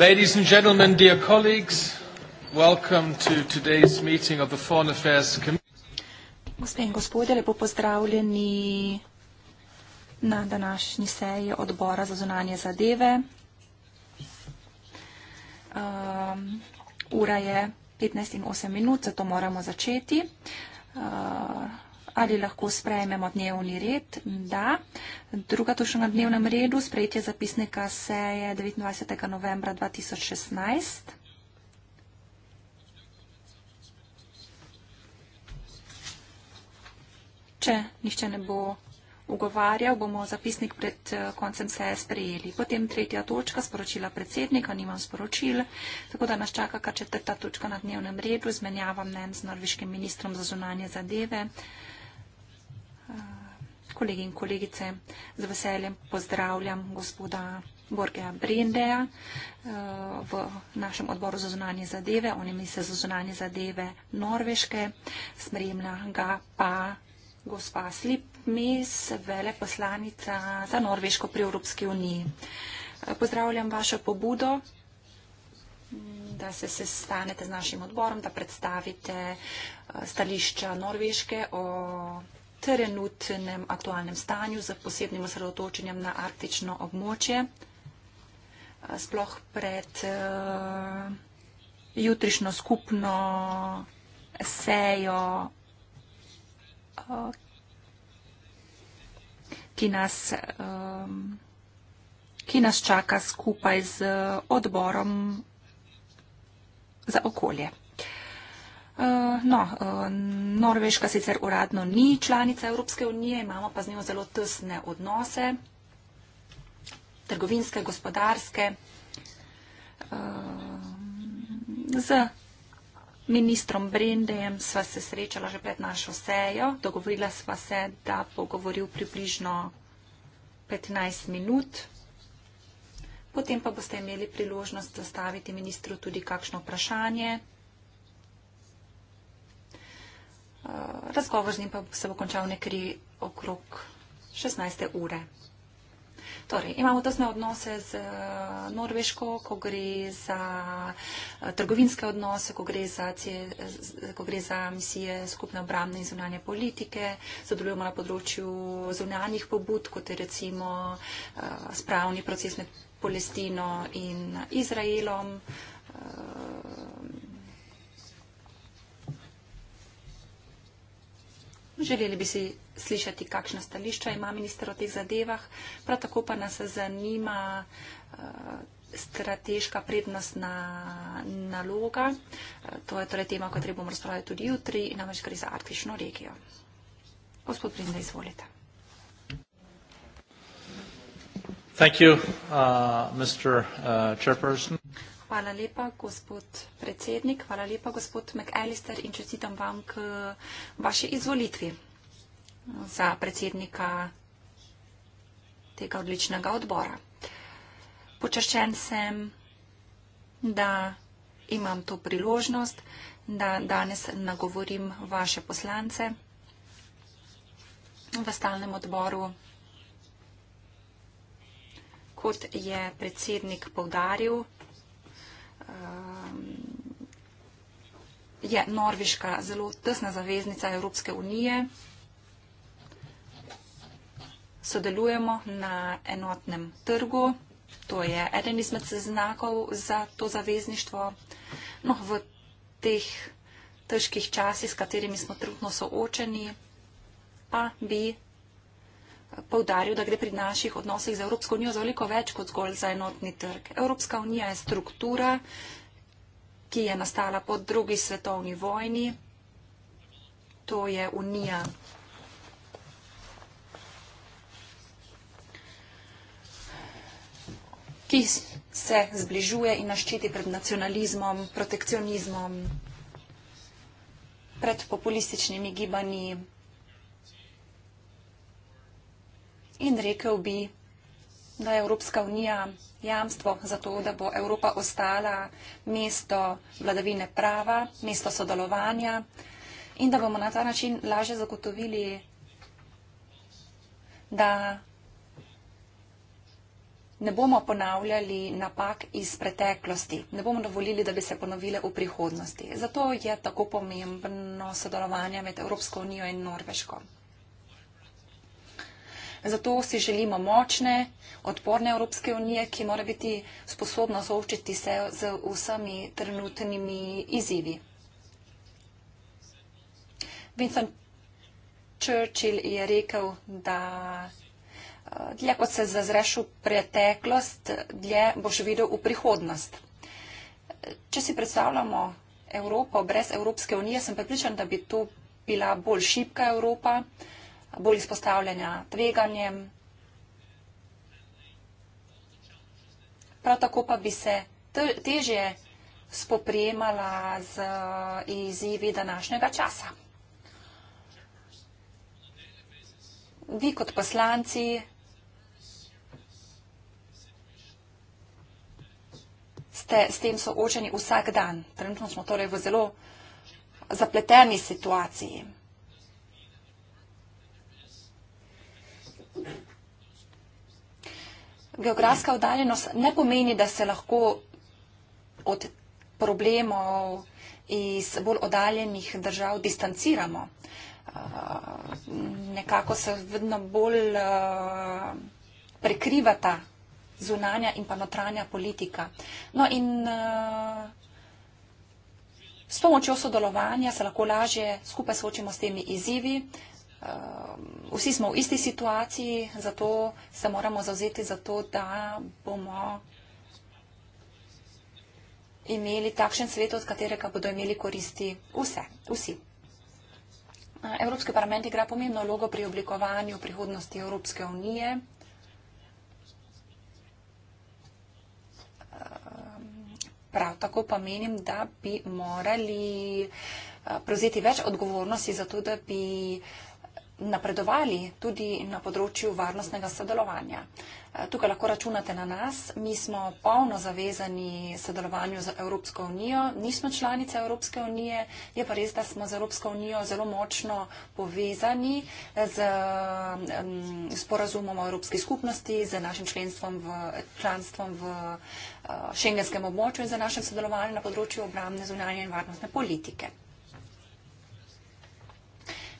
Ladies and gentlemen, dear colleagues, welcome to today's meeting of the Foreign Affairs Committee. Um, ura je 15 in 8 minut, zato moramo začeti. Uh, Ali lahko sprejmemo dnevni red? Da. Druga točka na dnevnem redu, sprejetje zapisnika seje 29. novembra 2016. Če nišče ne bo ugovarjal, bomo zapisnik pred eh, koncem seje sprejeli. Potem tretja točka, sporočila predsednika, nimam sporočil, tako da nas čaka kar četrta točka na dnevnem redu, izmenjava mnen z norveškim ministrom za zunanje zadeve kolegi in kolegice, z veseljem pozdravljam gospoda Borgeja Brendeja eh, v našem odboru za zunanje zadeve. On je minister za zunanje zadeve Norveške, spremlja ga pa gospa Slipmis, veleposlanica za Norveško pri Evropski uniji. Eh, pozdravljam vašo pobudo mm, da se sestanete z našim odborom, da predstavite eh, stališča Norveške o trenutnem aktualnem stanju z posebnim osredotočenjem na arktično območje, sploh pred uh, jutrišnjo skupno sejo, uh, ki, nas, uh, ki nas čaka skupaj z odborom za okolje. Eh, no, eh, Norveška sicer uradno ni članica Evropske unije, imamo pa z njo zelo tesne odnose, trgovinske, gospodarske, eh, z ministrom Brendejem sva se srečala že pred našo sejo, dogovorila sva se, da bo govoril približno 15 minut, potem pa boste imeli priložnost zastaviti ministru tudi kakšno vprašanje, Eh, razgovor z njim pa se bo končal nekri okrog 16. ure. Torej, imamo tosne odnose z eh, Norveško, ko gre za eh, trgovinske odnose, ko gre za, ko gre za misije skupne obramne in zunanje politike. Sodelujemo na področju zunanjih pobud, kot je recimo spravni proces med Palestino in Izraelom. Želeli bi si slišati, kakšna stališča ima minister o teh zadevah, prav tako pa nas zanima eh, strateška prednostna naloga. Eh, to je torej tema, o kateri bomo razpravljali tudi jutri, namreč gre za arktično regijo. Gospod Brinda, izvolite. Thank you, uh, Mr. Uh, Chairperson. Hvala lepa, gospod predsednik. Hvala lepa, gospod McAllister in čestitam vam k vaši izvolitvi za predsednika tega odličnega odbora. Počaščen sem, da imam to priložnost, da danes nagovorim vaše poslance v stalnem odboru. Kot je predsednik povdaril, um, je Norveška zelo tesna zaveznica Evropske unije. Sodelujemo na enotnem trgu, to je eden izmed znakov za to zavezništvo. No, v teh težkih časih, s katerimi smo trudno soočeni, pa bi povdaril, da gre pri naših odnosih z Evropsko unijo za veliko več kot zgolj za enotni trg. Evropska unija je struktura, ki je nastala po drugi svetovni vojni. To je unija. ki se zbližuje in naščiti pred nacionalizmom, protekcionizmom, pred populističnimi gibanji, in rekel bi, da je Evropska unija jamstvo za to, da bo Evropa ostala mesto vladavine prava, mesto sodelovanja in da bomo na ta način lažje zagotovili, da ne bomo ponavljali napak iz preteklosti, ne bomo dovolili, da bi se ponovile v prihodnosti. Zato je tako pomembno sodelovanje med Evropsko unijo in Norveškom. Zato si želimo močne, odporne Evropske unije, ki mora biti sposobna zovčiti se z vsemi trenutnimi izzivi. Vincent Churchill je rekel, da eh, dlje kot se zazreš v preteklost, dlje boš videl v prihodnost. Če si predstavljamo Evropo brez Evropske unije, sem pripričan, da bi to bila bolj šibka Evropa bolj izpostavljena tveganjem. Prav tako pa bi se težje spoprijemala z izzivi današnjega časa. Vi kot poslanci ste s tem soočeni vsak dan. Trenutno smo torej v zelo zapleteni situaciji. geografska oddaljenost ne pomeni, da se lahko od problemov iz bolj oddaljenih držav distanciramo. Eh, nekako se vedno bolj eh, prekrivata zunanja in pa notranja politika. No in eh, s pomočjo sodelovanja se lahko lažje skupaj soočimo s temi izzivi. Ehm, vsi smo v isti situaciji, zato se moramo zavzeti za to, da bomo imeli takšen svet, od katerega bodo imeli koristi vse, vsi. Evropski parlament igra pomembno logo pri oblikovanju prihodnosti Evropske unije. Ehm, prav tako pa menim, da bi morali eh, prevzeti več odgovornosti za to, da bi uh, napredovali tudi na področju varnostnega sodelovanja. Eh, tukaj lahko računate na nas. Mi smo polno zavezani sodelovanju z Evropsko unijo. Nismo članice Evropske unije. Je pa res, da smo z Evropsko unijo zelo močno povezani eh, z mm, sporazumom o Evropski skupnosti, z našim členstvom v, članstvom v eh, šengenskem območju in z našem sodelovanjem na področju obramne, zunanje in varnostne politike.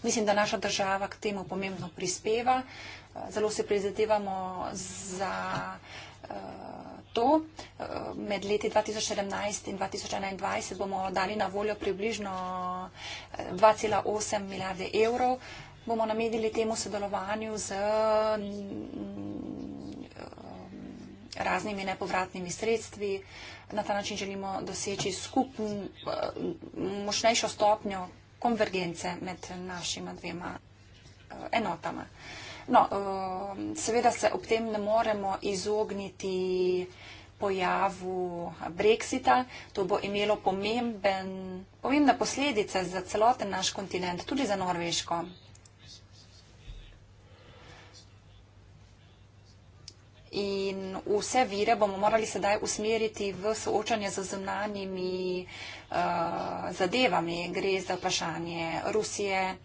Mislim, da naša država k temu pomembno prispeva. Zelo se prizadevamo za eh, to. Eh, med leti 2017 in 2021 bomo dali na voljo približno 2,8 eh, milijarde evrov. Bomo namedili temu sodelovanju z mm, raznimi nepovratnimi sredstvi. Na ta način želimo doseči skupno, močnejšo stopnjo konvergence med našima dvema eh, enotama. No, eh, seveda se ob tem ne moremo izogniti pojavu Brexita. To bo imelo pomembne posledice za celoten naš kontinent, tudi za Norveško. in vse vire bomo morali sedaj usmeriti v soočanje z zunanjimi uh, zadevami. Gre za vprašanje Rusije,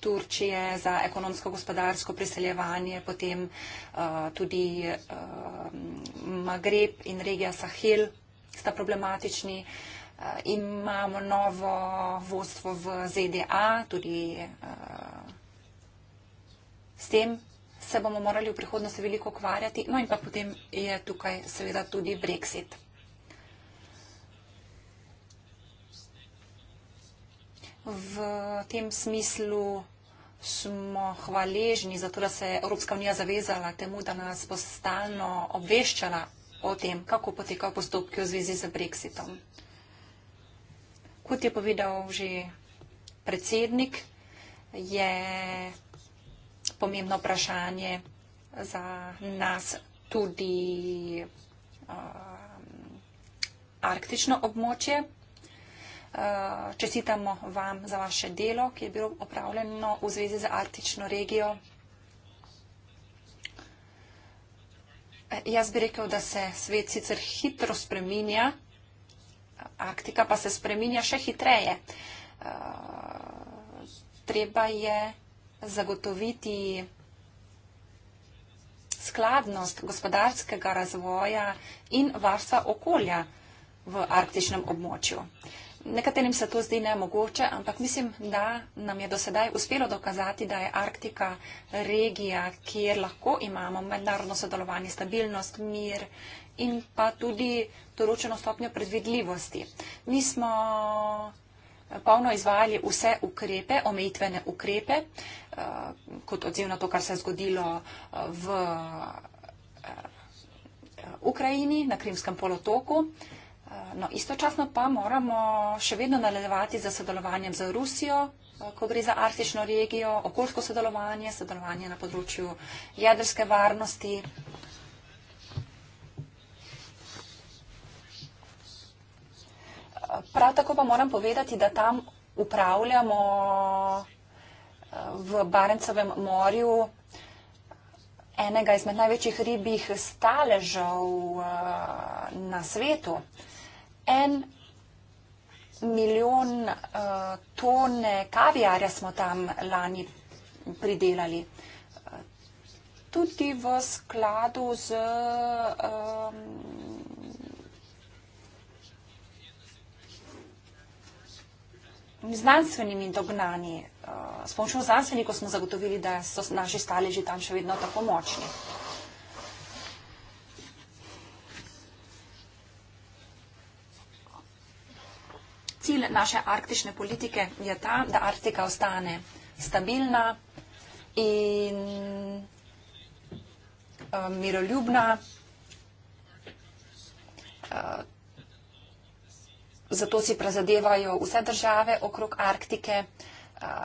Turčije, za ekonomsko-gospodarsko priseljevanje, potem uh, tudi uh, Magreb in regija Sahil sta problematični. Uh, imamo novo vodstvo v ZDA, tudi uh, s tem se bomo morali v prihodnosti veliko ukvarjati. No in pa potem je tukaj seveda tudi Brexit. V tem smislu smo hvaležni za to, da se je Evropska unija zavezala temu, da nas bo stalno obveščala o tem, kako potekajo postopki v zvezi z Brexitom. Kot je povedal že predsednik, je pomembno vprašanje za nas tudi uh, arktično območje. Uh, čestitamo vam za vaše delo, ki je bilo opravljeno v zvezi z arktično regijo. Eh, jaz bi rekel, da se svet sicer hitro spreminja, Arktika pa se spreminja še hitreje. Uh, treba je zagotoviti skladnost gospodarskega razvoja in varstva okolja v arktičnem območju. Nekaterim se to zdi nemogoče, ampak mislim, da nam je do sedaj uspelo dokazati, da je Arktika regija, kjer lahko imamo mednarodno sodelovanje, stabilnost, mir in pa tudi določeno stopnjo predvidljivosti. Mi smo eh, polno izvajali vse ukrepe, omejitvene ukrepe, Eh, kot odziv na to, kar se je zgodilo eh, v eh, Ukrajini, na Krimskem polotoku. No, istočasno pa moramo še vedno nadaljevati za sodelovanjem z Rusijo, ko gre za arktično regijo, okoljsko sodelovanje, sodelovanje na področju jedrske varnosti. Prav tako pa moram povedati, da tam upravljamo v Barencevem morju enega izmed največjih ribjih staležev eh, na svetu. En milijon eh, tone kavijarja smo tam lani pridelali. Tudi v skladu z ehm, znanstvenimi dognanji s pomočjo znanstvenikov smo zagotovili, da so naši staleži tam še vedno tako močni. Cilj naše arktične politike je ta, da Arktika ostane stabilna in eh, miroljubna. Eh, zato si prezadevajo vse države okrog Arktike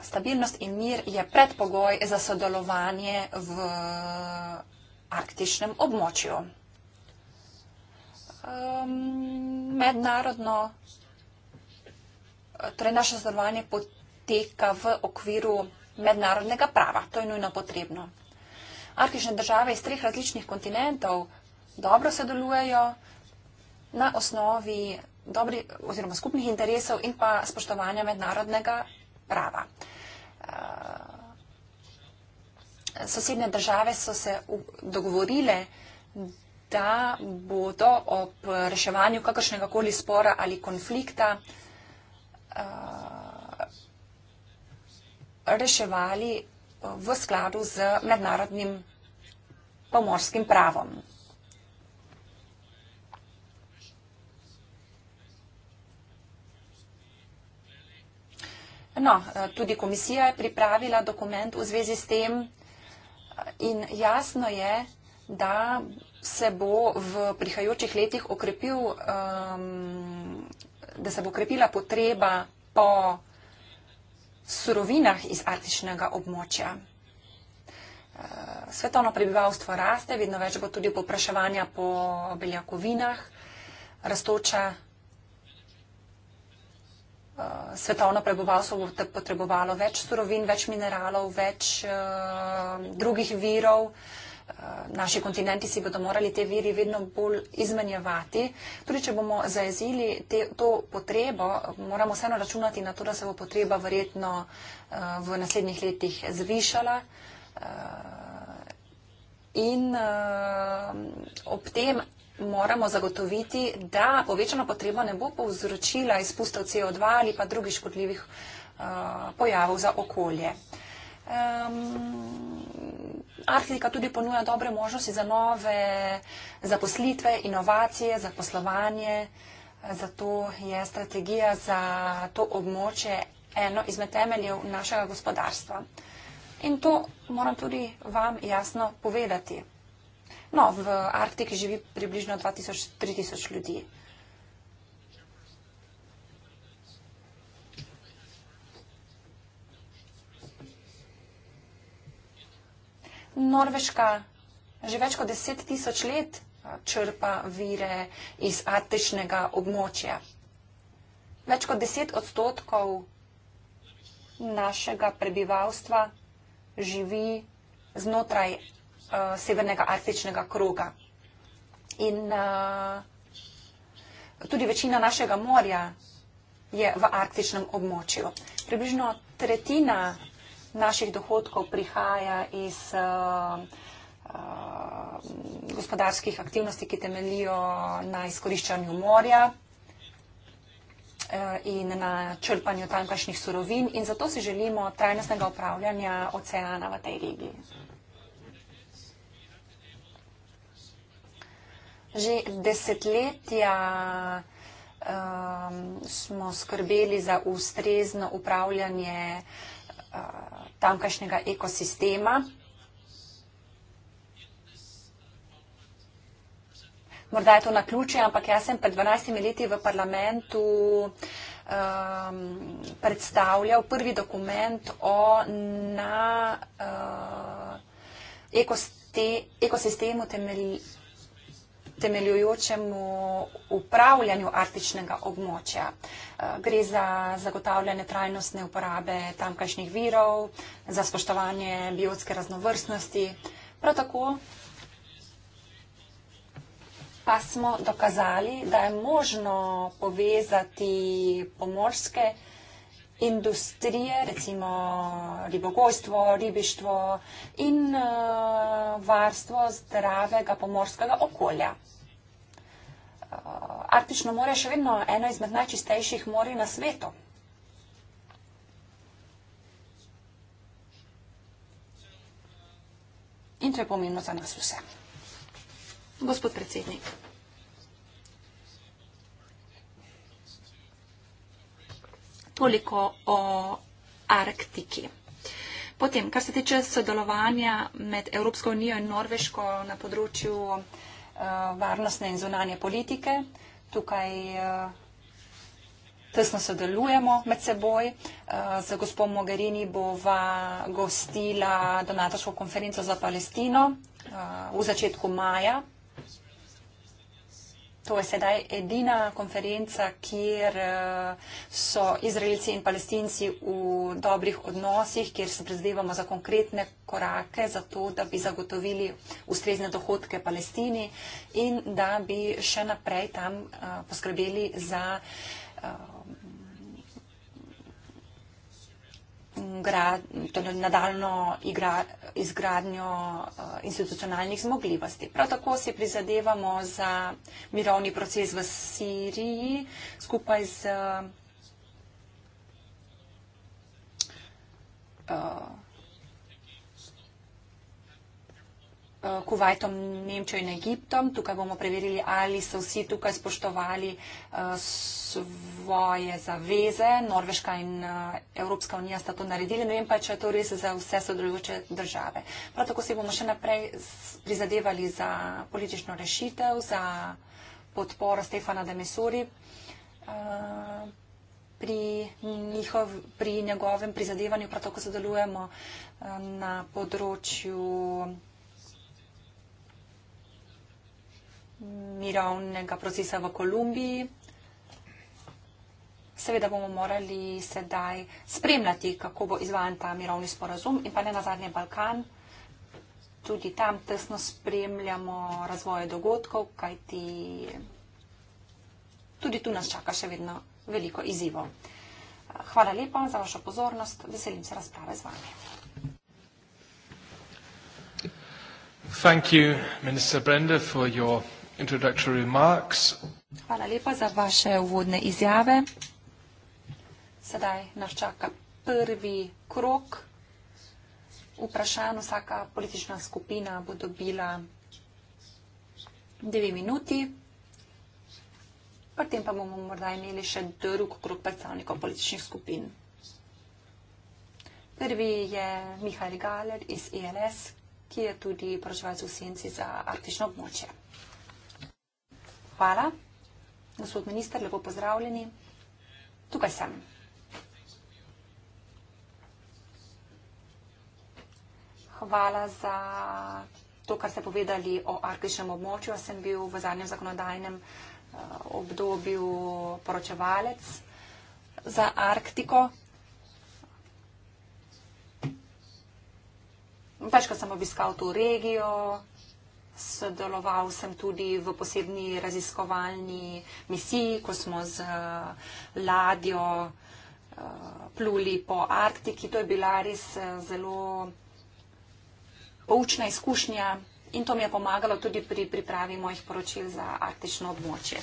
stabilnost in mir je predpogoj za sodelovanje v arktičnem območju. Um, mednarodno, torej naše sodelovanje poteka v okviru mednarodnega prava. To je nujno potrebno. Arktične države iz treh različnih kontinentov dobro sodelujejo na osnovi dobri, skupnih interesov in pa spoštovanja mednarodnega prava. Eh, sosednje države so se dogovorile, da bodo ob reševanju kakršnega koli spora ali konflikta eh, reševali v skladu z mednarodnim pomorskim pravom. No, eh, tudi komisija je pripravila dokument v zvezi s tem eh, in jasno je, da se bo v prihajajočih letih okrepil, um, da se bo okrepila potreba po surovinah iz arktičnega območja. Eh, svetovno prebivalstvo raste, vedno več bo tudi popraševanja po beljakovinah, rastoča Eh, svetovno prebovalstvo bo potrebovalo več surovin, več mineralov, več eh, drugih virov. Eh, naši kontinenti si bodo morali te viri vedno bolj izmenjevati. Tudi, če bomo zajezili te, to potrebo, moramo vseeno računati na to, da se bo potreba verjetno v naslednjih letih zvišala. In ob tem moramo zagotoviti, da povečana potreba ne bo povzročila izpustov CO2 ali pa drugih škodljivih eh, pojavov za okolje. Um, Arktika tudi ponuja dobre možnosti za nove zaposlitve, inovacije, zaposlovanje. Zato je strategija za to območje eno izmed temeljev našega gospodarstva. In to moram tudi vam jasno povedati. No, v Arktiki živi približno 2000-3000 ljudi. Norveška že več kot 10.000 let črpa vire iz artičnega območja. Več kot 10 odstotkov našega prebivalstva živi znotraj uh, severnega arktičnega kroga. In uh, tudi večina našega morja je v arktičnem območju. Približno tretjina naših dohodkov prihaja iz uh, uh, gospodarskih aktivnosti, ki temelijo na izkoriščanju morja in na črpanju tankašnih surovin in zato si želimo trajnostnega upravljanja oceana v tej regiji. Že desetletja um, smo skrbeli za ustrezno upravljanje uh, tamkajšnjega ekosistema. Morda je to na ključe, ampak jaz sem pred 12 leti v parlamentu um, predstavljal prvi dokument o na uh, ekoste, ekosistemu temelji temeljujočemu upravljanju arktičnega območja. Eh, gre za zagotavljanje trajnostne uporabe tamkajšnjih virov, za spoštovanje biotske raznovrstnosti. Prav tako pa smo dokazali, da je možno povezati pomorske industrije, recimo ribogojstvo, ribištvo in eh, varstvo zdravega pomorskega okolja. Eh, Arktično more je še vedno eno izmed najčistejših morij na svetu. In to je pomembno za nas vse. Gospod predsednik. toliko o Arktiki. Potem, kar se tiče sodelovanja med Evropsko unijo in Norveško na področju uh, varnostne in zunanje politike, tukaj uh, tesno sodelujemo med seboj. Uh, z gospod Mogherini bova gostila donatorsko konferenco za Palestino uh, v začetku maja To je sedaj edina konferenca, kjer eh, so Izraelci in palestinci v dobrih odnosih, kjer se prezdevamo za konkretne korake, za to, da bi zagotovili ustrezne dohodke Palestini in da bi še naprej tam eh, poskrbeli za eh, torej nadaljno igra, izgradnjo eh, institucionalnih zmogljivosti. Prav tako se prizadevamo za mirovni proces v Siriji skupaj z. Uh, Eh, Kuvajtom, Nemčijo in Egiptom. Tukaj bomo preverili, ali so vsi tukaj spoštovali eh, svoje zaveze. Norveška in eh, Evropska unija sta to naredili. Ne vem pa, če je to res za vse sodelujoče države. Prav tako si bomo še naprej prizadevali za politično rešitev, za podporo Stefana de Mesuri. Pri, njihov, pri njegovem prizadevanju prav tako sodelujemo na področju mirovnega procesa v Kolumbiji. Seveda bomo morali sedaj spremljati, kako bo izvajan ta mirovni sporazum in pa ne nazadnje Balkan. Tudi tam tesno spremljamo razvoje dogodkov, kajti tudi tu nas čaka še vedno veliko izzivov. Hvala lepa za vašo pozornost. Veselim se razprave z vami. Thank you, Minister Brenda, for your introductory remarks. Hvala lepa za vaše uvodne izjave. Sedaj nas čaka prvi krok. Vprašanj vsaka politična skupina bo dobila dve minuti, potem pa bomo morda imeli še drug krok predstavnikov političnih skupin. Prvi je Mihajl Galer iz ELS, ki je tudi proživalc v senci za arktično območje. Hvala. Gospod minister, lepo pozdravljeni. Tukaj sem. Hvala za to, kar ste povedali o arktičnem območju. Sem bil v zadnjem zakonodajnem eh, obdobju poročevalec za Arktiko. Pač, ko sem obiskal to regijo, Sodeloval sem tudi v posebni raziskovalni misiji, ko smo z eh, ladjo eh, pluli po Arktiki. To je bila res eh, zelo poučna izkušnja in to mi je pomagalo tudi pri pripravi mojih poročil za arktično območje.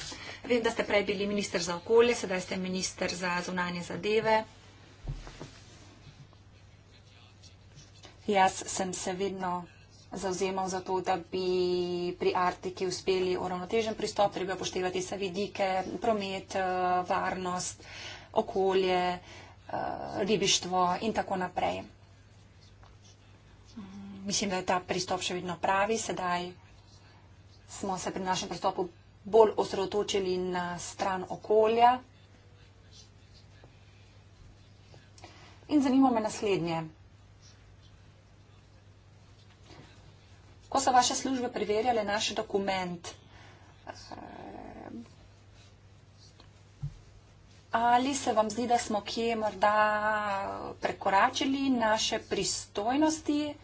Vem, da ste prej bili minister za okolje, sedaj ste minister za zunanje zadeve. Jaz sem se vedno zauzemal za to, da bi pri Artiki uspeli uravnotežen pristop, treba poštevati vse vidike, promet, eh, varnost, okolje, eh, ribištvo in tako naprej. Mm, mislim, da je ta pristop še vedno pravi. Sedaj smo se pri našem pristopu bolj osredotočili na stran okolja. In zanima me naslednje. ko so vaše službe preverjale naš dokument, ali se vam zdi, da smo kje morda prekoračili naše pristojnosti,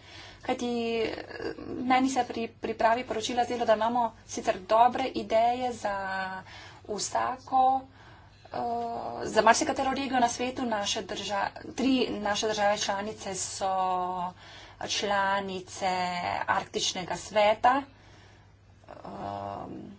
kajti eh, meni se pri pripravi poročila zdelo, da imamo sicer dobre ideje za vsako, eh, za marsikatero regijo na svetu, naše drža, tri naše države članice so članice Arktičnega sveta. Um,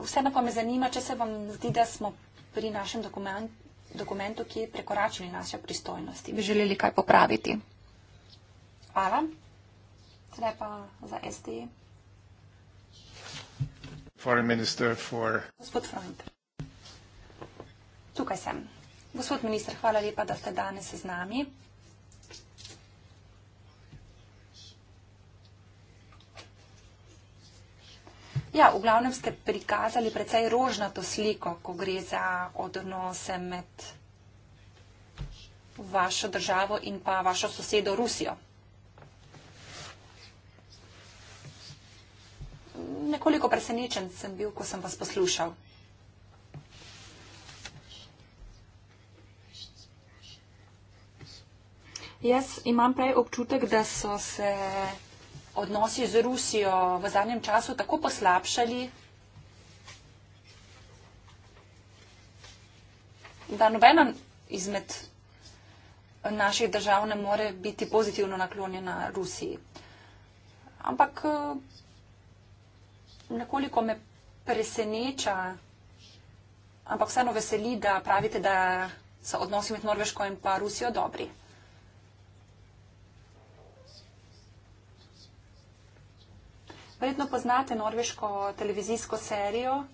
Vseeno pa me zanima, če se vam zdi, da smo pri našem dokument, dokumentu, ki je prekoračili naše pristojnosti, bi želeli kaj popraviti. Hvala. Zdaj pa za SD. Foreign Minister for... Gospod Front, tukaj sem. Gospod minister, hvala lepa, da ste danes z nami. Ja, v glavnem ste prikazali precej rožnato sliko, ko gre za odnose med vašo državo in pa vašo sosedo Rusijo. nekoliko presenečen sem bil, ko sem vas poslušal. Jaz imam prej občutek, da so se odnosi z Rusijo v zadnjem času tako poslabšali, da nobena izmed naših držav ne more biti pozitivno naklonjena Rusiji. Ampak eh, nekoliko me preseneča, ampak vseeno veseli, da pravite, da so odnosi med Norveško in pa Rusijo dobri. Verjetno poznate norveško televizijsko serijo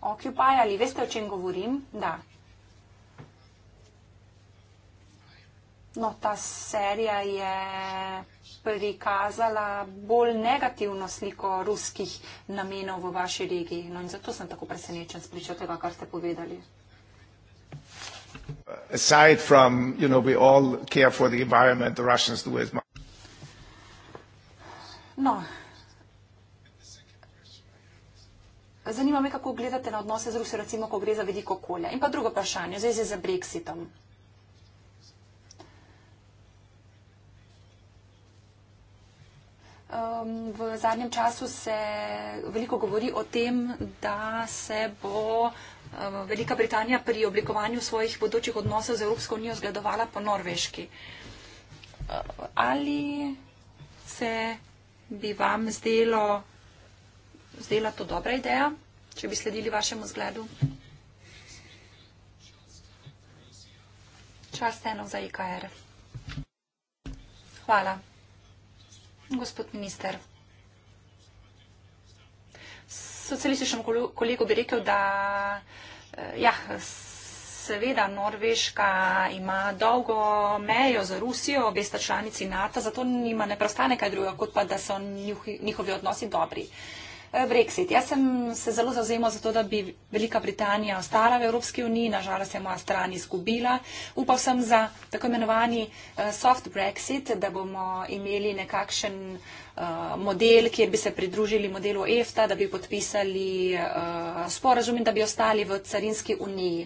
Occupy ali veste, o čem govorim? Da. No, ta serija je prikazala bolj negativno sliko ruskih namenov v vaši regiji. No, in zato sem tako presenečen s pričo tega, kar ste povedali. From, you know, no. Zanima me, kako gledate na odnose z Rusijo, recimo, ko gre za vidiko okolja. In pa drugo vprašanje, v zvezi z Brexitom. Um, v zadnjem času se veliko govori o tem, da se bo um, Velika Britanija pri oblikovanju svojih bodočih odnosov z Evropsko unijo zgledovala po norveški. Uh, ali se bi vam zdelo, zdela to dobra ideja, če bi sledili vašemu zgledu? Čas eno za IKR. Hvala. Gospod minister. Socialističnem kolegu bi rekel, da eh, ja, seveda Norveška ima dolgo mejo z Rusijo, obe sta članici NATO, zato nima ne prostane kaj drugega, kot pa da so njihovi odnosi dobri. Uh, Brexit. Jaz sem se zelo zauzemal za to, da bi Velika Britanija ostala v Evropski uniji, nažalost je moja stran izgubila. Upal sem za tako imenovani eh, soft Brexit, da bomo imeli nekakšen eh, model, kjer bi se pridružili modelu EFTA, da bi podpisali eh, sporazum in da bi ostali v carinski uniji.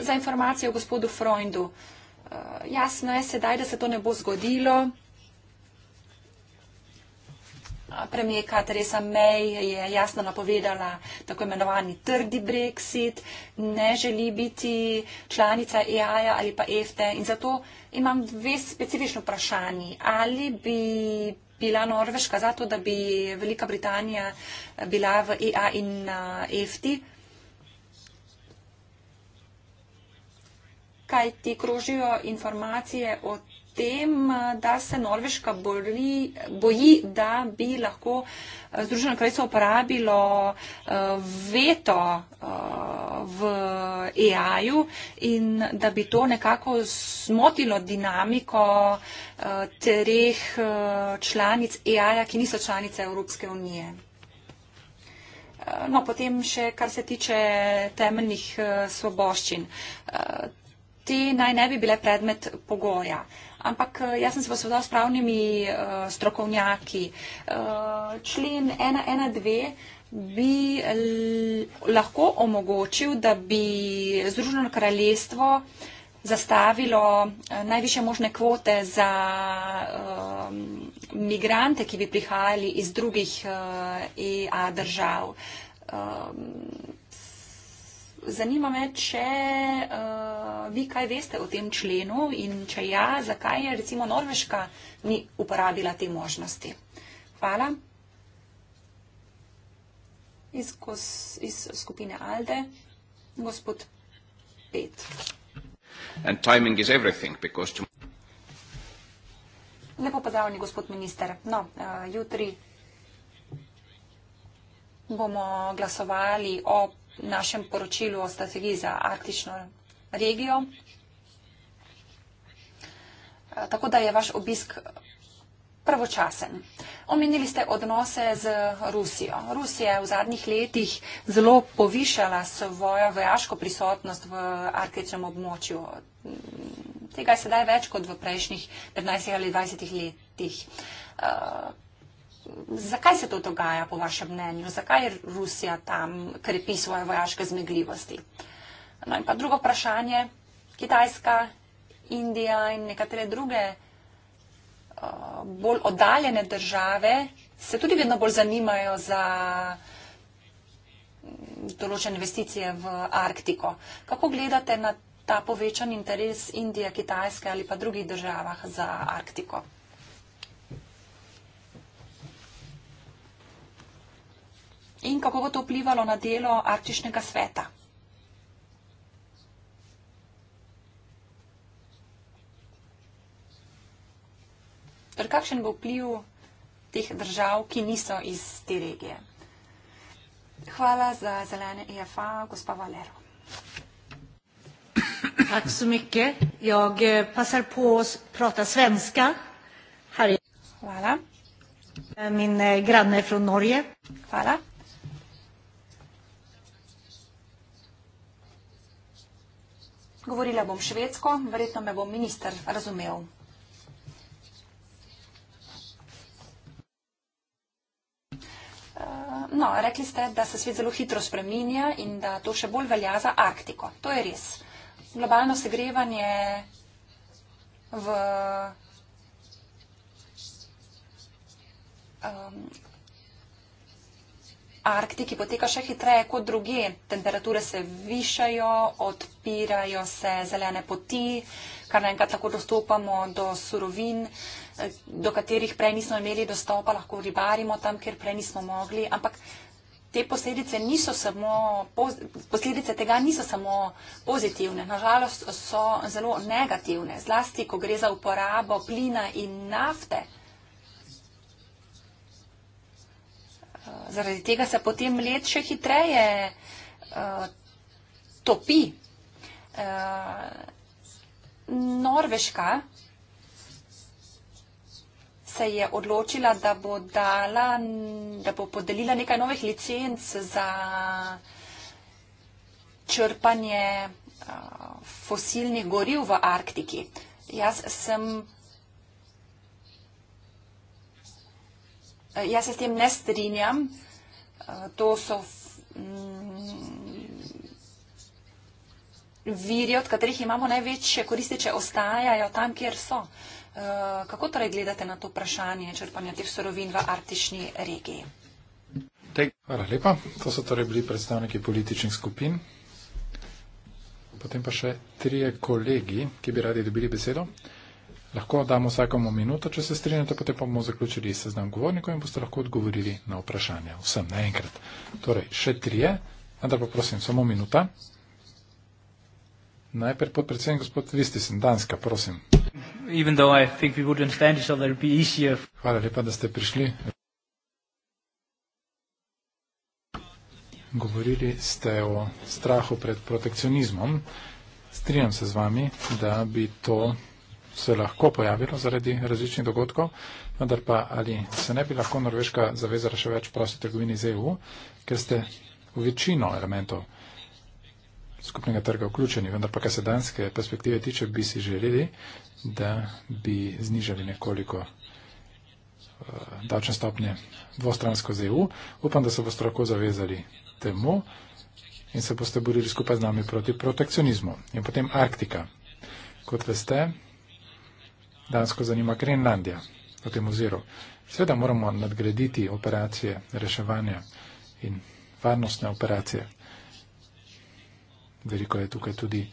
Za informacijo gospodu Freundu. Jasno je sedaj, da se to ne bo zgodilo premijerka Teresa May je jasno napovedala tako imenovani trdi brexit, ne želi biti članica EIA ali pa EFTE in zato imam dve specifični vprašanji. Ali bi bila Norveška zato, da bi Velika Britanija bila v EA in EFTE? Kaj ti krožijo informacije o tem? tem, da se Norveška bori, boji, da bi lahko eh, Združeno kraljestvo uporabilo eh, veto eh, v EAJ-u in da bi to nekako smotilo dinamiko treh članic EAJ-a, ki niso članice Evropske unije. No, potem še, kar se tiče temeljnih svoboščin. Te naj ne bi bile predmet pogoja ampak eh, jaz sem se posvetoval s pravnimi uh, strokovnjaki. Uh, člen 1.1.2 bi lahko omogočil, da bi Združeno kraljestvo zastavilo najviše možne kvote za um, migrante, ki bi prihajali iz drugih uh, EA držav. Um, zanima me, če uh, vi kaj veste o tem členu in če ja, zakaj je recimo Norveška ni uporabila te možnosti. Hvala. Iz, kos, iz skupine Alde, gospod Pet. And timing is everything, because to... Lepo pozdravljeni, gospod minister. No, uh, jutri bomo glasovali o našem poročilu o strategiji za arktično regijo. Tako da je vaš obisk pravočasen. Omenili ste odnose z Rusijo. Rusija je v zadnjih letih zelo povišala svojo vojaško prisotnost v arktičnem območju. Tega je sedaj več kot v prejšnjih 15 ali 20 letih zakaj se to dogaja, po vašem mnenju, zakaj Rusija tam krepi svoje vojaške zmegljivosti? No in pa drugo vprašanje, Kitajska, Indija in nekatere druge uh, bolj oddaljene države se tudi vedno bolj zanimajo za mm, določene investicije v Arktiko. Kako gledate na ta povečan interes Indije, Kitajske ali pa drugih državah za Arktiko? in kako bo to vplivalo na delo arktičnega sveta. Torej, kakšen bo vpliv teh držav, ki niso iz te regije? Hvala za zelene EFA, gospa Valero. Tack så mycket. Jag eh, passar på att prata svenska. Här är Hvala. Eh, min eh, granne från Norge. Hvala. Govorila bom švedsko, verjetno me bo minister razumel. Eh, no, rekli ste, da se svet zelo hitro spreminja in da to še bolj velja za Arktiko. To je res. Globalno segrevanje v ehm, Arktiki poteka še hitreje kot druge. Temperature se višajo, odpirajo se zelene poti, kar naenkrat lahko dostopamo do surovin, eh, do katerih prej nismo imeli dostopa, lahko ribarimo tam, kjer prej nismo mogli. Ampak te posledice, niso samo, posledice tega niso samo pozitivne, nažalost so zelo negativne, zlasti, ko gre za uporabo plina in nafte. zaradi tega se potem led še hitreje uh, topi. Uh, Norveška se je odločila, da bo, dala, da bo podelila nekaj novih licenc za črpanje uh, fosilnih goriv v Arktiki. Jaz sem Eh, jaz se s tem ne strinjam. Eh, to so mm, viri, od katerih imamo največje koristi, če ostajajo tam, kjer so. Eh, kako torej gledate na to vprašanje črpanja teh sorovin v arktični regiji? Hvala lepa. To so torej bili predstavniki političnih skupin. Potem pa še trije kolegi, ki bi radi dobili besedo. Lahko damo vsakomu minuto, če se strinjate, potem bomo zaključili seznam govornikov in boste lahko odgovorili na vprašanje. Vsem naenkrat. Torej, še trije, vendar pa prosim, samo minuta. Najprej podpredsednik gospod Vistisen, Danska, prosim. Hvala lepa, da ste prišli. Govorili ste o strahu pred protekcionizmom. Strinjam se z vami, da bi to se lahko pojavilo zaradi različnih dogodkov, vendar pa ali se ne bi lahko Norveška zavezala še več prosti trgovini z EU, ker ste v večino elementov skupnega trga vključeni, vendar pa kar se danske perspektive tiče, bi si želeli, da bi znižali nekoliko eh, davčne stopnje dvostransko z EU. Upam, da se boste lahko zavezali temu in se boste borili skupaj z nami proti protekcionizmu. In potem Arktika. Kot veste, Dansko zanima Grenlandija v tem oziru. Sveda moramo nadgraditi operacije reševanja in varnostne operacije. Veliko je tukaj tudi eh,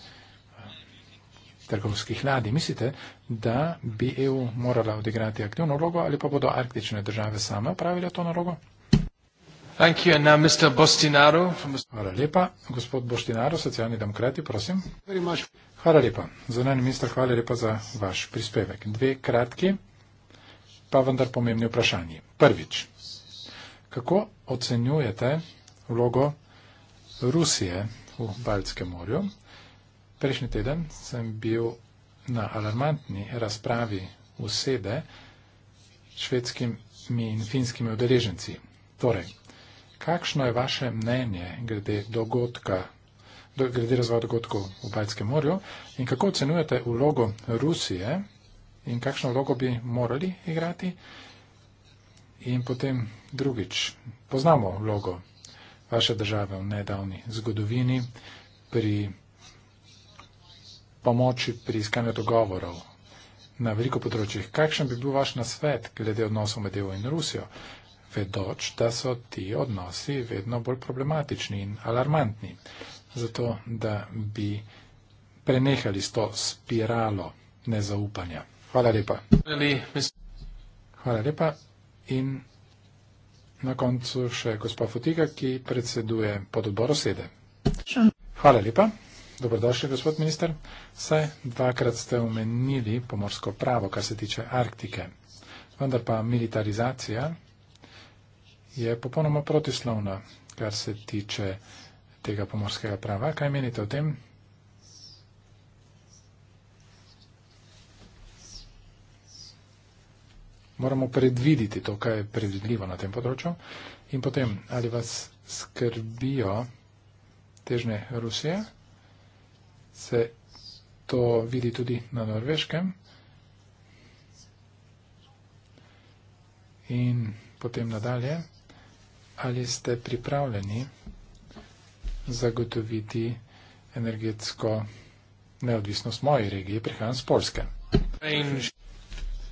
trgovskih ladij. Mislite, da bi EU morala odigrati aktivno vlogo ali pa bodo arktične države same upravile to nalogo? Hvala lepa, gospod Boštinaro, socialni demokrati, prosim. Hvala lepa. Zunani minister, hvala lepa za vaš prispevek. Dve kratki, pa vendar pomembni vprašanji. Prvič, kako ocenjujete vlogo Rusije v Baltskem morju? Prejšnji teden sem bil na alarmantni razpravi vsebe švedskimi in finskimi udeleženci. Torej, kakšno je vaše mnenje glede dogodka glede razvoja dogodkov v Baljskem morju in kako ocenujete vlogo Rusije in kakšno vlogo bi morali igrati. In potem drugič, poznamo vlogo vaše države v nedavni zgodovini pri pomoči pri iskanju dogovorov na veliko področjih. Kakšen bi bil vaš nasvet glede odnosov med EU in Rusijo, vedoč, da so ti odnosi vedno bolj problematični in alarmantni? zato da bi prenehali s to spiralo nezaupanja. Hvala lepa. Hvala lepa. In na koncu še gospod Fotika, ki predseduje pod odboru sede. Hvala lepa. Dobrodošli, gospod minister. Saj dvakrat ste omenili pomorsko pravo, kar se tiče Arktike. Vendar pa militarizacija je popolnoma protislovna, kar se tiče tega pomorskega prava. Kaj menite o tem? Moramo predviditi to, kaj je predvidljivo na tem področju. In potem, ali vas skrbijo težne Rusije, se to vidi tudi na norveškem. In potem nadalje, ali ste pripravljeni zagotoviti energetsko neodvisnost moje regije. Prihajam z Polske.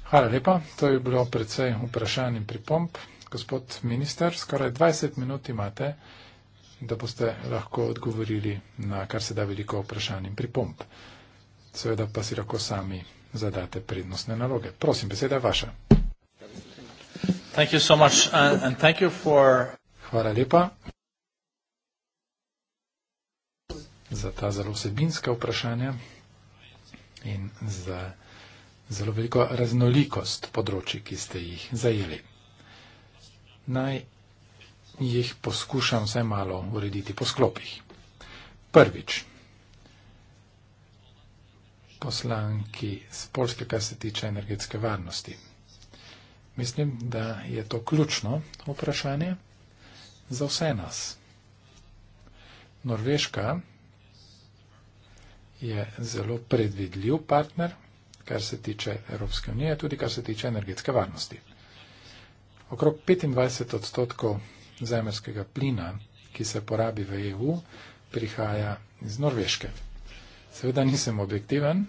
Hvala lepa. To je bilo predvsej vprašanj in pripomp. Gospod minister, skoraj 20 minut imate, da boste lahko odgovorili na kar se da veliko vprašanj in pripomp. Seveda pa si lahko sami zadate prednostne naloge. Prosim, beseda je vaša. Thank you so much, and, uh, and thank you for... Hvala lepa. za ta zelo vsebinska vprašanja in za zelo veliko raznolikost področji, ki ste jih zajeli. Naj jih poskušam vsaj malo urediti po sklopih. Prvič, poslanki z Polske, kar se tiče energetske varnosti. Mislim, da je to ključno vprašanje za vse nas. Norveška je zelo predvidljiv partner, kar se tiče Evropske unije, tudi kar se tiče energetske varnosti. Okrog 25 odstotkov zemljskega plina, ki se porabi v EU, prihaja iz Norveške. Seveda nisem objektiven,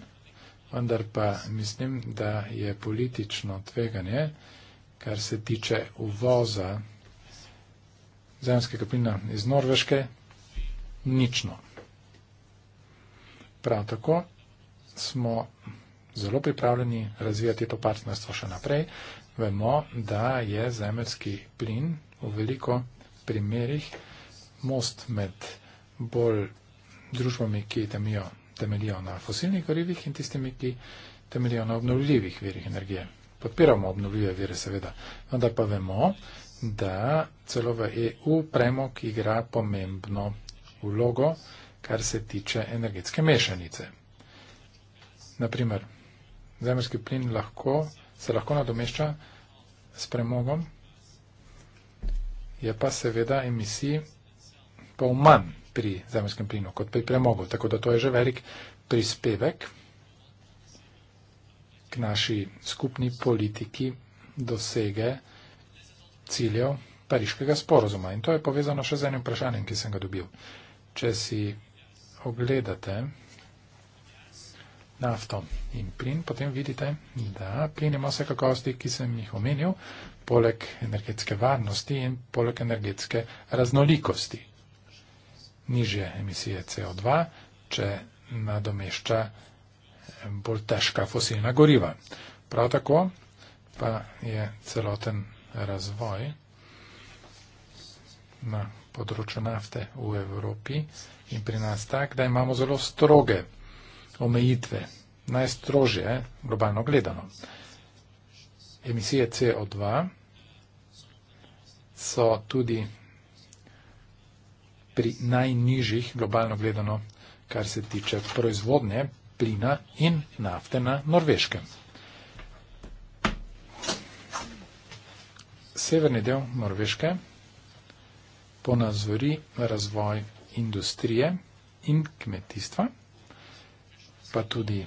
vendar pa mislim, da je politično tveganje, kar se tiče uvoza zemljskega plina iz Norveške, nično. Prav tako smo zelo pripravljeni razvijati to partnerstvo še naprej. Vemo, da je zemljski plin v veliko primerjih most med bolj družbami, ki temijo, temelijo na fosilnih gorivih in tistimi, ki temelijo na obnovljivih virih energije. Podpiramo obnovljive vire, seveda. Vendar pa vemo, da celo v EU premog igra pomembno vlogo kar se tiče energetske mešanice. Naprimer, zemljski plin lahko, se lahko nadomešča s premogom, je pa seveda emisij pol manj pri zemljskem plinu kot pri premogu, tako da to je že velik prispevek k naši skupni politiki dosege ciljev pariškega sporozuma. In to je povezano še z enim vprašanjem, ki sem ga dobil. Če si ogledate nafto in plin, potem vidite, da plin ima vse kakosti, ki sem jih omenil, poleg energetske varnosti in poleg energetske raznolikosti. Nižje emisije CO2, če nadomešča bolj težka fosilna goriva. Prav tako pa je celoten razvoj na področju nafte v Evropi in pri nas tak, da imamo zelo stroge omejitve, najstrožje, globalno gledano. Emisije CO2 so tudi pri najnižjih, globalno gledano, kar se tiče proizvodnje plina in nafte na Norveškem. Severni del Norveške ponazori razvoj industrije in kmetijstva, pa tudi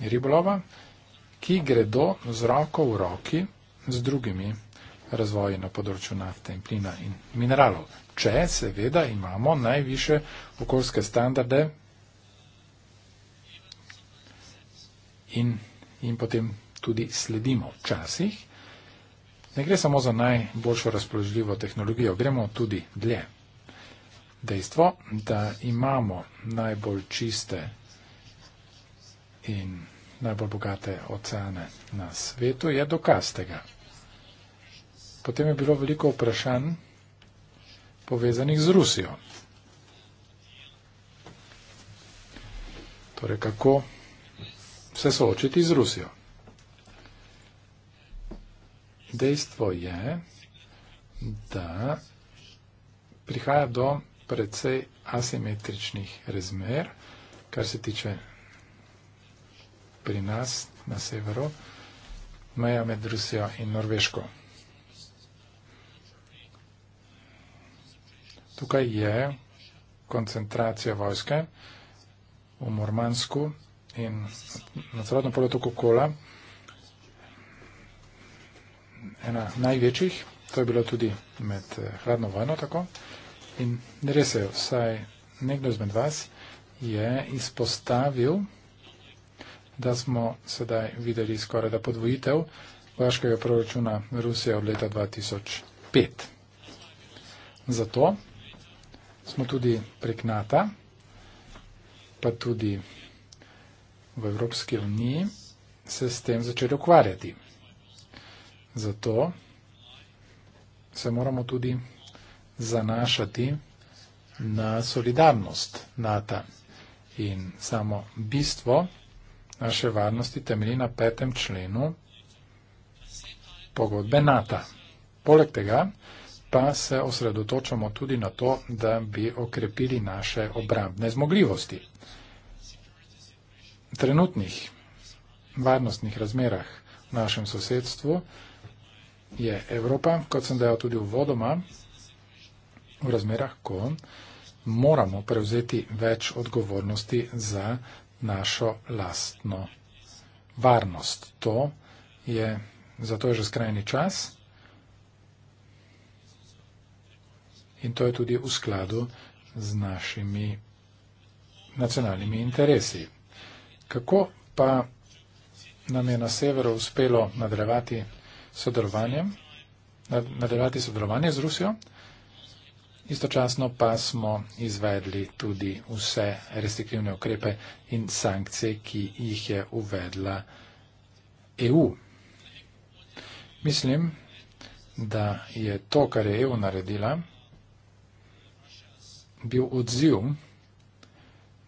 ribolova, ki gredo z roko v roki z drugimi razvoji na področju nafte in plina in mineralov. Če seveda imamo najviše okoljske standarde in, in potem tudi sledimo včasih, ne gre samo za najboljšo razpoložljivo tehnologijo, gremo tudi dlje dejstvo, da imamo najbolj čiste in najbolj bogate oceane na svetu, je dokaz tega. Potem je bilo veliko vprašanj povezanih z Rusijo. Torej, kako se soočiti z Rusijo? Dejstvo je, da prihaja do precej asimetričnih razmer, kar se tiče pri nas na severu, meja med Rusijo in Norveško. Tukaj je koncentracija vojske v Mormansku in na celotnem polotoku Kola, ena največjih, to je bilo tudi med eh, hladno vojno tako, In res je, vsaj nekdo izmed vas je izpostavil, da smo sedaj videli skoraj da podvojitev vaškega proračuna Rusije od leta 2005. Zato smo tudi prek NATO, pa tudi v Evropski uniji se s tem začeli ukvarjati. Zato se moramo tudi zanašati na solidarnost NATO. In samo bistvo naše varnosti temelji na petem členu pogodbe NATO. Poleg tega pa se osredotočamo tudi na to, da bi okrepili naše obrambne zmogljivosti. V trenutnih varnostnih razmerah v našem sosedstvu je Evropa, kot sem dejal tudi uvodoma, v razmerah, ko moramo prevzeti več odgovornosti za našo lastno varnost. To je, zato je že skrajni čas in to je tudi v skladu z našimi nacionalnimi interesi. Kako pa nam je na severu uspelo nadaljevati sodelovanje, nadaljevati sodelovanje z Rusijo? Istočasno pa smo izvedli tudi vse restriktivne ukrepe in sankcije, ki jih je uvedla EU. Mislim, da je to, kar je EU naredila, bil odziv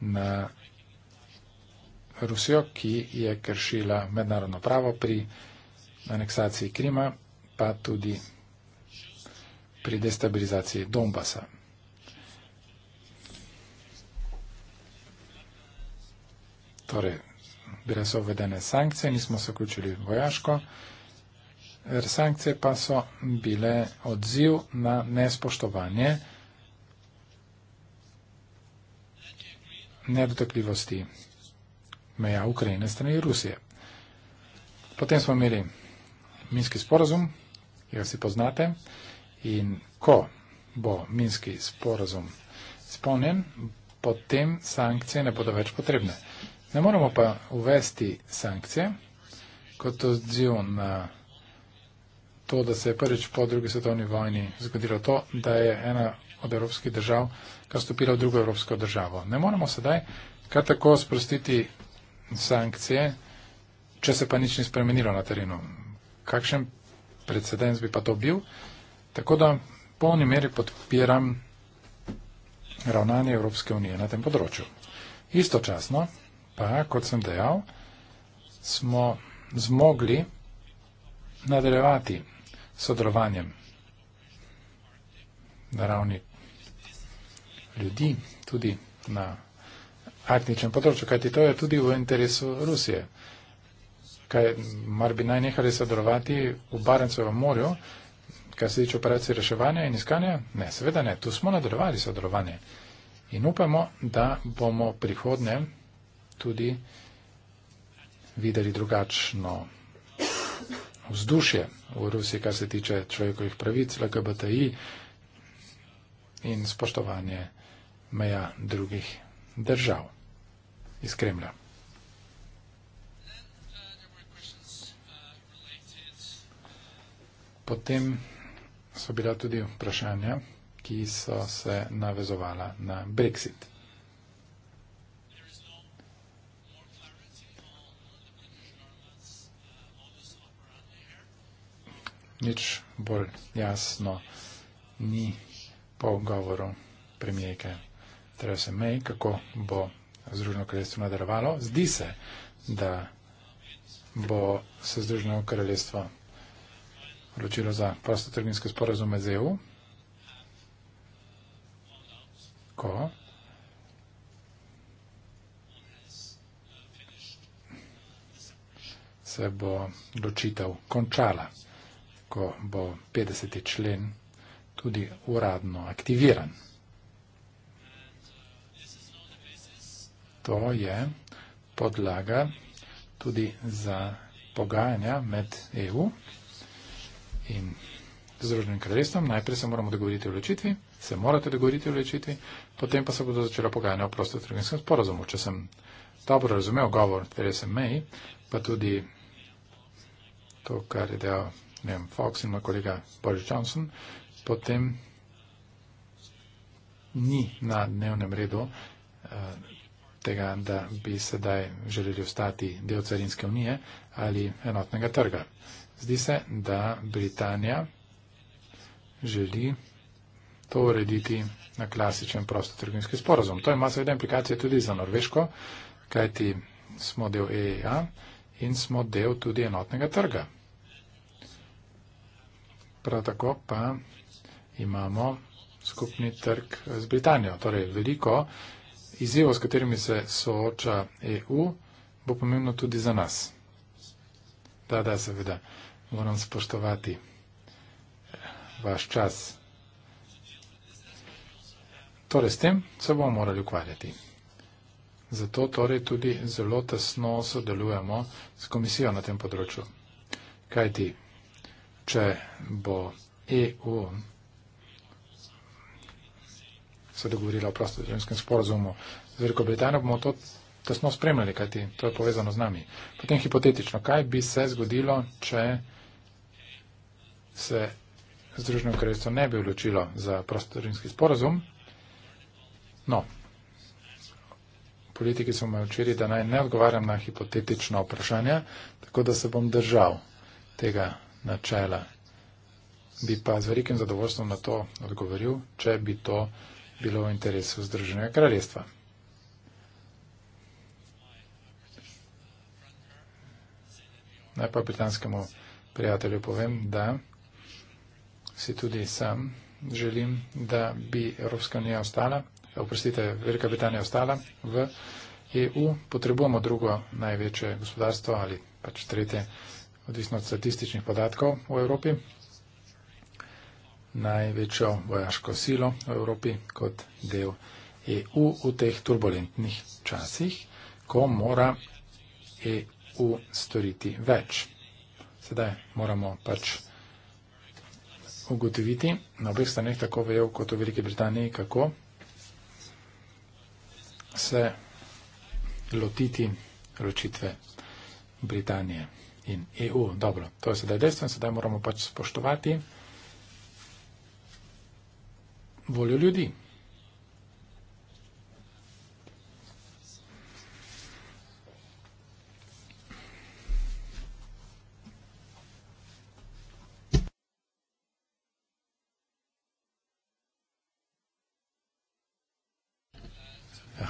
na Rusijo, ki je kršila mednarodno pravo pri aneksaciji Krima, pa tudi pri destabilizaciji Donbasa. Torej, bile so uvedene sankcije, nismo se vključili vojaško, er sankcije pa so bile odziv na nespoštovanje nedotakljivosti meja Ukrajine strani Rusije. Potem smo imeli minski sporazum, ki ga si poznate, In ko bo minski sporazum izpolnjen, potem sankcije ne bodo več potrebne. Ne moramo pa uvesti sankcije kot odziv na to, da se je prvič po drugi svetovni vojni zgodilo to, da je ena od evropskih držav kar stopila v drugo evropsko državo. Ne moramo sedaj kar tako sprostiti sankcije, če se pa nič ni spremenilo na terenu. Kakšen precedens bi pa to bil? Tako da v polni meri podpiram ravnanje Evropske unije na tem področju. Istočasno pa, kot sem dejal, smo zmogli nadaljevati sodelovanjem na ravni ljudi, tudi na arktičnem področju, kajti to je tudi v interesu Rusije. Kaj, mar bi naj nehali sodelovati v Barencovem morju, kar se tiče operacije reševanja in iskanja, ne, seveda ne, tu smo nadaljevali sodelovanje in upamo, da bomo prihodne tudi videli drugačno vzdušje v Rusiji, kar se tiče človekovih pravic, LGBTI in spoštovanje meja drugih držav iz Kremlja. Potem so bila tudi vprašanja, ki so se navezovala na Brexit. Nič bolj jasno ni po govoru premijejke Therese May, kako bo Združeno kraljestvo nadaljevalo. Zdi se, da bo se Združeno kraljestvo odločilo za prostotrgninski sporazum med EU. Ko? Se bo ločitev končala, ko bo 50. člen tudi uradno aktiviran. To je podlaga tudi za pogajanja med EU in Združenim kraljestvom. Najprej se moramo dogovoriti o ločitvi, se morate dogovoriti o ločitvi, potem pa se bodo začela pogajanja o prostotrgovinskem sporazumu. Če sem dobro razumel govor Theresa May, pa tudi to, kar je dejal ne vem, Fox in moj kolega Boris Johnson, potem ni na dnevnem redu eh, tega, da bi sedaj želeli ostati del carinske unije ali enotnega trga. Zdi se, da Britanija želi to urediti na klasičen prostotrgovinski sporozum. To ima seveda implikacije tudi za Norveško, kajti smo del EEA in smo del tudi enotnega trga. Prav tako pa imamo skupni trg z Britanijo. Torej, veliko izzivov, s katerimi se sooča EU, bo pomembno tudi za nas. Da, da, seveda moram spoštovati eh, vaš čas. Torej, s tem se bomo morali ukvarjati. Zato torej tudi zelo tesno sodelujemo s komisijo na tem področju. Kajti, če bo EU se dogovorila o prostodržavskem sporozumu z Veliko Britanijo, bomo to tesno spremljali, kajti to je povezano z nami. Potem hipotetično, kaj bi se zgodilo, če se Združeno kraljestvo ne bi odločilo za prostorinski sporozum. No, politiki so me učili, da naj ne odgovarjam na hipotetično vprašanje, tako da se bom držal tega načela. Bi pa z velikim zadovoljstvom na to odgovoril, če bi to bilo v interesu Združenega kraljestva. Naj pa britanskemu prijatelju povem, da si tudi sam želim, da bi Evropska unija ostala, oprostite, Velika Britanija ostala v EU. Potrebujemo drugo največje gospodarstvo ali pač tretje, odvisno od statističnih podatkov v Evropi, največjo vojaško silo v Evropi kot del EU v teh turbulentnih časih, ko mora EU storiti več. Sedaj moramo pač ugotoviti. Na obeh straneh, tako v EU kot v Veliki Britaniji, kako se lotiti ločitve Britanije in EU. Dobro, to je sedaj dejstvo in sedaj moramo pač spoštovati voljo ljudi.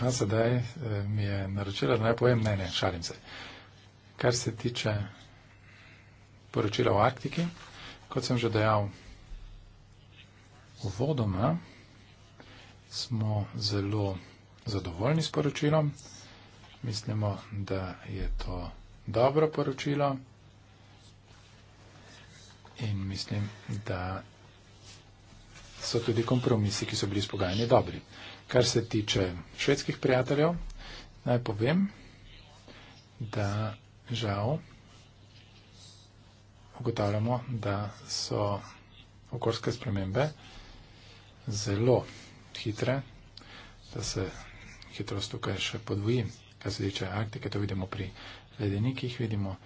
aha, sedaj eh, mi je naročila, da naj povem mnenje, šalim se. Kar se tiče poročila o Arktiki, kot sem že dejal, uvodoma smo zelo zadovoljni s poročilom. Mislimo, da je to dobro poročilo in mislim, da so tudi kompromisi, ki so bili izpogajani, dobri. Kar se tiče švedskih prijateljev, naj povem, da žal ugotavljamo, da so okoljske spremembe zelo hitre, da se hitrost tukaj še podvoji, kar se tiče Arktike, to vidimo pri ledenikih, vidimo,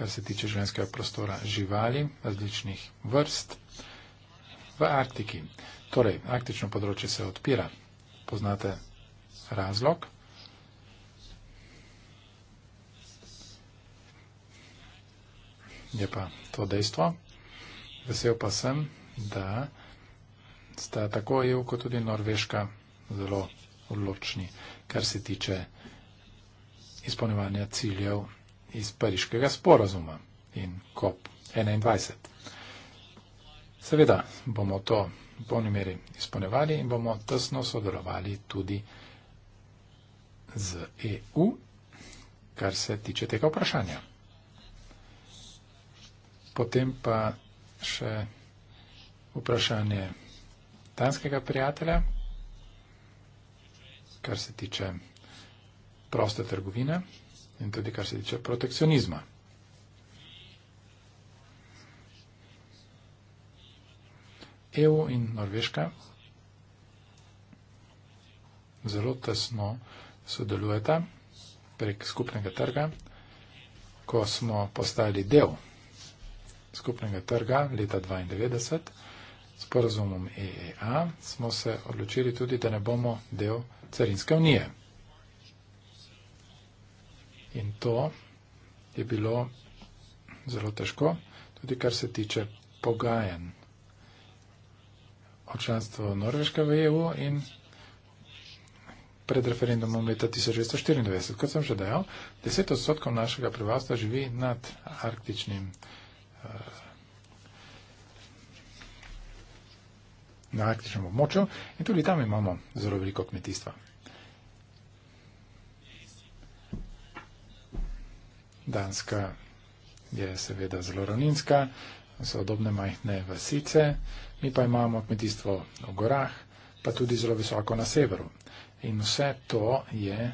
kar se tiče ženskega prostora živali različnih vrst v Arktiki. Torej, arktično področje se odpira poznate razlog. Je pa to dejstvo. Vesel pa sem, da sta tako EU kot tudi Norveška zelo odločni, kar se tiče izpolnjevanja ciljev iz Pariškega sporazuma in COP21. Seveda bomo to polni meri izpolnjevali in bomo tesno sodelovali tudi z EU, kar se tiče tega vprašanja. Potem pa še vprašanje danskega prijatelja, kar se tiče proste trgovine in tudi kar se tiče protekcionizma. EU in Norveška zelo tesno sodelujeta prek skupnega trga. Ko smo postali del skupnega trga leta 1992 s porazumom EEA, smo se odločili tudi, da ne bomo del Carinske unije. In to je bilo zelo težko, tudi kar se tiče pogajanj o članstvu Norveške v EU in pred referendumom leta 1994. Kot sem že dejal, 10 odstotkov našega prebivalstva živi nad arktičnim, eh, na arktičnem območju in tudi tam imamo zelo veliko kmetijstva. Danska je seveda zelo ravninska, sodobne majhne vasice mi pa imamo kmetijstvo v gorah, pa tudi zelo visoko na severu. In vse to je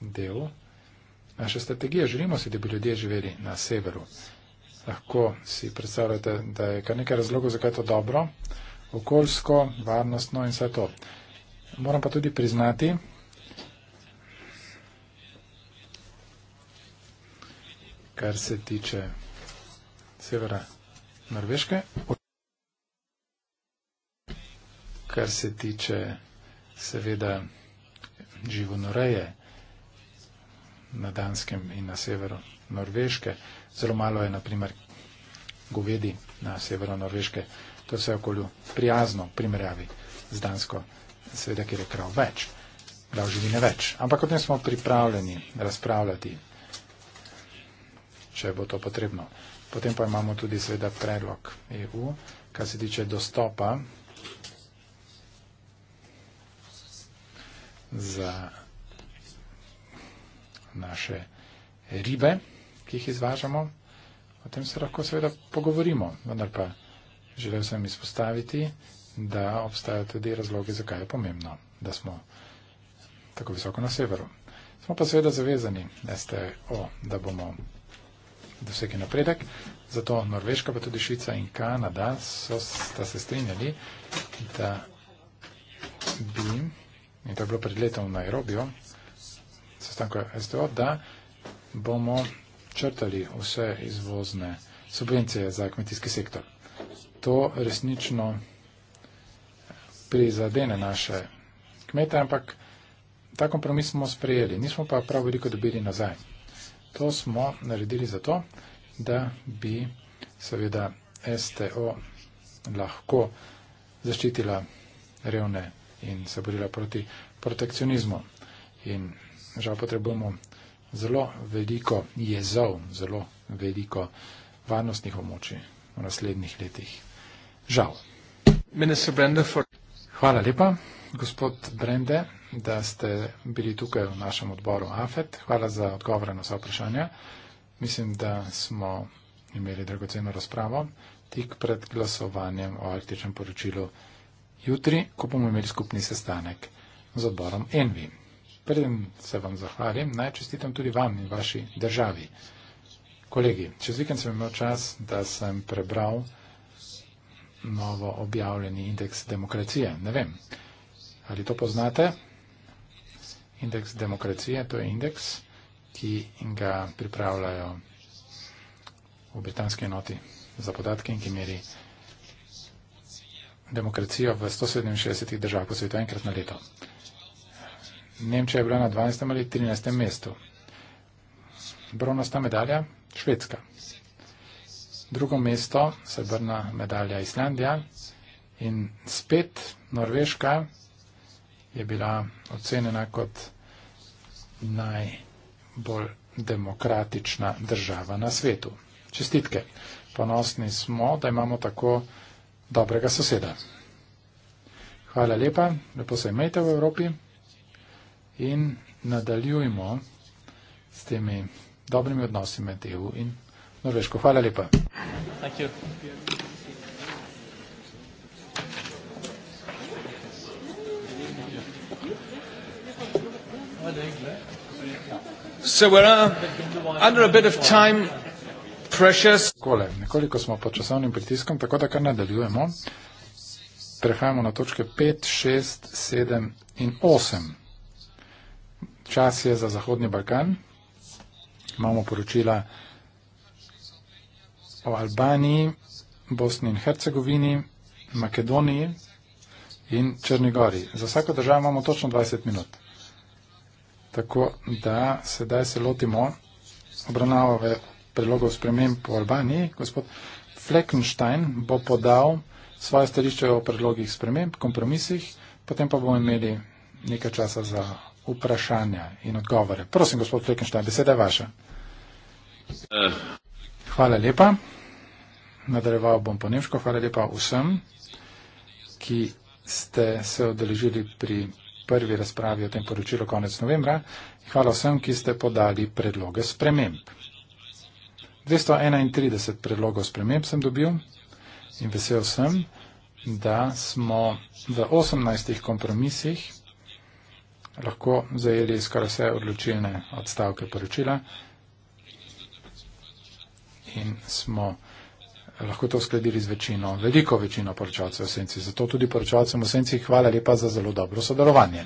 del naše strategije. Želimo si, da bi ljudje živeli na severu. Lahko si predstavljate, da je kar nekaj razlogov, zakaj je to dobro, okoljsko, varnostno in vse to. Moram pa tudi priznati, kar se tiče severa Norveške kar se tiče seveda živonoreje na Danskem in na severu Norveške. Zelo malo je, naprimer, govedi na severu Norveške. To se je okolju prijazno primerjavi z Dansko, seveda, kjer je krav več, krav živine več. Ampak o tem smo pripravljeni razpravljati, če bo to potrebno. Potem pa imamo tudi seveda predlog EU, kar se tiče dostopa za naše ribe, ki jih izvažamo. O tem se lahko seveda pogovorimo, vendar pa želel sem izpostaviti, da obstajajo tudi razloge, zakaj je pomembno, da smo tako visoko na severu. Smo pa seveda zavezani STO, da bomo dosegli napredek, zato Norveška, pa tudi Švica in Kanada so, sta se strinjali, da bi in to je bilo pred letom v Nairobiju, sestanko STO, da bomo črtali vse izvozne subvencije za kmetijski sektor. To resnično prizadene naše kmete, ampak ta kompromis smo sprejeli. Nismo pa prav veliko dobili nazaj. To smo naredili zato, da bi seveda STO lahko zaščitila revne kmete in se borila proti protekcionizmu. In žal potrebujemo zelo veliko jezov, zelo veliko varnostnih omoči v naslednjih letih. Žal. Hvala lepa, gospod Brende, da ste bili tukaj v našem odboru AFET. Hvala za odgovore na vsa vprašanja. Mislim, da smo imeli dragoceno razpravo tik pred glasovanjem o arktičnem poročilu jutri, ko bomo imeli skupni sestanek z odborom Envi. Preden se vam zahvalim, naj čestitam tudi vam in vaši državi. Kolegi, čez vikend sem imel čas, da sem prebral novo objavljeni indeks demokracije. Ne vem, ali to poznate? Indeks demokracije, to je indeks, ki ga pripravljajo v britanski enoti za podatke in ki meri demokracijo v 167 držav po svetu enkrat na leto. Nemčija je bila na 12. ali 13. mestu. Bronasta medalja Švedska. Drugo mesto, srebrna medalja Islandija. In spet Norveška je bila ocenjena kot najbolj demokratična država na svetu. Čestitke. Ponosni smo, da imamo tako dobrega soseda. Hvala lepa, lepo se imejte v Evropi in nadaljujmo s temi dobrimi odnosi med EU in Norveško. Hvala lepa. So we're uh, under a bit of time precious. Kole, nekoliko smo pod časovnim pritiskom, tako da kar nadaljujemo. Prehajamo na točke 5, 6, 7 in 8. Čas je za Zahodni Balkan. Imamo poročila o Albaniji, Bosni in Hercegovini, Makedoniji in Črnigori. Za vsako državo imamo točno 20 minut. Tako da sedaj se lotimo obravnavave predlogov sprememb v Albaniji. Gospod Fleckenstein bo podal svoje stališče o predlogih sprememb, kompromisih, potem pa bomo imeli nekaj časa za vprašanja in odgovore. Prosim, gospod Fleckenstein, beseda je vaša. Hvala lepa. Nadaljeval bom po nemško. Hvala lepa vsem, ki ste se odeležili pri prvi razpravi o tem poročilu konec novembra. Hvala vsem, ki ste podali predloge sprememb. 231 predlogov sprememb sem dobil in vesel sem, da smo v 18 kompromisih lahko zajeli skoraj vse odločilne odstavke poročila in smo lahko to uskladili z večino, veliko večino poročalcev v senci. Zato tudi poročalcem v senci hvala lepa za zelo dobro sodelovanje.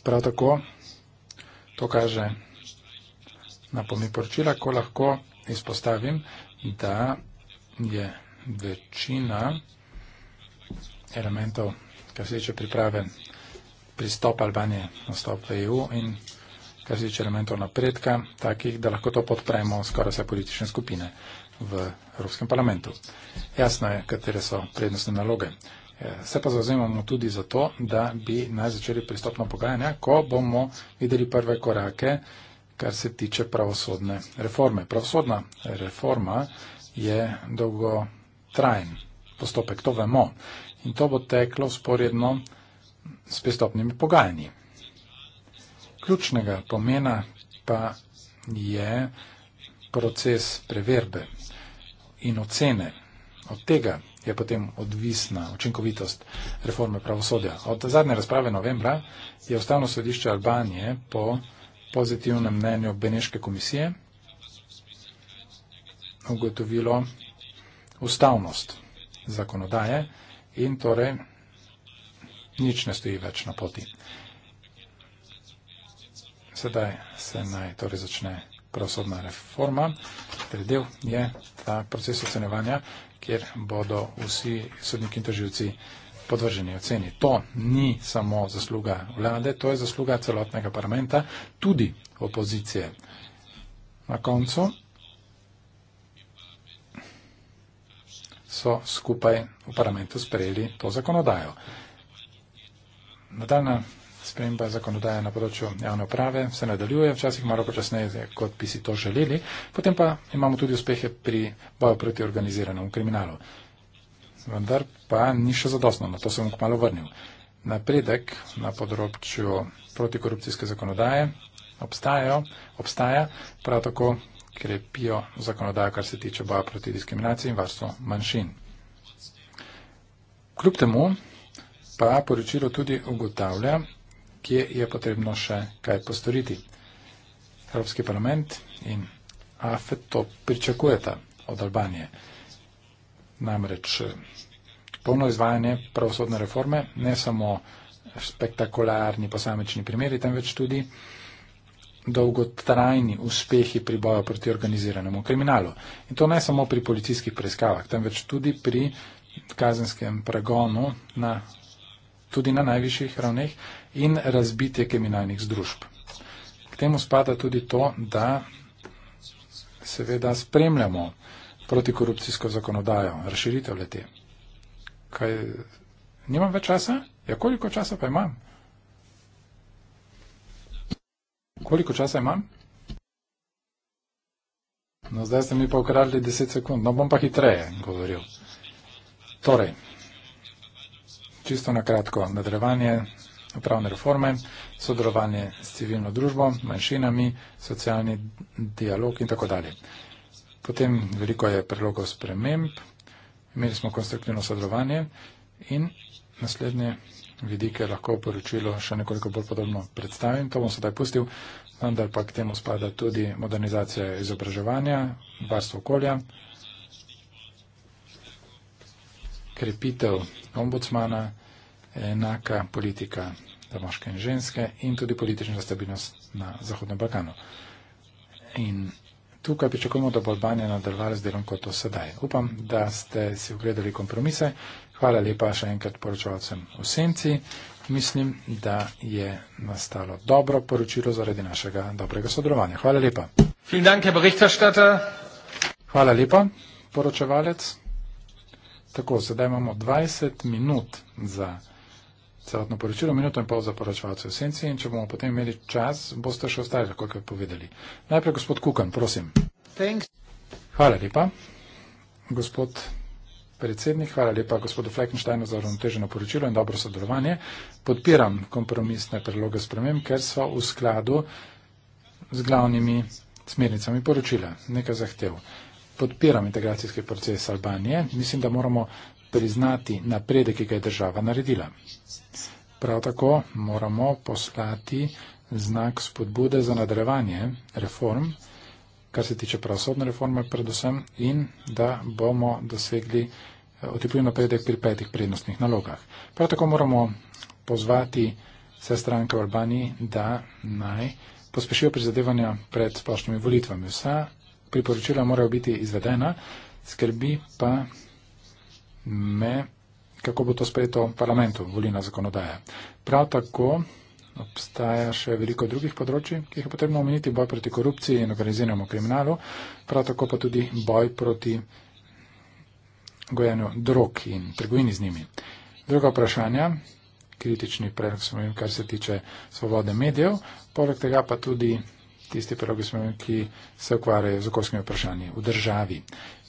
Prav tako to kaže na pomi poročila, ko lahko izpostavim, da je večina elementov, kar se tiče priprave pristopa Albanije na stop v EU in kar se tiče elementov napredka, takih, da lahko to podpremo skoraj vse politične skupine v Evropskem parlamentu. Jasno je, katere so prednostne naloge. Ja, se pa zauzemamo tudi za to, da bi naj začeli pristopno pogajanje, ko bomo videli prve korake kar se tiče pravosodne reforme. Pravosodna reforma je dolgotrajen postopek, to vemo. In to bo teklo sporedno s pristopnimi pogajanji. Ključnega pomena pa je proces preverbe in ocene. Od tega je potem odvisna učinkovitost reforme pravosodja. Od zadnje razprave novembra je Ustavno sodišče Albanije po pozitivnem mnenju Beneške komisije ugotovilo ustavnost zakonodaje in torej nič ne stoji več na poti. Sedaj se naj torej začne pravosodna reforma. Predel je ta proces ocenjevanja, kjer bodo vsi sodniki in toživci podvrženi oceni. To ni samo zasluga vlade, to je zasluga celotnega parlamenta, tudi opozicije. Na koncu so skupaj v parlamentu sprejeli to zakonodajo. Nadaljna sprememba zakonodaje na področju javne uprave se nadaljuje, včasih malo počasneje, kot bi si to želeli, potem pa imamo tudi uspehe pri boju proti organiziranemu kriminalu vendar pa ni še zadostno, na to se bom kmalo vrnil. Napredek na področju protikorupcijske zakonodaje obstajajo, obstaja, prav tako krepijo zakonodajo, kar se tiče boja proti diskriminaciji in varstvo manjšin. Kljub temu pa poročilo tudi ugotavlja, kje je potrebno še kaj postoriti. Evropski parlament in AFE to pričakujeta od Albanije. Namreč eh, polno izvajanje pravosodne reforme, ne samo spektakularni posamični primeri, temveč tudi dolgotrajni uspehi pri boju proti organiziranemu kriminalu. In to ne samo pri policijskih preiskavah, temveč tudi pri kazenskem pregonu na, tudi na najvišjih ravneh in razbitje kriminalnih združb. K temu spada tudi to, da seveda spremljamo uh, protikorupcijsko zakonodajo, razširitev le te. Kaj, nimam več časa? Ja, koliko časa pa imam? Koliko časa imam? No, zdaj ste mi pa ukradli 10 sekund, no bom pa hitreje govoril. Torej, čisto na kratko, nadrevanje upravne reforme, sodelovanje s civilno družbo, manjšinami, socialni dialog in tako dalje. Potem veliko je predlogov sprememb, imeli smo konstruktivno sodelovanje in naslednje vidike lahko poročilo še nekoliko bolj podobno predstavim. To bom sedaj pustil, vendar pa k temu spada tudi modernizacija izobraževanja, varstvo okolja, krepitev ombudsmana, enaka politika za moške in ženske in tudi politična stabilnost na Zahodnem Balkanu. In tukaj pričakujemo, da bo Albanija nadaljevala z delom kot to sedaj. Upam, da ste si ogledali kompromise. Hvala lepa še enkrat poročevalcem v senci. Mislim, da je nastalo dobro poročilo zaradi našega dobrega sodelovanja. Hvala lepa. Hvala lepa, poročevalec. Tako, sedaj imamo 20 minut za celotno poročilo, minuto in pol za poročevalce v senci in če bomo potem imeli čas, boste še ostali, kako je povedali. Najprej gospod Kukan, prosim. Thanks. Hvala lepa, gospod predsednik, hvala lepa gospodu Fleckensteinu za uravnoteženo poročilo in dobro sodelovanje. Podpiram kompromisne predloge sprememb, ker so v skladu z glavnimi smernicami poročila. Nekaj zahtev. Podpiram integracijski proces Albanije. Mislim, da moramo priznati napredek, ki ga je država naredila. Prav tako moramo poslati znak spodbude za nadrevanje reform, kar se tiče pravosodne reforme predvsem, in da bomo dosegli eh, otepljiv napredek pri petih prednostnih nalogah. Prav tako moramo pozvati vse stranke v Albaniji, da naj pospešijo prizadevanja pred splošnimi volitvami. Vsa priporočila morajo biti izvedena, skrbi pa me, kako bo to sprejeto v parlamentu, volina zakonodaja. Prav tako obstaja še veliko drugih področji, ki jih je potrebno omeniti, boj proti korupciji in organiziranemu kriminalu, prav tako pa tudi boj proti gojenju drog in trgovini z njimi. Druga vprašanja, kritični predlog smo imeli, kar se tiče svobode medijev, poleg tega pa tudi tisti predlog smo imeli, ki se ukvarjajo z okoljskimi vprašanji v državi.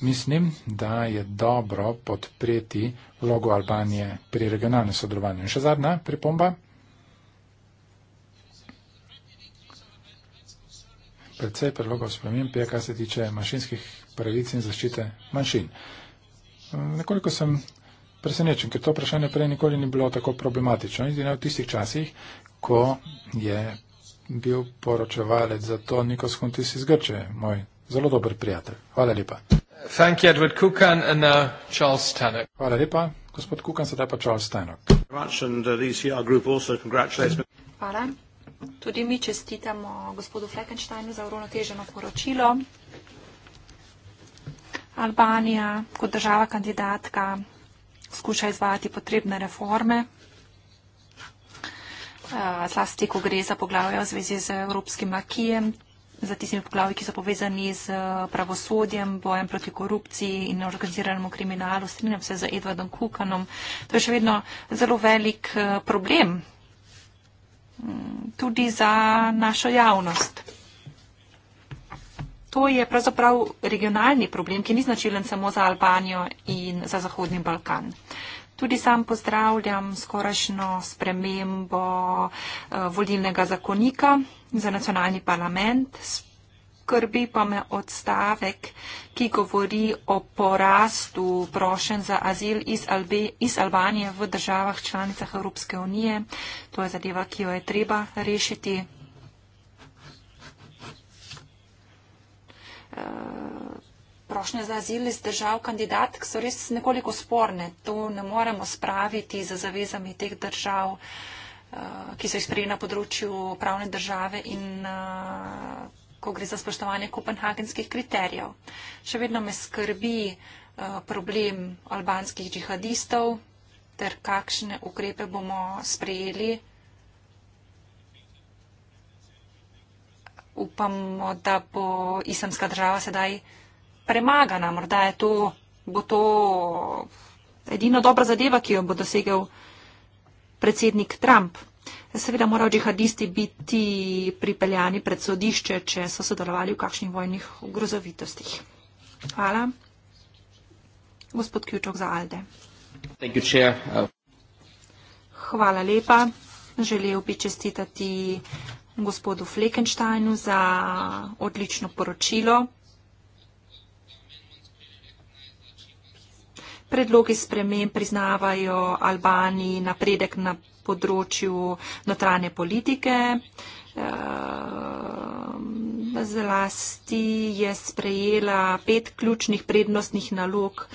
Mislim, da je dobro podpreti vlogo Albanije pri regionalnem sodelovanju. In še zadnja pripomba. Predvsej predlogov spremem pije, kar se tiče manjšinskih pravic in zaščite manjšin. Nekoliko sem presenečen, ker to vprašanje prej nikoli ni bilo tako problematično. Izdina v tistih časih, ko je bil poročevalec za to Nikos Kuntis iz Grče, moj zelo dober prijatelj. Hvala lepa. Thank you, Edward Kukan, and now uh, Charles Tannock. Hvala lepa, gospod Kukan, sedaj pa Charles Tannock. Uh, e Hvala. Tudi mi čestitamo gospodu Fleckensteinu za uravnoteženo poročilo. Albanija kot država kandidatka skuša izvajati potrebne reforme, eh, zlasti ko gre za poglavje v zvezi z evropskim akijem, za tistimi poglavji, ki so povezani z eh, pravosodjem, bojem proti korupciji in organiziranemu kriminalu. Strinjam se z Edvardom Kukanom. To je še vedno zelo velik eh, problem mm, tudi za našo javnost. To je pravzaprav regionalni problem, ki ni značilen samo za Albanijo in za Zahodni Balkan. Tudi sam pozdravljam skorajšno spremembo eh, volilnega zakonika za nacionalni parlament. Skrbi pa me odstavek, ki govori o porastu prošen za azil iz, Albe, iz Albanije v državah članicah Evropske unije. To je zadeva, ki jo je treba rešiti. Eh, prošnje za azil iz držav kandidatk so res nekoliko sporne. To ne moremo spraviti za zavezami teh držav. Uh, Eh, ki so jih sprejeli na področju pravne države in eh, ko gre za spoštovanje kopenhagenskih kriterijev. Še vedno me skrbi eh, problem albanskih džihadistov ter kakšne ukrepe bomo sprejeli. Upamo, da bo islamska država sedaj premagana. Morda je to, bo to edina dobra zadeva, ki jo bo dosegel predsednik Trump. Seveda morajo džihadisti biti pripeljani pred sodišče, če so sodelovali v kakšnih vojnih grozovitostih. Hvala. Gospod Kjučok za Alde. You, uh... Hvala lepa. Želel bi čestitati gospodu Fleckensteinu za odlično poročilo. predlogi sprememb priznavajo Albaniji napredek na področju notranje politike. Eh, zlasti je sprejela pet ključnih prednostnih nalog eh,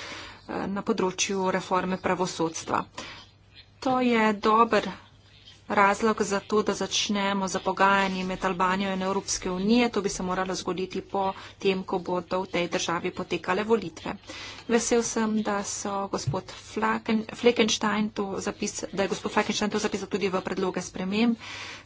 na področju reforme pravosodstva. To je dober razlog za to, da začnemo za pogajanje med Albanijo in Evropske unije. To bi se moralo zgoditi po tem, ko bodo v tej državi potekale volitve. Vesel sem, da, gospod Flaken, to zapis, da je gospod Flakenštajn to zapisal tudi v predloge spremem.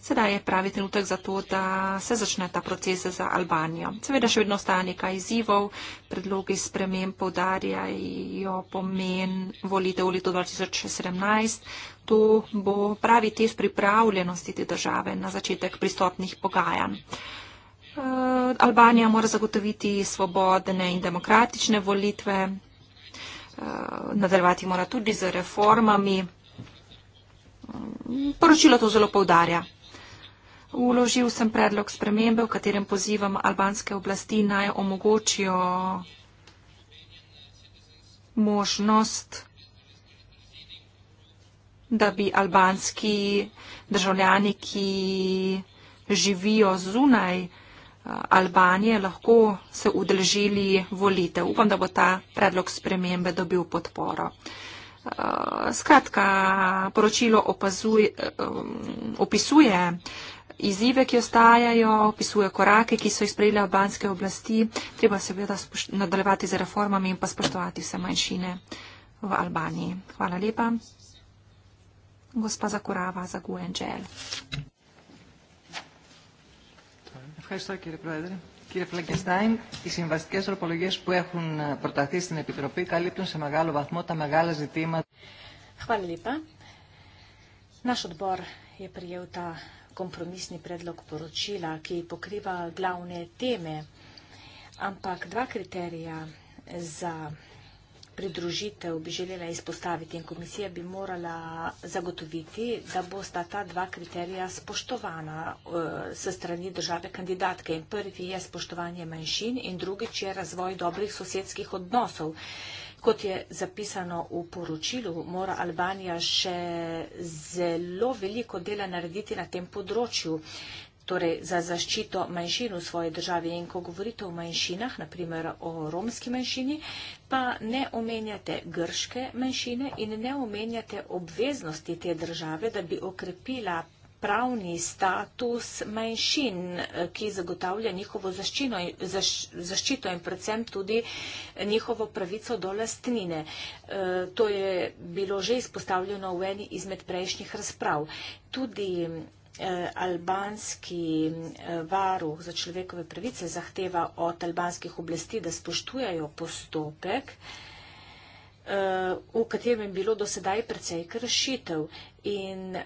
Sedaj je pravi trenutek za to, da se začne ta proces za Albanijo. Seveda še vedno ostaja nekaj izzivov. Predlogi spremem povdarjajo pomen volitev v letu 2017 to bo pravi test pripravljenosti te države na začetek pristopnih pogajanj. Eh, Albanija mora zagotoviti svobodne in demokratične volitve, eh, nadaljevati mora tudi z reformami. Eh, Poročilo to zelo povdarja. Uložil sem predlog spremembe, v katerem pozivam albanske oblasti naj omogočijo možnost da bi albanski državljani, ki živijo zunaj eh, Albanije, lahko se udeležili volitev. Upam, da bo ta predlog spremembe dobil podporo. Eh, skratka, poročilo opazuje, eh, opisuje izzive, ki ostajajo, opisuje korake, ki so jih sprejeli albanske oblasti. Treba seveda nadaljevati z reformami in pa spoštovati vse manjšine v Albaniji. Hvala lepa. Gospa Zakurava za GUNGL. E e Ευχαριστώ κύριε Πρόεδρε. Κύριε Φλεγκεστάιν, οι συμβαστικέ ορπολογίε που έχουν προταθεί στην Επιτροπή καλύπτουν σε μεγάλο βαθμό τα μεγάλα ζητήματα. Χαλίπα. Να σου πω, η Πριέουτα κομπρομίσνη πρέδλοκ προτσίλα και υποκρύβα γλάουνε τίμε. Αν πακ δύο κριτέρια за pridružitev bi želela izpostaviti in komisija bi morala zagotoviti, da bosta ta dva kriterija spoštovana eh, s strani države kandidatke. In prvi je spoštovanje manjšin in drugič je razvoj dobrih sosedskih odnosov. Kot je zapisano v poročilu, mora Albanija še zelo veliko dela narediti na tem področju torej za zaščito manjšin v svoji državi. In ko govorite o manjšinah, naprimer o romski manjšini, pa ne omenjate grške manjšine in ne omenjate obveznosti te države, da bi okrepila pravni status manjšin, ki zagotavlja njihovo zaščino, zaš, zaščito in predvsem tudi njihovo pravico do lastnine. E, to je bilo že izpostavljeno v eni izmed prejšnjih razprav. Tudi Eh, albanski eh, varuh za človekove pravice zahteva od albanskih oblasti, da spoštujajo postopek, eh, v katerem je bilo dosedaj precej kršitev in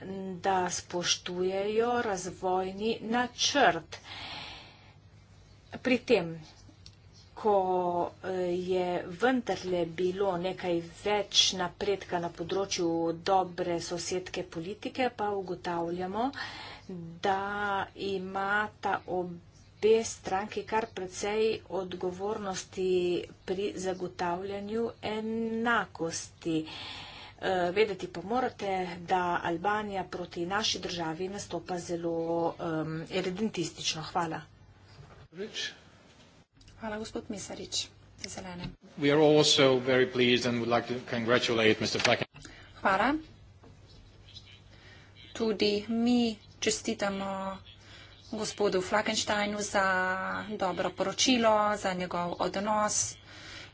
da spoštujejo razvojni načrt. Pri tem ko eh, je vendarle bilo nekaj več napredka na področju dobre sosedske politike, pa ugotavljamo, da ima ta obe stranki kar precej odgovornosti pri zagotavljanju enakosti. Eh, vedeti pa morate, da Albanija proti naši državi nastopa zelo um, ehm, eredentistično. Hvala. Rich. Hvala, gospod Mesarič. Zelene. We are also very pleased and would like to congratulate Mr. Flecken. Hvala. Tudi mi čestitamo gospodu Flakensteinu za dobro poročilo, za njegov odnos.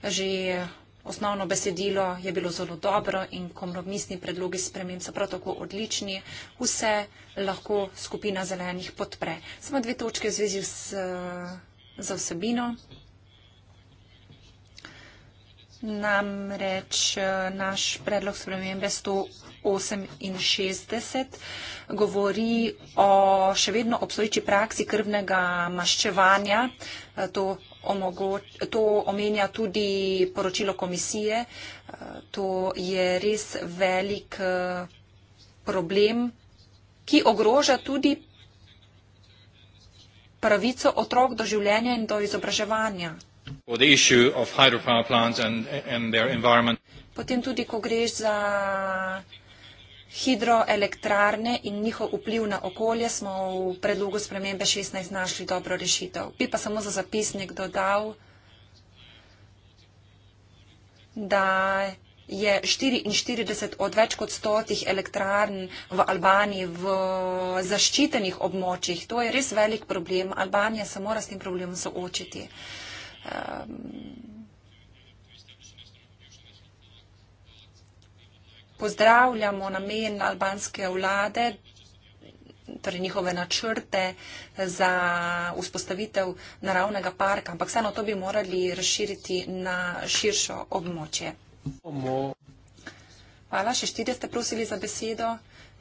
Že osnovno besedilo je bilo zelo dobro in kompromisni predlogi sprememb so prav tako odlični. Vse lahko skupina zelenih podpre. Samo dve točke v zvezi s za vsebino. Namreč eh, naš predlog spremembe 168 govori o še vedno obstoječi praksi krvnega maščevanja. Eh, to, omogoč, to omenja tudi poročilo komisije. Eh, to je res velik problem, ki ogroža tudi pravico otrok do življenja in do izobraževanja. And, and Potem tudi, ko greš za hidroelektrarne in njihov vpliv na okolje, smo v predlogu spremembe 16 našli dobro rešitev. Bi pa samo za zapisnik dodal, da je 44 od več kot 100 elektrarn v Albaniji v zaščitenih območjih. To je res velik problem. Albanija se mora s tem problemom soočiti. Um, pozdravljamo namen albanske vlade, torej njihove načrte za vzpostavitev naravnega parka, ampak vseeno to bi morali razširiti na širšo območje. Hvala. Še štiri ste prosili za besedo.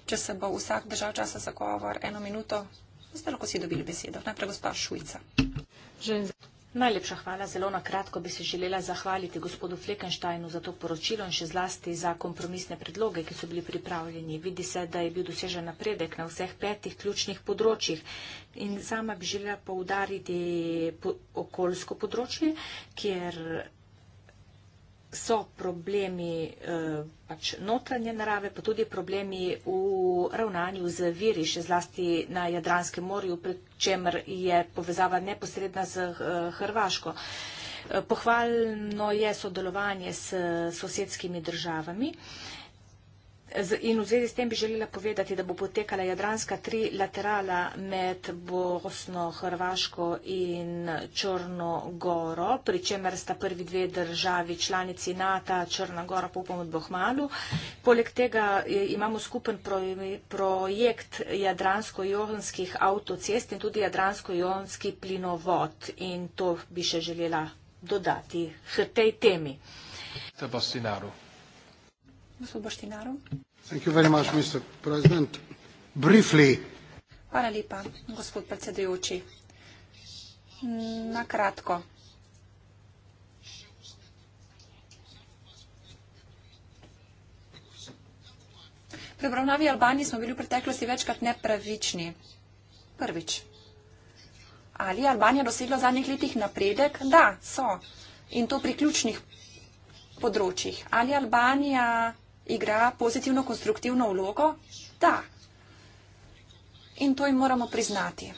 Če se bo vsak držal časa za govor, eno minuto, zdaj lahko si dobili besedo. Najprej gospa Šujca. Najlepša hvala. Zelo na kratko bi se želela zahvaliti gospodu Fleckensteinu za to poročilo in še zlasti za kompromisne predloge, ki so bili pripravljeni. Vidi se, da je bil dosežen napredek na vseh petih ključnih področjih. In sama bi želela poudariti okoljsko področje, kjer so problemi eh, pač notranje narave, pa tudi problemi v ravnanju z viri, še zlasti na Jadranskem morju, pri čemer je povezava neposredna z eh, Hrvaško. Eh, pohvalno je sodelovanje s sosedskimi državami. In v zvezi s tem bi želela povedati, da bo potekala jadranska trilaterala med Bosno, Hrvaško in Črno Goro, pri čemer sta prvi dve državi članici NATO, Črna Gora, popom od Bohmalu. Poleg tega eh, imamo skupen projekt jadransko-jonskih avtocest in tudi jadransko-jonski plinovod. In to bi še želela dodati k tej temi. Hvala lepa, gospod predsedujoči. Na kratko. Pri obravnavi Albanije smo bili v preteklosti večkrat nepravični. Prvič. Ali je Albanija dosegla v zadnjih letih napredek? Da, so. In to pri ključnih področjih. Ali Albanija igra pozitivno, konstruktivno vlogo? Da. In to jim moramo priznati.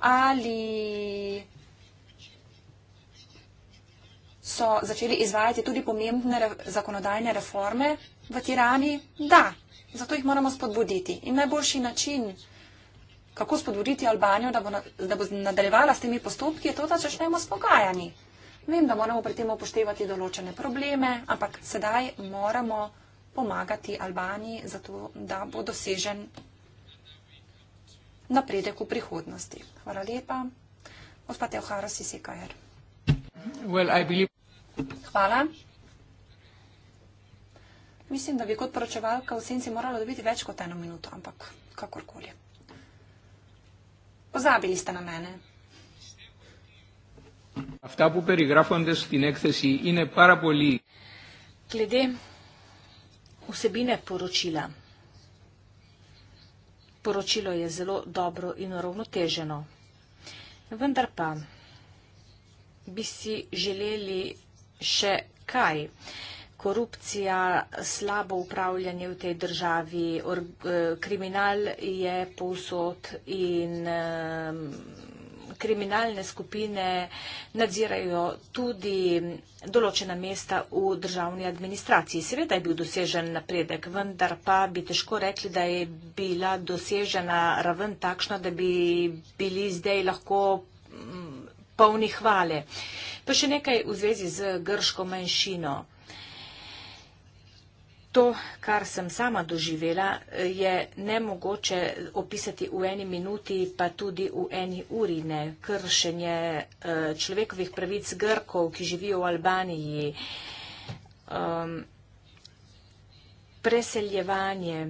Ali so začeli izvajati tudi pomembne zakonodajne reforme v Tirani? Da. Zato jih moramo spodbuditi. In najboljši način, kako spodbuditi Albanijo, da bo, na, da bo nadaljevala s temi postopki, je to, da začnemo s pogajanji. Vem, da moramo pri tem upoštevati določene probleme, ampak sedaj moramo pomagati Albaniji, zato da bo dosežen napredek v prihodnosti. Hvala lepa. Gospod Teoharo Sisikajer. Hvala. Mislim, da bi kot poročevalka v senci morala dobiti več kot eno minuto, ampak kakorkoli. Pozabili ste na mene. Αυτά που περιγράφονται στην έκθεση είναι πάρα πολύ. Κλειδί, ο Σεμπίνε Ποροτσίλα. Ποροτσίλο είναι πολύ καλό και ουρογνωτέζενο. Βέντερ πα, μπισι γελέλη σε καί. Korupcija, slabo upravljanje v tej državi, eh, kriminal je povsod in eh, kriminalne skupine nadzirajo tudi določena mesta v državni administraciji. Seveda je bil dosežen napredek, vendar pa bi težko rekli, da je bila dosežena raven takšna, da bi bili zdaj lahko mm, polni hvale. Pa še nekaj v zvezi z grško manjšino. To, kar sem sama doživela, je nemogoče opisati v eni minuti, pa tudi v eni uri. Ne. Kršenje eh, človekovih pravic Grkov, ki živijo v Albaniji, ehm, preseljevanje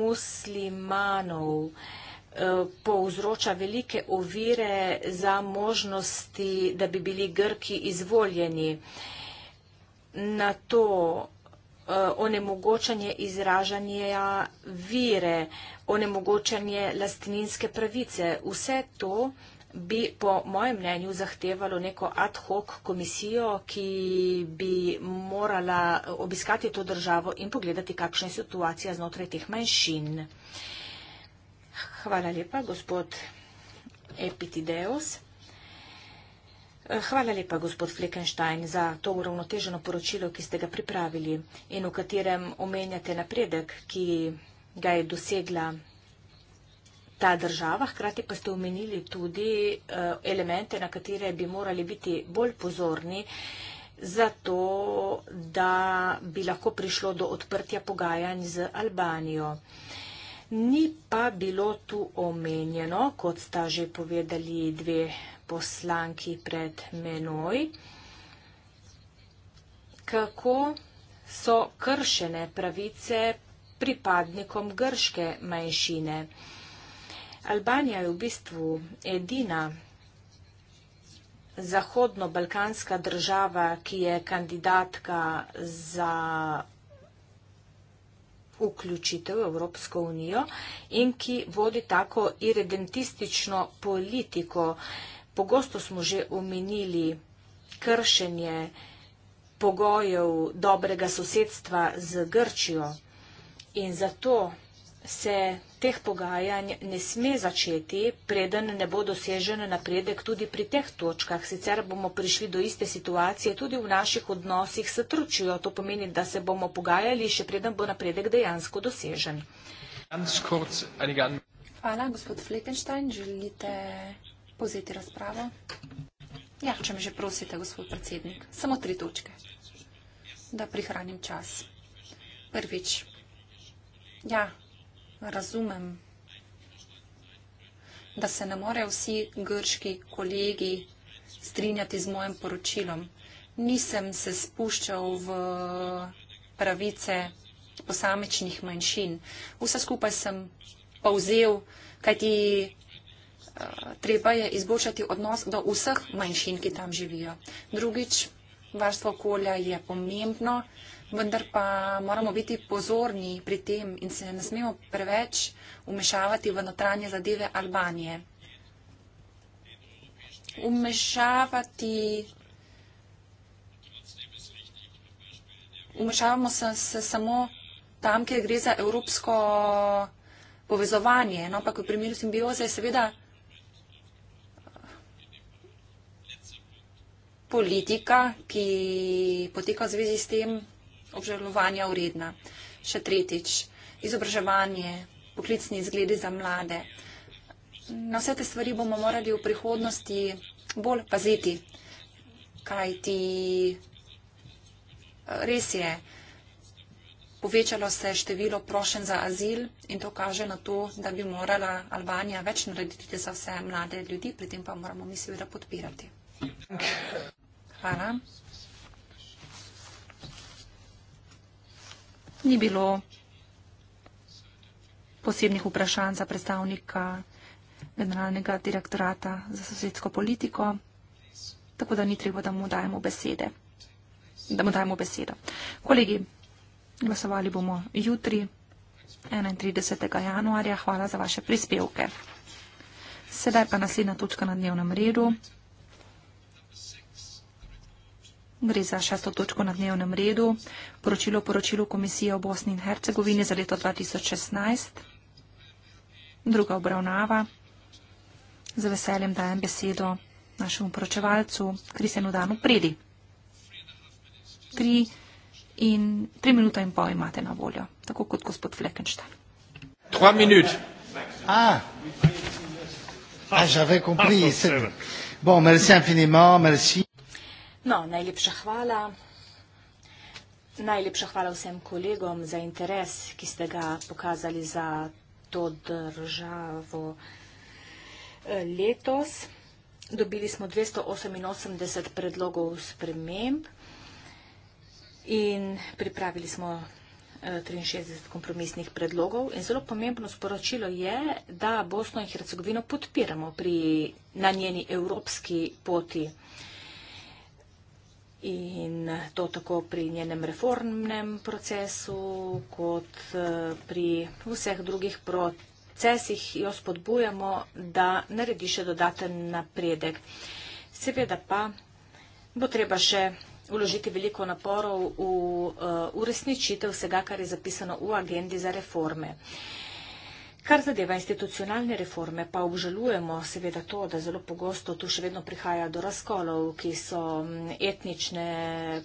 muslimanov eh, povzroča velike ovire za možnosti, da bi bili Grki izvoljeni. Na to Eh, onemogočanje izražanja vire, onemogočanje lastninske pravice. Vse to bi po mojem mnenju zahtevalo neko ad hoc komisijo, ki bi morala obiskati to državo in pogledati, kakšna je situacija znotraj teh manjšin. Hvala lepa, gospod Epitideus. Eh, hvala lepa, gospod Fleckenstein, za to uravnoteženo poročilo, ki ste ga pripravili in v katerem omenjate napredek, ki ga je dosegla ta država. Hkrati pa ste omenili tudi eh, elemente, na katere bi morali biti bolj pozorni, zato da bi lahko prišlo do odprtja pogajanj z Albanijo. Ni pa bilo tu omenjeno, kot sta že povedali dve poslanki pred menoj, kako so kršene pravice pripadnikom grške manjšine. Albanija je v bistvu edina zahodno-balkanska država, ki je kandidatka za vključitev v Evropsko unijo in ki vodi tako iredentistično politiko, Pogosto smo že omenili kršenje pogojev dobrega sosedstva z Grčijo in zato se teh pogajanj ne sme začeti, preden ne bo dosežen napredek tudi pri teh točkah. Sicer bomo prišli do iste situacije tudi v naših odnosih s Turčijo. To pomeni, da se bomo pogajali, še preden bo napredek dejansko dosežen. Hvala, gospod Fletenstein. Želite povzeti razpravo? Ja, če me že prosite, gospod predsednik, samo tri točke, da prihranim čas. Prvič, ja, razumem, da se ne morejo vsi grški kolegi strinjati z mojim poročilom. Nisem se spuščal v pravice posamečnih manjšin. Vse skupaj sem povzel, kajti treba je izboljšati odnos do vseh manjšin, ki tam živijo. Drugič, varstvo okolja je pomembno, vendar pa moramo biti pozorni pri tem in se ne smemo preveč umešavati v notranje zadeve Albanije. Umešavati. Umešavamo se, se samo tam, kjer gre za evropsko povezovanje. No, ampak v primeru simbioze je seveda politika, ki poteka v zvezi s tem, obžalovanja uredna. Še tretjič, izobraževanje, poklicni izgledi za mlade. Na vse te stvari bomo morali v prihodnosti bolj paziti, kaj ti eh, res je. Povečalo se število prošen za azil in to kaže na to, da bi morala Albanija več narediti za vse mlade ljudi, pri tem pa moramo mi seveda podpirati. Hvala. Ni bilo posebnih vprašanj za predstavnika generalnega direktorata za sosedsko politiko, tako da ni treba, da mu dajemo besede. Da mu dajemo besedo. Kolegi, glasovali bomo jutri, 31. januarja. Hvala za vaše prispevke. Sedaj pa naslednja točka na dnevnem redu. Gre za šesto točko na dnevnem redu, poročilo poročilu Komisije o Bosni in Hercegovini za leto 2016, druga obravnava. Z veseljem dajem besedo našemu poročevalcu Krisenu Danu Predi. Tri, in, tri minuta in pol imate na voljo, tako kot gospod Fleckenstein. Tri minute. Ah. Ah, j'avais compris. Ah, bon, merci infiniment, merci. No, najlepša hvala. Najlepša hvala vsem kolegom za interes, ki ste ga pokazali za to državo eh, letos. Dobili smo 288 predlogov sprememb in pripravili smo 63 eh, kompromisnih predlogov. In zelo pomembno sporočilo je, da Bosno in Hercegovino podpiramo pri, na njeni evropski poti in to tako pri njenem reformnem procesu, kot eh, pri vseh drugih procesih jo spodbujamo, da naredi še dodaten napredek. Seveda pa bo treba še uložiti veliko naporov v eh, uresničitev vsega, kar je zapisano v agendi za reforme. Kar zadeva institucionalne reforme, pa obžalujemo seveda to, da zelo pogosto tu še vedno prihaja do razkolov, ki so etnične,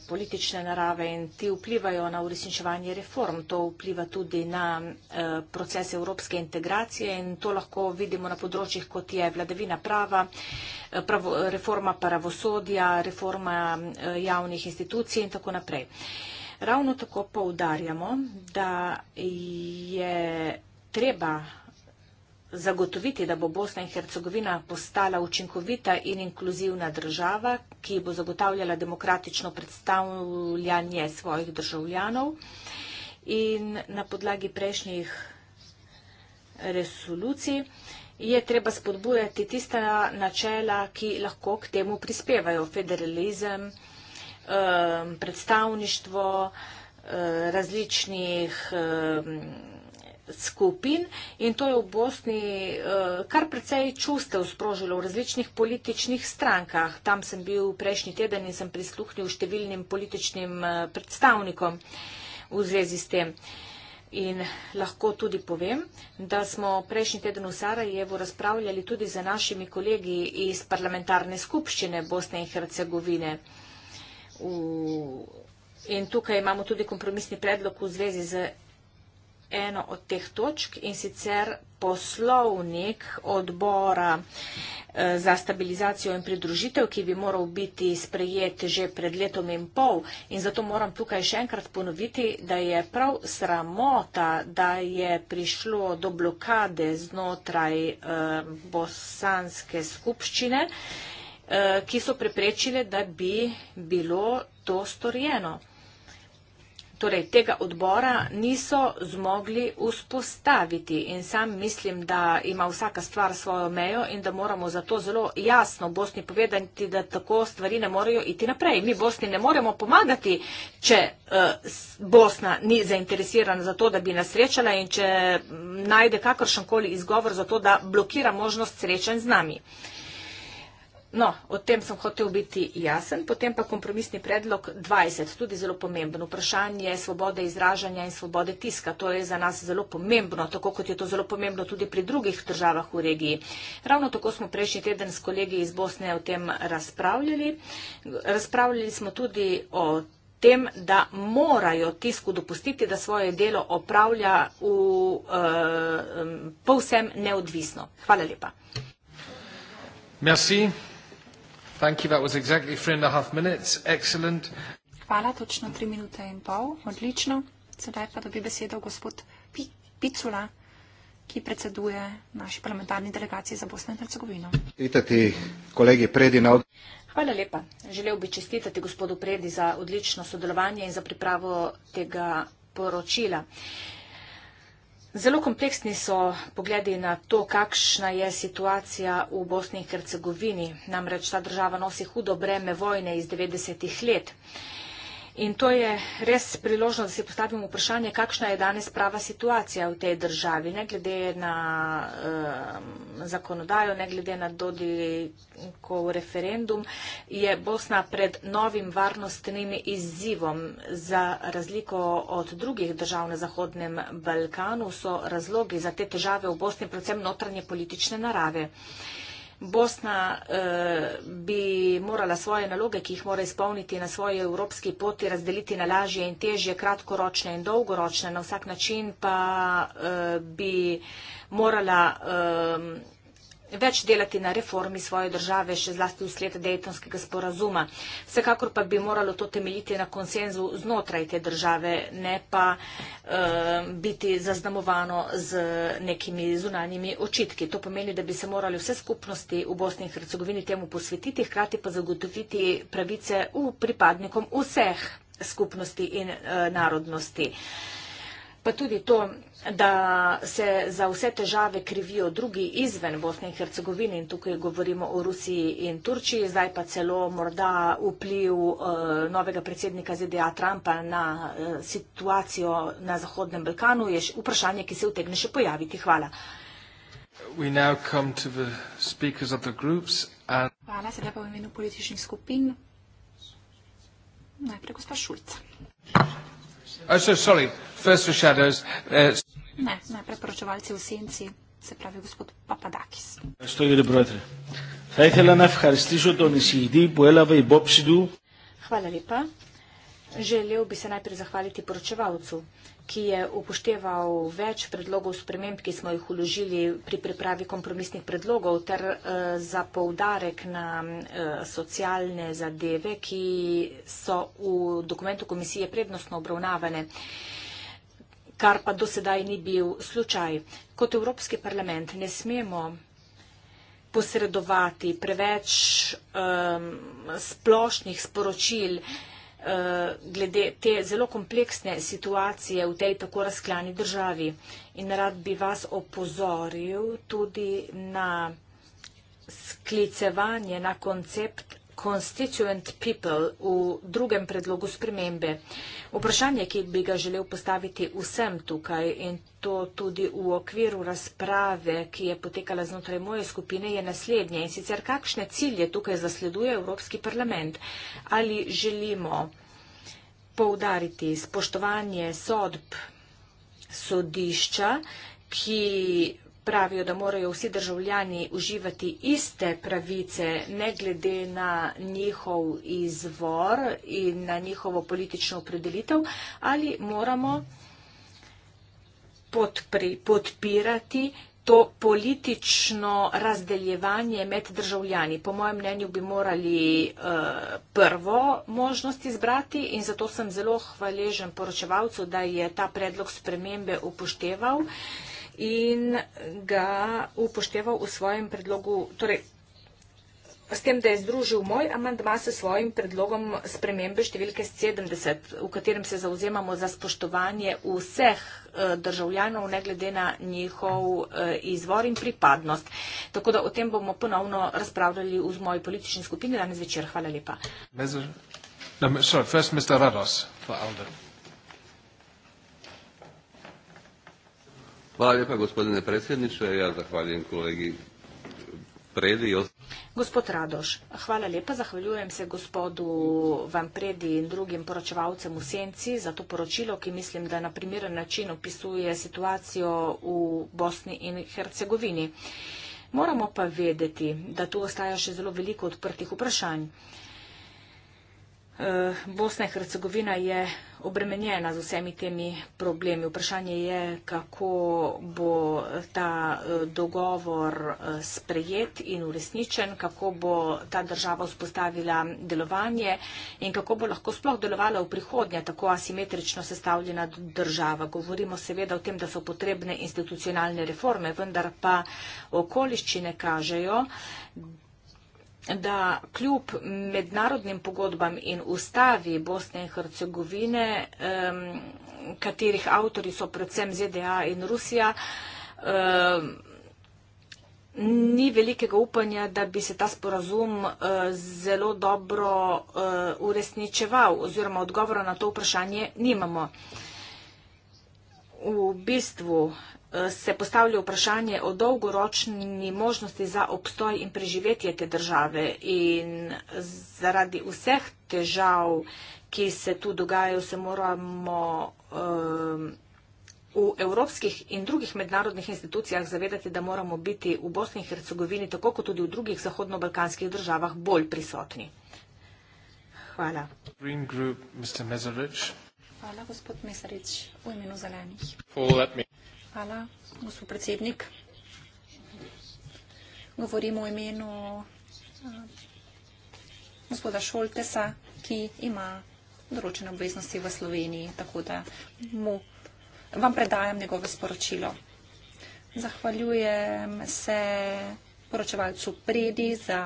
politične narave in ti vplivajo na uresničevanje reform. To vpliva tudi na e, proces evropske integracije in to lahko vidimo na področjih, kot je vladavina prava, e, pravo, reforma pravosodja, reforma e, javnih institucij in tako naprej. Ravno tako poudarjamo, da je treba zagotoviti, da bo Bosna in Hercegovina postala učinkovita in inkluzivna država, ki bo zagotavljala demokratično predstavljanje svojih državljanov. In na podlagi prejšnjih resolucij je treba spodbujati tista načela, ki lahko k temu prispevajo. Federalizem, eh, predstavništvo eh, različnih eh, skupin in to je v Bosni eh, kar precej čustev sprožilo v različnih političnih strankah. Tam sem bil prejšnji teden in sem prisluhnil številnim političnim eh, predstavnikom v zvezi s tem. In lahko tudi povem, da smo prejšnji teden v Sarajevu razpravljali tudi za našimi kolegi iz parlamentarne skupščine Bosne in Hercegovine. In tukaj imamo tudi kompromisni predlog v zvezi z eno od teh točk in sicer poslovnik odbora eh, za stabilizacijo in pridružitev, ki bi moral biti sprejet že pred letom in pol. In zato moram tukaj še enkrat ponoviti, da je prav sramota, da je prišlo do blokade znotraj eh, bosanske skupščine, eh, ki so preprečile, da bi bilo to storjeno torej tega odbora niso zmogli vzpostaviti. In sam mislim, da ima vsaka stvar svojo mejo in da moramo zato zelo jasno Bosni povedati, da tako stvari ne morejo iti naprej. Mi Bosni ne moremo pomagati, če uh, Bosna ni zainteresirana za to, da bi nas srečala in če najde kakršenkoli izgovor za to, da blokira možnost srečen z nami. Uh, No, o tem sem hotel biti jasen, potem pa kompromisni predlog 20, tudi zelo pomemben. Vprašanje je svobode izražanja in svobode tiska. To je za nas zelo pomembno, tako kot je to zelo pomembno tudi pri drugih državah v regiji. Ravno tako smo prejšnji teden s kolegi iz Bosne o tem razpravljali. Razpravljali smo tudi o tem, da morajo tisku dopustiti, da svoje delo opravlja v, uh, povsem neodvisno. Hvala lepa. Merci. Thank you. That was exactly three and a half minutes. Excellent. Hvala, točno tri minute in pol. Odlično. Sedaj pa dobi besedo gospod Pi Picula, ki predseduje naši parlamentarni delegaciji za Bosno in Hercegovino. Čestitati kolegi Predi na odboru. Hvala lepa. Želel bi čestitati gospodu Predi za odlično sodelovanje in za pripravo tega poročila. Uh, Zelo kompleksni so pogledi na to, kakšna je situacija v Bosni in Hercegovini. Namreč ta država nosi hudo breme vojne iz 90-ih let. In to je res priložno, da si postavimo vprašanje, kakšna je danes prava situacija v tej državi, ne glede na eh, zakonodajo, ne glede na dodiko v referendum, je Bosna pred novim varnostnim izzivom. Za razliko od drugih držav na Zahodnem Balkanu so razlogi za te težave v Bosni predvsem notranje politične narave. Eh, Bosna eh, bi morala svoje naloge, ki jih mora izpolniti na svoji evropski poti, razdeliti na lažje in težje, kratkoročne in dolgoročne. Na vsak način pa eh, bi morala. Eh, več delati na reformi svoje države, še zlasti v sled dejtonskega sporazuma. Vsekakor pa bi moralo to temeljiti na konsenzu znotraj te države, ne pa uh, biti zaznamovano z nekimi zunanjimi očitki. To pomeni, da bi se morali vse skupnosti v Bosni in Hercegovini temu posvetiti, hkrati pa zagotoviti pravice v pripadnikom vseh skupnosti in uh, narodnosti. Pa tudi to, da se za vse težave krivijo drugi izven Bosne in Hercegovine in tukaj govorimo o Rusiji in Turčiji, zdaj pa celo morda vpliv eh, novega predsednika ZDA Trumpa na eh, situacijo na Zahodnem Balkanu je vprašanje, ki se utegne še pojaviti. Hvala. Hvala, sedaj pa v imenu političnih skupin. Najprej gospa Šulca. Oh, so sorry. First for shadows. Uh... Ne, ne, preporočevalci v senci, se pravi gospod Papadakis. Hvala lepa. Želel bi se najprej zahvaliti poročevalcu, ki je upošteval več predlogov sprememb, ki smo jih uložili pri pripravi kompromisnih predlogov, ter uh, za poudarek na uh, socialne zadeve, ki so v dokumentu komisije prednostno obravnavane. Uh, kar pa dosedaj ni bil slučaj. Kot Evropski parlament ne smemo posredovati preveč um, splošnih sporočil uh, glede te zelo kompleksne situacije v tej tako razklani državi. In rad bi vas opozoril tudi na sklicevanje na koncept constituent people v drugem predlogu spremembe. Vprašanje, ki bi ga želel postaviti vsem tukaj in to tudi v okviru razprave, ki je potekala znotraj moje skupine, je naslednje. In sicer kakšne cilje tukaj zasleduje Evropski parlament? Ali želimo poudariti spoštovanje sodb sodišča, ki pravijo, da morajo vsi državljani uživati iste pravice, ne glede na njihov izvor in na njihovo politično opredelitev, ali moramo podpirati to politično razdeljevanje med državljani. Po mojem mnenju bi morali uh, prvo možnost izbrati in zato sem zelo hvaležen poročevalcu, da je ta predlog spremembe upošteval. Uh, in ga upošteval v svojem predlogu, torej s tem, da je združil moj amandma s svojim predlogom spremembe številke 70, v katerem se zauzemamo za spoštovanje vseh eh, državljanov, ne glede na njihov eh, izvor in pripadnost. Tako da o tem bomo ponovno razpravljali v moji politični skupini danes večer. Hvala lepa. No, sorry, first Mr. Rados for Alder. Hvala lijepa gospodine predsjedniče. Ja zahvaljujem kolegi Predi. Gospod Radoš, hvala lepa. Zahvaljujem se gospodu Van Predi in drugim poročevalcem v Senci za to poročilo, ki mislim, da na primeren način opisuje situacijo v Bosni in Hercegovini. Moramo pa vedeti, da tu ostaja še zelo veliko odprtih vprašanj. Eh, Bosna in Hercegovina je obremenjena z vsemi temi problemi. Vprašanje je, kako bo ta eh, dogovor eh, sprejet in uresničen, kako bo ta država vzpostavila delovanje in kako bo lahko sploh delovala v prihodnje tako asimetrično sestavljena država. Govorimo seveda o tem, da so potrebne institucionalne reforme, vendar pa okoliščine kažejo, da kljub mednarodnim pogodbam in ustavi Bosne in Hercegovine, katerih avtori so predvsem ZDA in Rusija, ni velikega upanja, da bi se ta sporazum eh, zelo dobro eh, uresničeval oziroma odgovora na to vprašanje nimamo. V bistvu se postavlja vprašanje o dolgoročni možnosti za obstoj in preživetje te države. In zaradi vseh težav, ki se tu dogajajo, se moramo um, v evropskih in drugih mednarodnih institucijah zavedati, da moramo biti v Bosni in Hercegovini, tako kot tudi v drugih zahodno-balkanskih državah, bolj prisotni. Hvala. Green Group, Mr. Hvala, gospod Mesarič, v imenu zelenih. Paul, Hvala, gospod predsednik. Govorim o imenu eh, gospoda Šoltesa, ki ima določene obveznosti v Sloveniji, tako da mu, vam predajam njegove sporočilo. Zahvaljujem se poročevalcu Predi za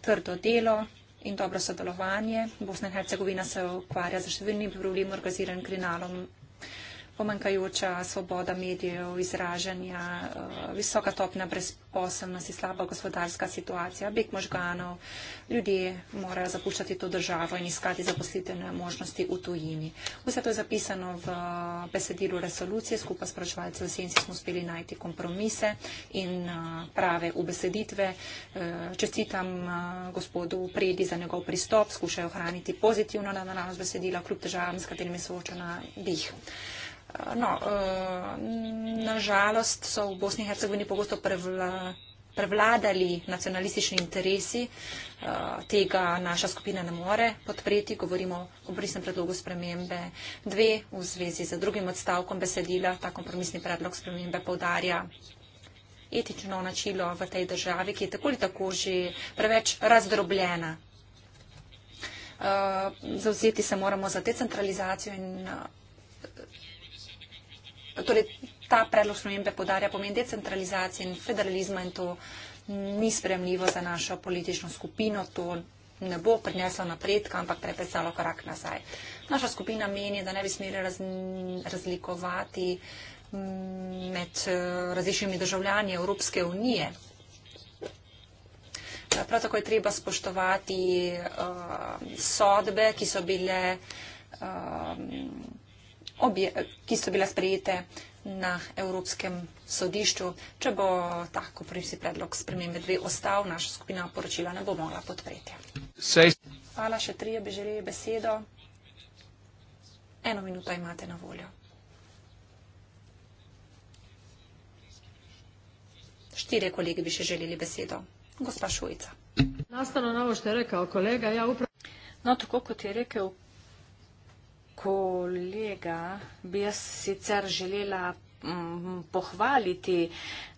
trdo delo in dobro sodelovanje. Bosna in Hercegovina se ukvarja za številnim problemom organiziranim kriminalom pomankajoča svoboda medijev, izražanja, eh, visoka topna brezposelnost in slaba gospodarska situacija, beg možganov. Ljudje morajo zapuščati to državo in iskati zaposlitevne možnosti v tujini. Vse to je zapisano v eh, besedilu resolucije, skupaj s pročevalci v senci smo uspeli najti kompromise in eh, prave ubeseditve. Čestitam gospodu Predi za njegov pristop, skušajo hraniti pozitivno na naravno besedila, kljub težavam, s katerimi se očena dih. No, eh, nažalost so v Bosni in Hercegovini pogosto prevla, prevladali nacionalistični interesi, eh, tega naša skupina ne more podpreti, govorimo o brisnem predlogu spremembe dve v zvezi z drugim odstavkom besedila, ta kompromisni predlog spremembe povdarja etično načilo v tej državi, ki je tako ali tako že preveč razdrobljena. Eh, zavzeti se moramo za decentralizacijo in torej, ta predlog spremembe podarja pomen decentralizacije in federalizma in to ni spremljivo za našo politično skupino. To ne bo prineslo napredka, ampak prepecalo korak nazaj. Naša skupina meni, da ne bi smeli raz, razlikovati mm, med eh, različnimi državljani Evropske unije. Eh, prav tako je treba spoštovati uh, sodbe, ki so bile uh, obje, ki so bile sprejete na Evropskem sodišču. Če bo tako prvi predlog spremembe dve ostal, naša skupina poročila ne bo mogla podpreti. Hvala, še trije bi želeli besedo. Eno minuto imate na voljo. Štirje kolegi bi še želeli besedo. Gospa Šujica. Nastalo novo što je rekao kolega, ja upravo. No, tako kot je rekel kolega, bi jaz sicer želela mm, pohvaliti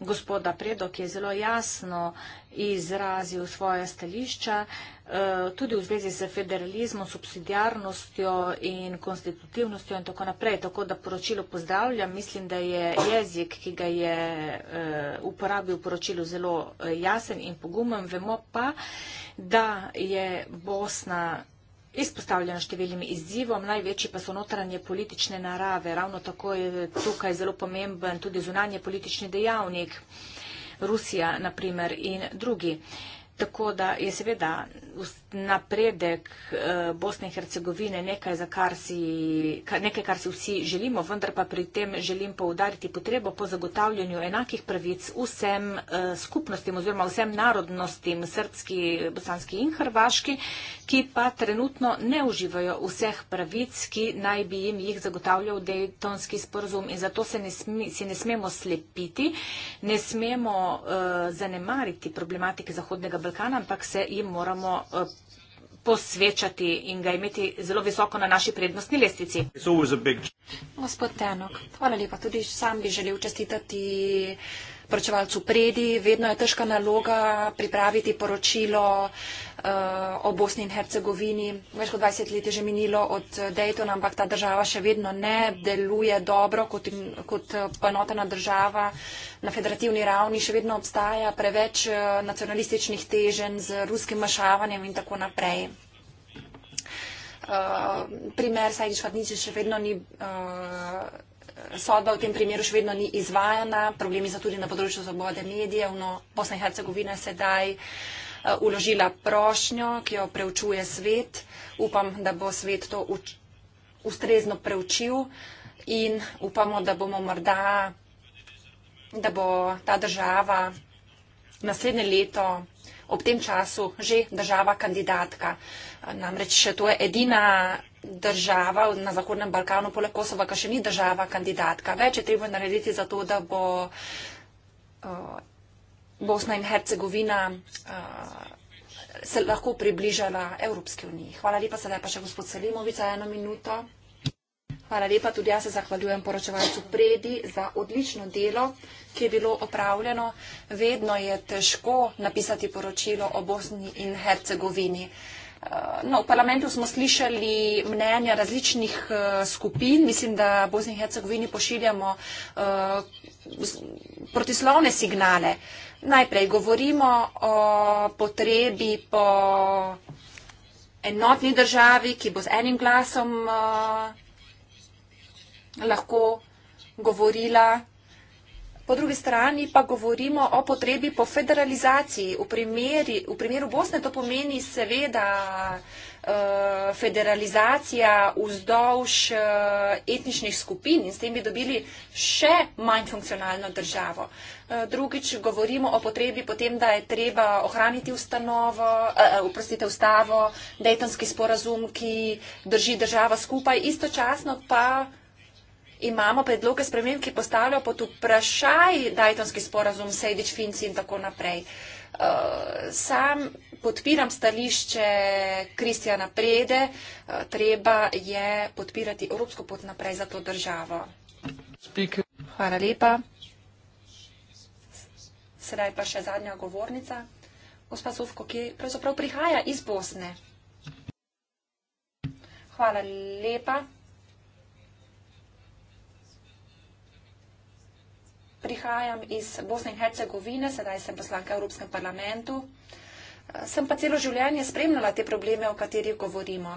gospoda Predo, ki je zelo jasno izrazil svoje stališča, eh, tudi v zvezi z federalizmom, subsidijarnostjo in konstitutivnostjo in tako naprej. Tako da poročilo pozdravljam. Mislim, da je jezik, ki ga je eh, uporabil v poročilu, zelo eh, jasen in pogumen. Vemo pa, da je Bosna izpostavljeno številnim izzivom, največji pa so notranje politične narave. Ravno tako je tukaj zelo pomemben tudi zunanje politični dejavnik, Rusija naprimer in drugi. Tako da je seveda napredek eh, Bosne in Hercegovine nekaj, kar si, nekaj, kar si vsi želimo, vendar pa pri tem želim poudariti potrebo po zagotavljanju enakih pravic vsem eh, skupnostim oziroma vsem narodnostim, srpski, bosanski in hrvaški, ki pa trenutno ne uživajo vseh pravic, ki naj bi jim jih zagotavljal dejtonski sporozum. In zato se ne, sme, se ne smemo slepiti, ne smemo uh, zanemariti problematike Zahodnega Balkana, ampak se jim moramo. Uh, posvečati in ga imeti zelo visoko na naši prednostni lestici. Gospod Tenok, hvala lepa. Tudi sam bi želel čestitati poročevalcu predi. Vedno je težka naloga pripraviti poročilo uh, uh, o Bosni in Hercegovini. Več kot 20 let je že minilo od Dejtona, ampak ta država še vedno ne deluje dobro kot, kot eh, poenotena država na federativni ravni. Še vedno obstaja preveč uh, nacionalističnih teženj z ruskim mašavanjem in tako naprej. Uh, primer Sajdiš Hadniče še vedno ni. Uh, Sodba v tem primeru še vedno ni izvajana, problemi so tudi na področju svobode medijev, no Bosna in Hercegovina sedaj uh, Eh, uložila prošnjo, ki jo preučuje svet. Upam, da bo svet to uč, ustrezno preučil in upamo, da bomo morda, da bo ta država naslednje leto ob tem času že država kandidatka. Eh, namreč to je edina država na Zahodnem Balkanu, poleg Kosova, ki še ni država kandidatka. Več je treba narediti za to, da bo eh, Bosna in Hercegovina eh, se lahko približala Evropski uniji. Hvala lepa, sedaj pa še gospod Selimovic za eno minuto. Hvala lepa, tudi jaz se zahvaljujem poročevalcu Predi za odlično delo, ki je bilo opravljeno. Vedno je težko napisati poročilo o Bosni in Hercegovini. No, v parlamentu smo slišali mnenja različnih eh, skupin. Mislim, da Bosni in Hercegovini pošiljamo eh, protislovne signale. Najprej govorimo o potrebi po enotni državi, ki bo z enim glasom eh, lahko govorila. Po drugi strani pa govorimo o potrebi po federalizaciji. V, primeri, v primeru Bosne to pomeni seveda eh, federalizacija vzdolž eh, etničnih skupin in s tem bi dobili še manj funkcionalno državo. Eh, drugič, govorimo o potrebi potem, da je treba ohraniti ustanovo, uprostite, ustavo, dejtonski sporazum, ki drži državo skupaj, istočasno pa imamo predloge spremem, ki postavljajo pod vprašaj Dajtonski sporazum, Sejdič, Finci in tako naprej. Uh, sam podpiram stališče Kristjana Prede, uh, treba je podpirati evropsko pot naprej za to državo. Speaker. Hvala lepa. Sedaj pa še zadnja govornica, gospa Sufko, ki pravzaprav prihaja iz Bosne. Hvala lepa. prihajam iz Bosne in Hercegovine, sedaj sem poslanka v Evropskem parlamentu. Sem pa celo življenje spremljala te probleme, o katerih govorimo.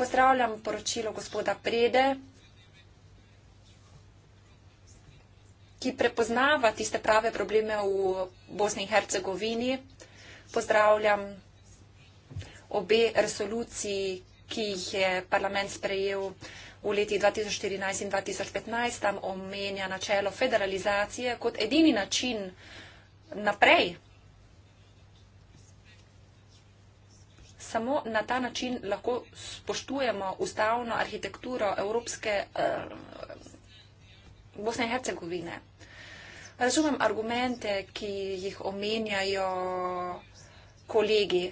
Pozdravljam poročilo gospoda Prede, ki prepoznava tiste prave probleme v Bosni in Hercegovini. Pozdravljam obe resoluciji, ki jih je parlament sprejel v letih 2014 in 2015 tam omenja načelo federalizacije kot edini način naprej. Samo na ta način lahko spoštujemo ustavno arhitekturo Evropske uh, Bosne in Hercegovine. Razumem argumente, ki jih omenjajo kolegi,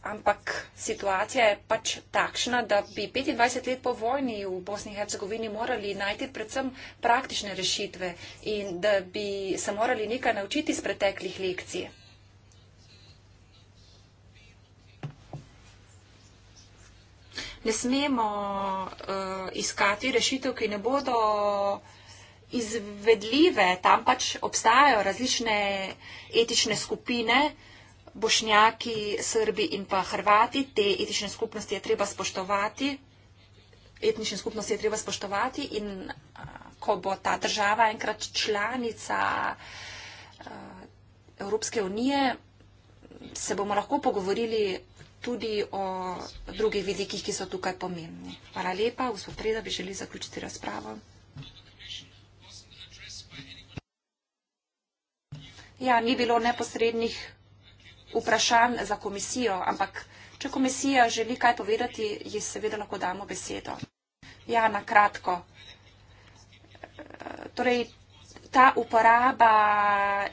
ampak situacija je pač takšna, da bi 25 let po vojni v Bosni in Hercegovini morali najti predvsem praktične rešitve in da bi se morali nekaj naučiti iz preteklih lekcij. Ne smemo uh, iskati rešitev, ki ne bodo izvedljive. Tam pač obstajajo različne etične skupine, uh, bošnjaki, srbi in pa hrvati, te etične skupnosti je treba spoštovati, etnične skupnosti je treba spoštovati in ko bo ta država enkrat članica Evropske unije, se bomo lahko pogovorili tudi o drugih vidikih, ki so tukaj pomembni. Hvala lepa, gospod Preda bi želi zaključiti razpravo. Ja, ni bilo neposrednih vprašanj za komisijo, ampak če komisija želi kaj povedati, ji seveda lahko damo besedo. Ja, na kratko. Eh, torej, ta uporaba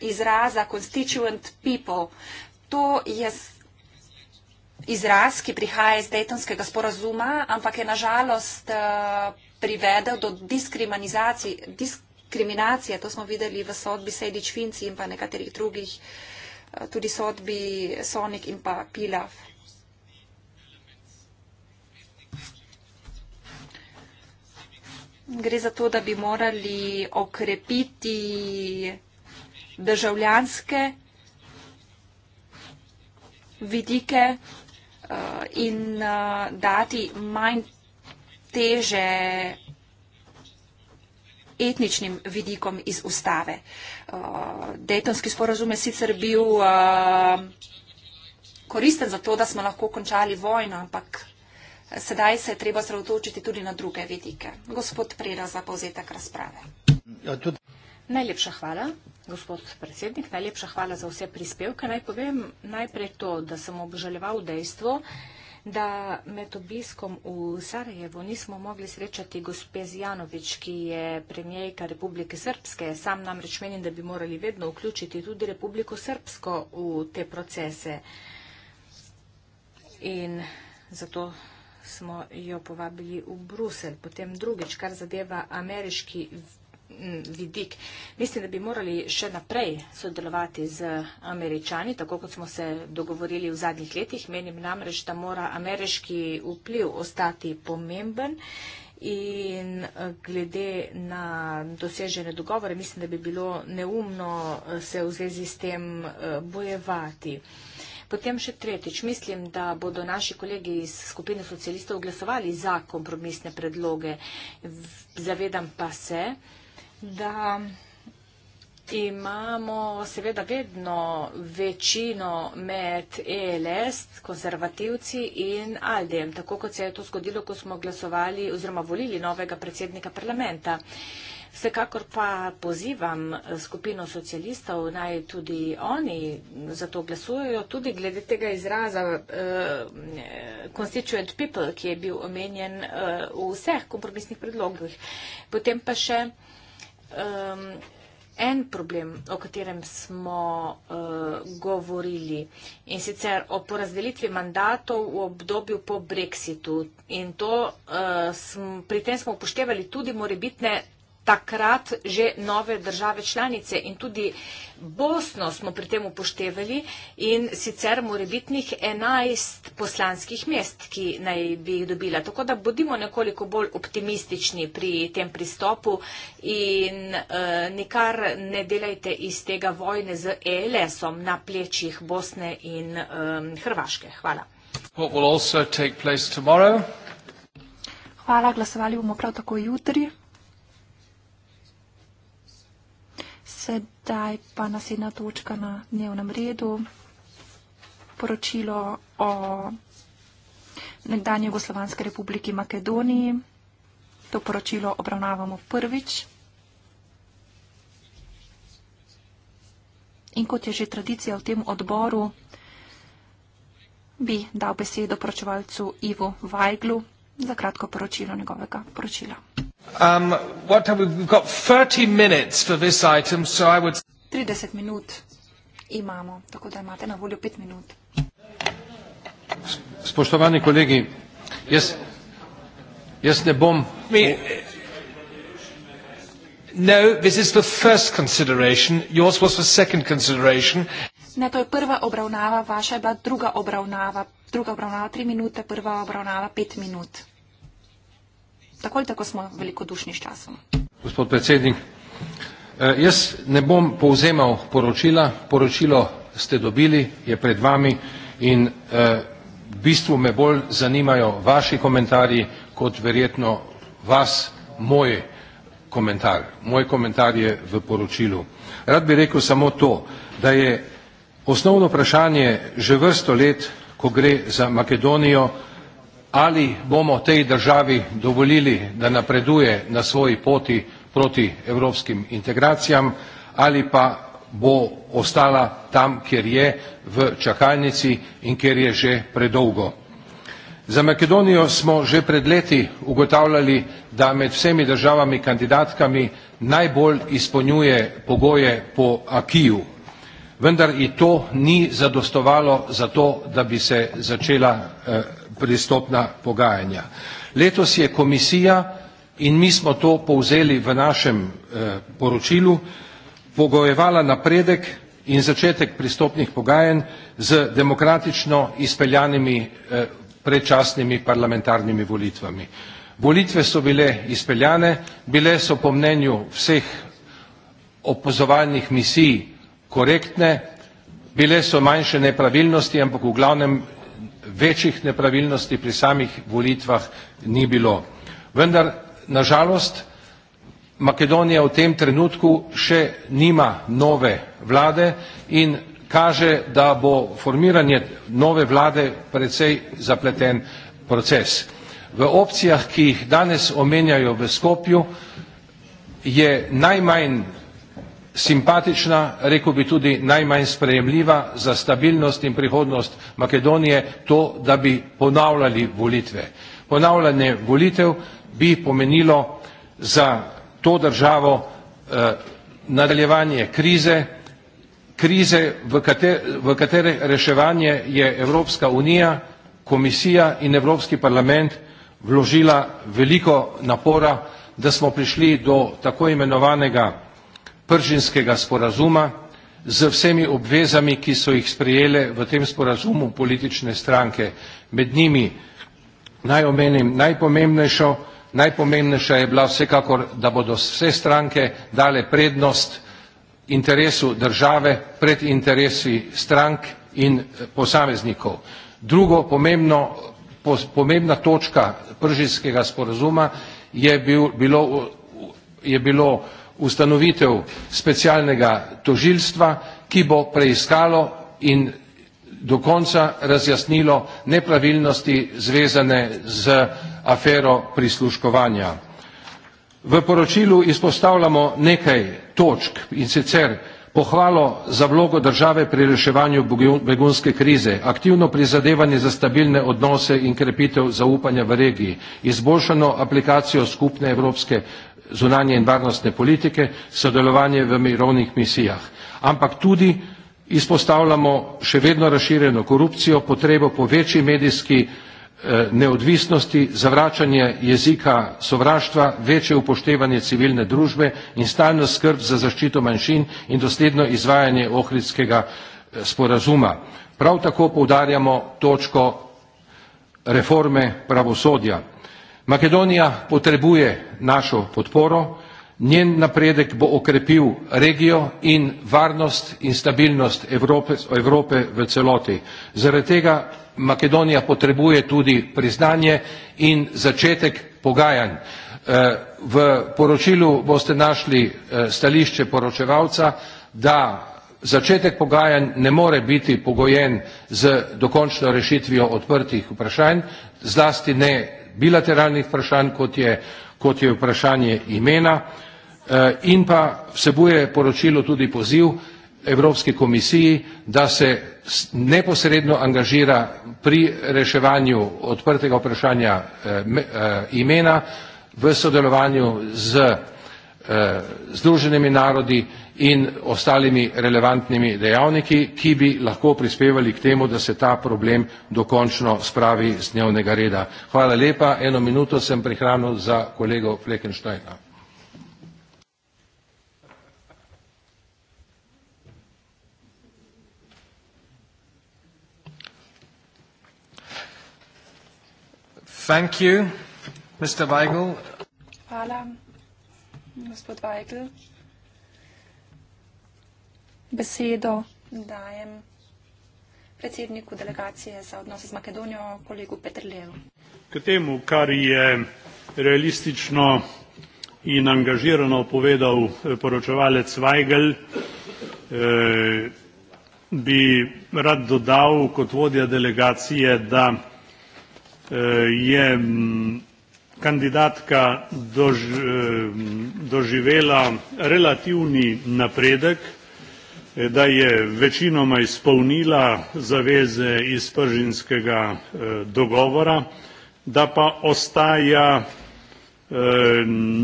izraza constituent people, to je izraz, ki prihaja iz Daytonskega sporazuma, ampak je nažalost eh, privedel do diskriminacije, to smo videli v sodbi Sedič Finci in pa nekaterih drugih uh, tudi sodbi Sonic in pa Pilaf. Gre za to, da bi morali okrepiti državljanske vidike uh, in uh, dati manj teže etničnim vidikom iz ustave. Uh, Eh, Dejtonski sporozum je sicer bil eh, koristen za to, da smo lahko končali vojno, ampak sedaj se je treba sredotočiti tudi na druge vidike. Gospod Prera za povzetek razprave. Ja, Najlepša hvala, gospod predsednik. Najlepša hvala za vse prispevke. Naj povem najprej to, da sem obžaljeval dejstvo, da med obiskom v Sarajevu nismo mogli srečati gospe Zjanovič, ki je premijejka Republike Srpske. Sam namreč menim, da bi morali vedno vključiti tudi Republiko Srpsko v te procese. In zato smo jo povabili v Brusel. Potem drugič, kar zadeva ameriški Mm, vidik. Mislim, da bi morali še naprej sodelovati z američani, tako kot smo se dogovorili v zadnjih letih. Menim namreč, da mora ameriški vpliv ostati pomemben in eh, glede na dosežene dogovore, mislim, da bi bilo neumno eh, se v zvezi s tem eh, bojevati. Potem še tretjič, mislim, da bodo naši kolegi iz skupine socialistov glasovali za kompromisne predloge. Zavedam pa se, da imamo seveda vedno večino med ELS, konzervativci in Aldem, tako kot se je to zgodilo, ko smo glasovali oziroma volili novega predsednika parlamenta. Vsekakor pa pozivam eh, skupino socialistov, naj tudi oni za to glasujejo, tudi glede tega izraza eh, constituent people, ki je bil omenjen eh, v vseh kompromisnih predlogih. Potem pa še um, en problem, o katerem smo uh, govorili in sicer o porazdelitvi mandatov v obdobju po Brexitu. In to, uh, sm, pri tem smo upoštevali tudi morebitne takrat že nove države članice in tudi Bosno smo pri tem upoštevali in sicer morebitnih 11 poslanskih mest, ki naj bi jih dobila. Tako da bodimo nekoliko bolj optimistični pri tem pristopu in e, nikar ne delajte iz tega vojne z ELS-om na plečih Bosne in e, Hrvaške. Hvala. Hvala, glasovali bomo prav tako jutri. Sedaj pa naslednja točka na dnevnem redu. Poročilo o nekdanje Jugoslovanske republiki Makedoniji. To poročilo obravnavamo prvič. In kot je že tradicija v tem odboru, bi dal besedo poročevalcu Ivo Vajglu za kratko poročilo njegovega poročila. 30 um, minut imamo, tako da imate na voljo 5 minut. Spoštovani kolegi, jaz, jaz ne bom. Mi, no, this is the first consideration, yours was the second consideration. Ne, to je prva obravnava, vaša je bila druga obravnava. Druga obravnava tri minute, prva obravnava pet minut tako ali tako smo velikodušni s časom. Gospod predsednik, eh, jaz ne bom povzemal poročila, poročilo ste dobili, je pred vami in eh, v bistvu me bolj zanimajo vaši komentarji kot verjetno vas moj komentar. Moj komentar je v poročilu. Rad bi rekel samo to, da je osnovno vprašanje že vrsto let, ko gre za Makedonijo, ali bomo tej državi dovolili, da napreduje na svoji poti proti evropskim integracijam ali pa bo ostala tam, kjer je, v čakalnici in kjer je že predolgo. Za Makedonijo smo že pred leti ugotavljali, da med vsemi državami kandidatkami najbolj izpolnjuje pogoje po akiju. Vendar i to ni zadostovalo za to, da bi se začela eh, pristopna pogajanja. Letos je komisija in mi smo to povzeli v našem eh, poročilu, pogojevala napredek in začetek pristopnih pogajanj z demokratično izpeljanimi eh, predčasnimi parlamentarnimi volitvami. Volitve so bile izpeljane, bile so po mnenju vseh opozovalnih misij korektne, bile so manjše nepravilnosti, ampak v glavnem večjih nepravilnosti pri samih volitvah ni bilo. Vendar na žalost Makedonija v tem trenutku še nima nove vlade in kaže, da bo formiranje nove vlade precej zapleten proces. V opcijah, ki jih danes omenjajo v Skopju, je najmanj simpatična, rekel bi tudi najmanj sprejemljiva za stabilnost in prihodnost Makedonije to, da bi ponavljali volitve. Ponavljanje volitev bi pomenilo za to državo eh, nadaljevanje krize, krize, v, kater, v katere reševanje je Evropska unija, komisija in Evropski parlament vložila veliko napora, da smo prišli do tako imenovanega pržinskega sporazuma z vsemi obvezami, ki so jih sprejele v tem sporazumu politične stranke. Med njimi naj omenim najpomembnejšo, najpomembnejša je bila vsekakor, da bodo vse stranke dale prednost interesu države pred interesi strank in eh, posameznikov. Drugo pomembno, pomembna točka pržinskega sporazuma je, bil, bilo, je bilo ustanovitev specialnega tožilstva, ki bo preiskalo in do konca razjasnilo nepravilnosti zvezane z afero prisluškovanja. V poročilu izpostavljamo nekaj točk in sicer pohvalo za vlogo države pri reševanju begunske krize, aktivno prizadevanje za stabilne odnose in krepitev zaupanja v regiji, izboljšano aplikacijo skupne evropske zunanje in varnostne politike, sodelovanje v mirovnih misijah. Ampak tudi izpostavljamo še vedno razširjeno korupcijo, potrebo po večji medijski eh, neodvisnosti, zavračanje jezika sovraštva, večje upoštevanje civilne družbe in stalno skrb za zaščito manjšin in dosledno izvajanje ohridskega eh, sporazuma. Prav tako poudarjamo točko reforme pravosodja. Makedonija potrebuje našo podporo, njen napredek bo okrepil regijo in varnost in stabilnost Evrope, Evrope v celoti. Zaradi tega Makedonija potrebuje tudi priznanje in začetek pogajanj. Eh, v poročilu boste našli eh, stališče poročevalca, da začetek pogajanj ne more biti pogojen z dokončno rešitvijo odprtih vprašanj, zlasti ne bilateralnih vprašanj, kot je, kot je vprašanje imena eh, in pa vsebuje poročilo tudi poziv Evropske komisiji, da se neposredno angažira pri reševanju odprtega vprašanja eh, eh, imena v sodelovanju z Združenimi narodi in ostalimi relevantnimi dejavniki, ki bi lahko prispevali k temu, da se ta problem dokončno spravi z dnevnega reda. Hvala lepa. Eno minuto sem prihranil za kolego Fleckensteina. Thank you, Mr. Weigel. Hvala, gospod Weigel besedo dajem predsedniku delegacije za odnose z Makedonijo, kolegu Petrlevu. K temu, kar je realistično in angažirano povedal eh, poročevalec Weigel, eh, bi rad dodal kot vodja delegacije, da eh, je mm, kandidatka mm, doživela relativni napredek, Eh, da je večinoma izpolnila zaveze iz pržinskega eh, dogovora, da pa ostaja eh,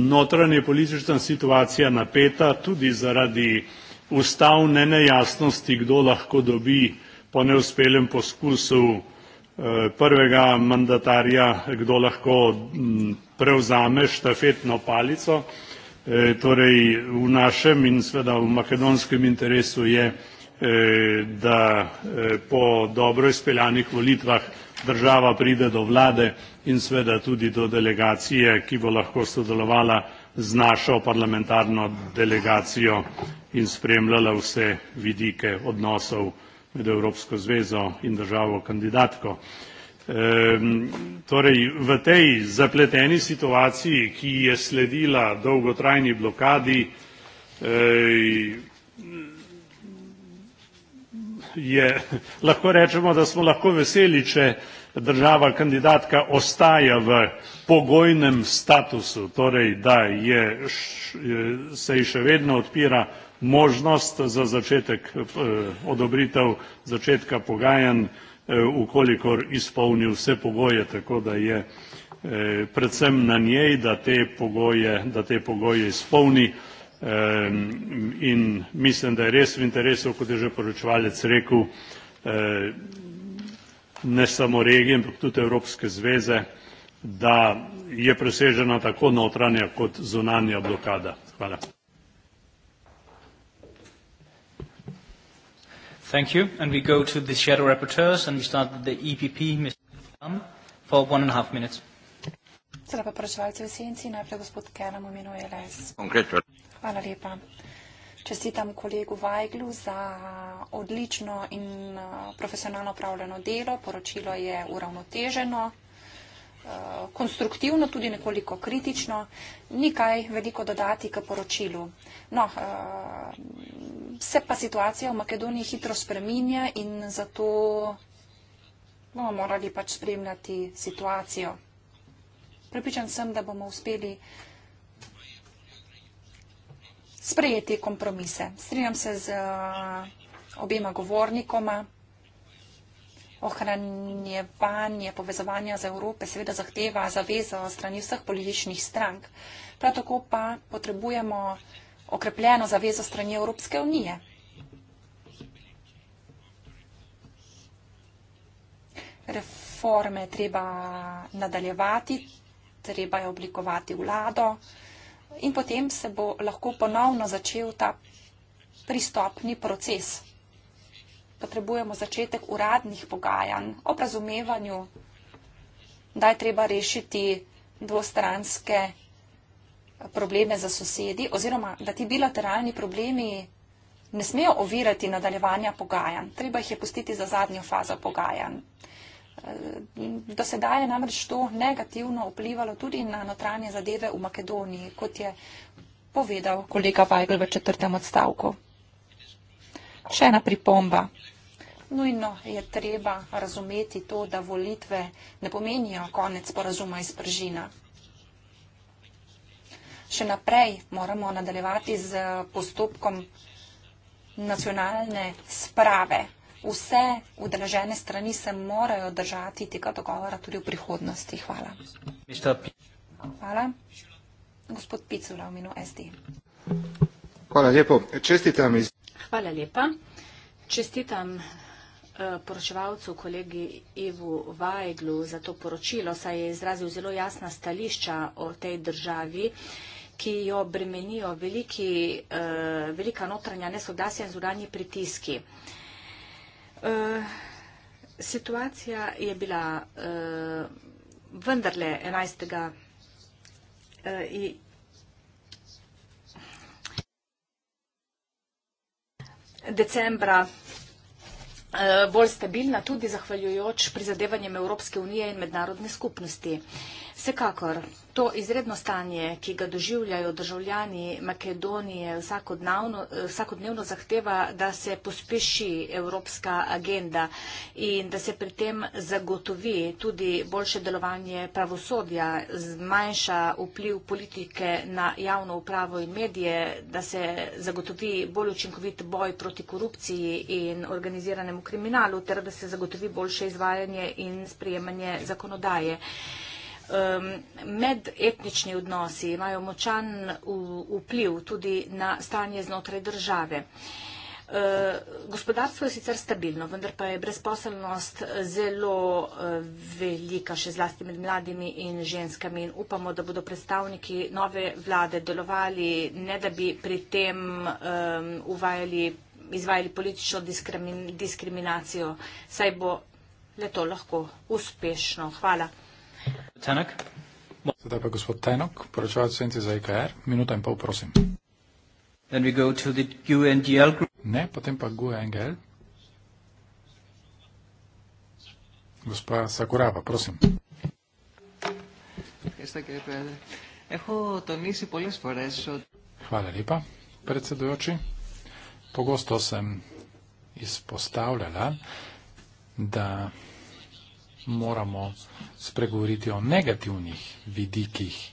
notranje politična situacija napeta tudi zaradi ustavne nejasnosti, kdo lahko dobi po neuspelem poskusu prvega mandatarja, kdo lahko mm, prevzame štafetno palico. E, torej, v našem in sveda v makedonskem interesu je, e, da e, po dobro izpeljanih volitvah država pride do vlade in sveda tudi do delegacije, ki bo lahko sodelovala z našo parlamentarno delegacijo in spremljala vse vidike odnosov med Evropsko zvezo in državo kandidatko. Ehm, torej v tej zapleteni situaciji, ki je sledila dolgotrajni blokadi, je, lahko rečemo, da smo lahko veseli, če država kandidatka ostaja v pogojnem statusu, torej da je, se ji še vedno odpira možnost za začetek eh, odobritev začetka pogajanj ukolikor e, izpolni vse pogoje, tako da je e, predvsem na njej, da te pogoje, da te pogoje izpolni in mislim, da je res v interesu, kot je že poročevalec rekel, e, ne samo regije, ampak tudi Evropske zveze, da je presežena tako notranja kot zunanja blokada. Hvala. Thank you. We go to the shadow rapporteurs, and we start with the EPP, Ms. Kam, for one and a half minutes. Hvala lepa. Čestitam kolegu Vajglu za odlično in profesionalno opravljeno delo. Poročilo je uravnoteženo. Eh, konstruktivno, tudi nekoliko kritično, ni kaj veliko dodati k poročilu. No, eh, se pa situacija v Makedoniji hitro spreminja in zato bomo morali pač spremljati situacijo. Pripričan sem, da bomo uspeli sprejeti kompromise. Strinjam se z eh, obima govornikoma ohranjevanje povezovanja z Evrope seveda zahteva zavezo strani vseh političnih strank. Prav tako pa potrebujemo okrepljeno zavezo strani Evropske unije. Reforme treba nadaljevati, treba je oblikovati vlado in potem se bo lahko ponovno začel ta pristopni proces potrebujemo začetek uradnih pogajanj o razumevanju, da je treba rešiti dvostranske probleme za sosedi oziroma da ti bilateralni problemi ne smejo ovirati nadaljevanja pogajanj. Treba jih je pustiti za zadnjo fazo pogajanj. E, do sedaj je namreč to negativno vplivalo tudi na notranje zadeve v Makedoniji, kot je povedal kolega Vajgl v četrtem odstavku. Še ena pripomba nujno je treba razumeti to, da volitve ne pomenijo konec porazuma iz pržina. Še naprej moramo nadaljevati z postopkom nacionalne sprave. Vse udeležene strani se morajo držati tega dogovora tudi v prihodnosti. Hvala. Hvala. Gospod Picula, v minu SD. Hvala lepo. Čestitam iz... Hvala lepa. Čestitam Eh, poročevalcu, kolegi Ivu Vajglu, za to poročilo, saj je izrazil zelo jasna stališča o tej državi ki jo bremenijo veliki, eh, velika notranja nesoglasja in zunanji pritiski. Eh, situacija je bila vendarle 11. decembra Eh, bolj stabilna, tudi zahvaljujoč prizadevanjem Evropske unije in mednarodne skupnosti. Vsekakor to izredno stanje, ki ga doživljajo državljani Makedonije eh, vsakodnevno zahteva, da se pospeši evropska agenda in da se pri tem zagotovi tudi boljše delovanje pravosodja, zmanjša vpliv politike na javno upravo in medije, da se zagotovi bolj učinkovit boj proti korupciji in organiziranemu kriminalu, ter da se zagotovi boljše izvajanje in sprejemanje zakonodaje um, medetnični odnosi imajo močan vpliv tudi na stanje znotraj države. Uh, gospodarstvo je sicer stabilno, vendar pa je brezposelnost zelo uh, velika, še zlasti med mladimi in ženskami. In upamo, da bodo predstavniki nove vlade delovali, ne da bi pri tem um, uvajali, izvajali politično diskrimin diskriminacijo, saj bo le to lahko uspešno. Hvala. Tenok. Sedaj pa gospod Tenok, poročevalec senci za IKR. E Minuta in pol, prosim. Then we go to the UNGL group. Ne, potem pa GUNGL. Gospa Sakurava, prosim. Eh, Hvala lepa, predsedujoči. Pogosto sem izpostavljala, da moramo spregovoriti o negativnih vidikih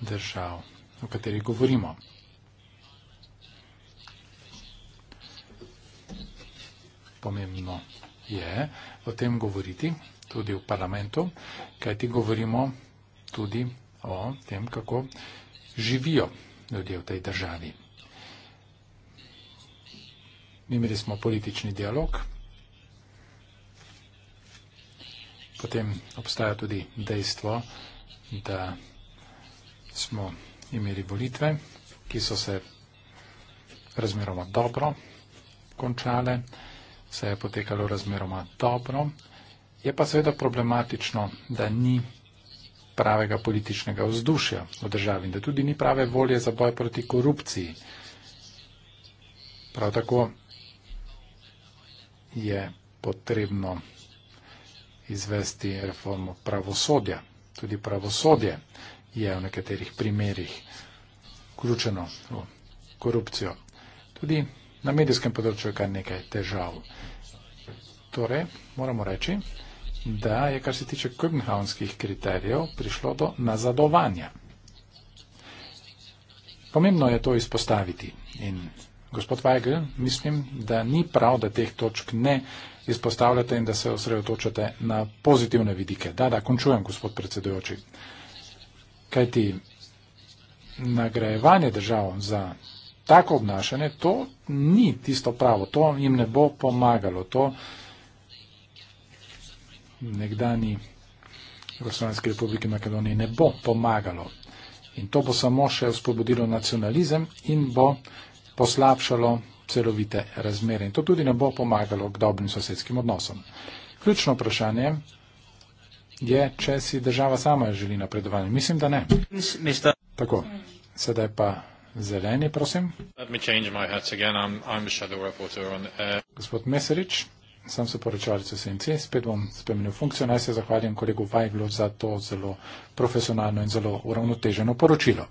držav, o katerih govorimo. Pomembno je o tem govoriti tudi v parlamentu, kaj ti govorimo tudi o tem, kako živijo ljudje v tej državi. Imeli smo politični dialog. potem obstaja tudi dejstvo, da smo imeli volitve, ki so se razmeroma dobro končale, se je potekalo razmeroma dobro. Je pa seveda problematično, da ni pravega političnega vzdušja v državi in da tudi ni prave volje za boj proti korupciji. Prav tako je potrebno izvesti reformo pravosodja. Tudi pravosodje je v nekaterih primerjih vključeno v korupcijo. Tudi na medijskem področju je kar nekaj težav. Torej, moramo reči, da je, kar se tiče kopenhavnskih kriterijev, prišlo do nazadovanja. Pomembno je to izpostaviti in gospod Vajgl, mislim, da ni prav, da teh točk ne izpostavljate in da se osredotočate na pozitivne vidike. Da, da, končujem, gospod predsedujoči. Kaj ti nagrajevanje držav za tako obnašanje, to ni tisto pravo, to jim ne bo pomagalo. To nekdani Jugoslovanske republike Makedonije ne bo pomagalo. In to bo samo še spodbudilo nacionalizem in bo poslabšalo celovite razmere. In to tudi ne bo pomagalo k dobrim sosedskim odnosom. Ključno vprašanje je, če si država sama želi napredovanje. Mislim, da ne. Tako, sedaj pa zeleni, prosim. I'm, I'm uh, Gospod Meserič, sam se poročevalec v SNC, spet bom spremenil funkcijo. Naj se zahvaljujem kolegu Vajglu za to zelo profesionalno in zelo uravnoteženo poročilo.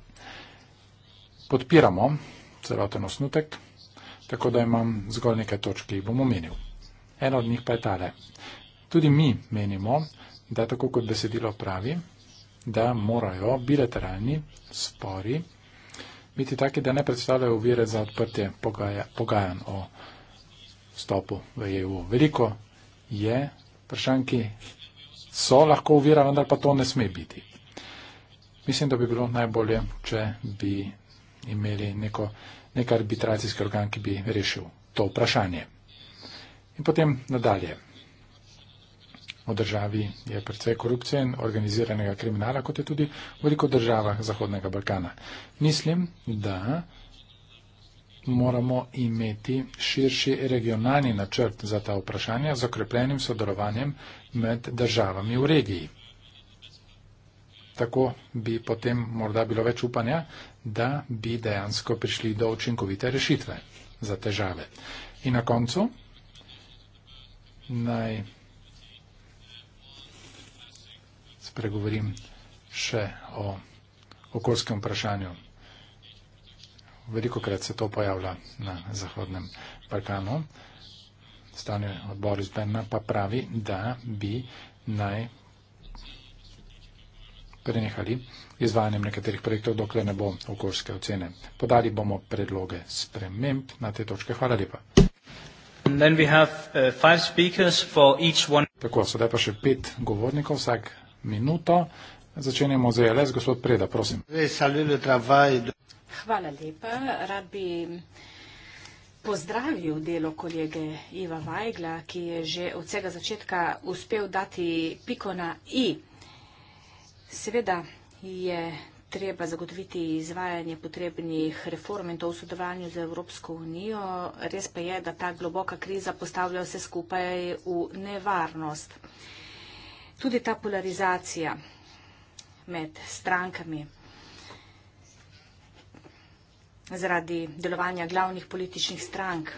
Podpiramo celoten osnutek, tako da imam zgolj nekaj točk, ki jih bom omenil. Ena od njih pa je tale. Tudi mi menimo, da tako kot besedilo pravi, da morajo bilateralni spori biti taki, da ne predstavljajo uvire za odprtje pogaja, pogajan o stopu v EU. Veliko je vprašanj, ki so lahko uvira, vendar pa to ne sme biti. Mislim, da bi bilo najbolje, če bi imeli neko, nek arbitracijski organ, ki bi rešil to vprašanje. In potem nadalje. V državi je predvsej korupcije in organiziranega kriminala, kot je tudi v veliko državah Zahodnega Balkana. Mislim, da moramo imeti širši regionalni načrt za ta vprašanja z okrepljenim sodelovanjem med državami v regiji. Tako bi potem morda bilo več upanja, da bi dejansko prišli do učinkovite rešitve za težave. In na koncu naj spregovorim še o okoljskem vprašanju. Veliko krat se to pojavlja na Zahodnem Balkanu. Stavni odbor iz Berna pa pravi, da bi naj prenehali izvajanjem nekaterih projektov, dokler ne bo okoljske ocene. Podali bomo predloge sprememb na te točke. Hvala lepa. Uh, Tako, sedaj pa še pet govornikov vsak minuto. Začenjamo z ELS, gospod Preda, prosim. Hvala lepa. Rad bi pozdravil delo kolege Iva Vajgla, ki je že od vsega začetka uspel dati piko na i. Seveda je treba zagotoviti izvajanje potrebnih reform in to v sodelovanju z Evropsko unijo. Res pa je, da ta globoka kriza postavlja vse skupaj v nevarnost. Tudi ta polarizacija med strankami zaradi delovanja glavnih političnih strank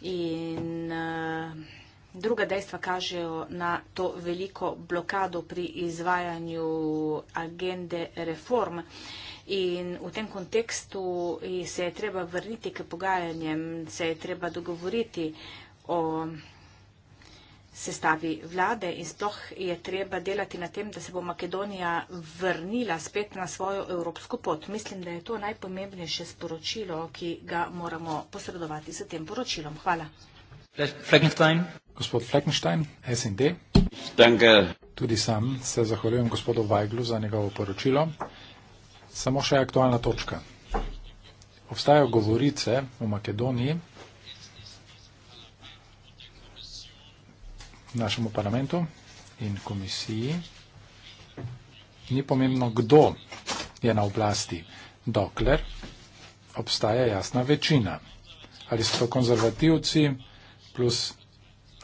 in uh, Druga dejstva kažejo na to veliko blokado pri izvajanju agende reform. In v tem kontekstu se je treba vrniti k pogajanjem, se je treba dogovoriti o sestavi vlade in sploh je treba delati na tem, da se bo Makedonija vrnila spet na svojo evropsko pot. Mislim, da je to najpomembnejše sporočilo, ki ga moramo posredovati s tem poročilom. Hvala. Fleckenstein. Gospod Fleckenstein, SND. Danke. Tudi sam se zahvaljujem gospodu Vajglu za njegovo poročilo. Samo še aktualna točka. Obstajajo govorice v Makedoniji, našemu parlamentu in komisiji. Ni pomembno, kdo je na oblasti, dokler obstaja jasna večina. Ali so to konzervativci, plus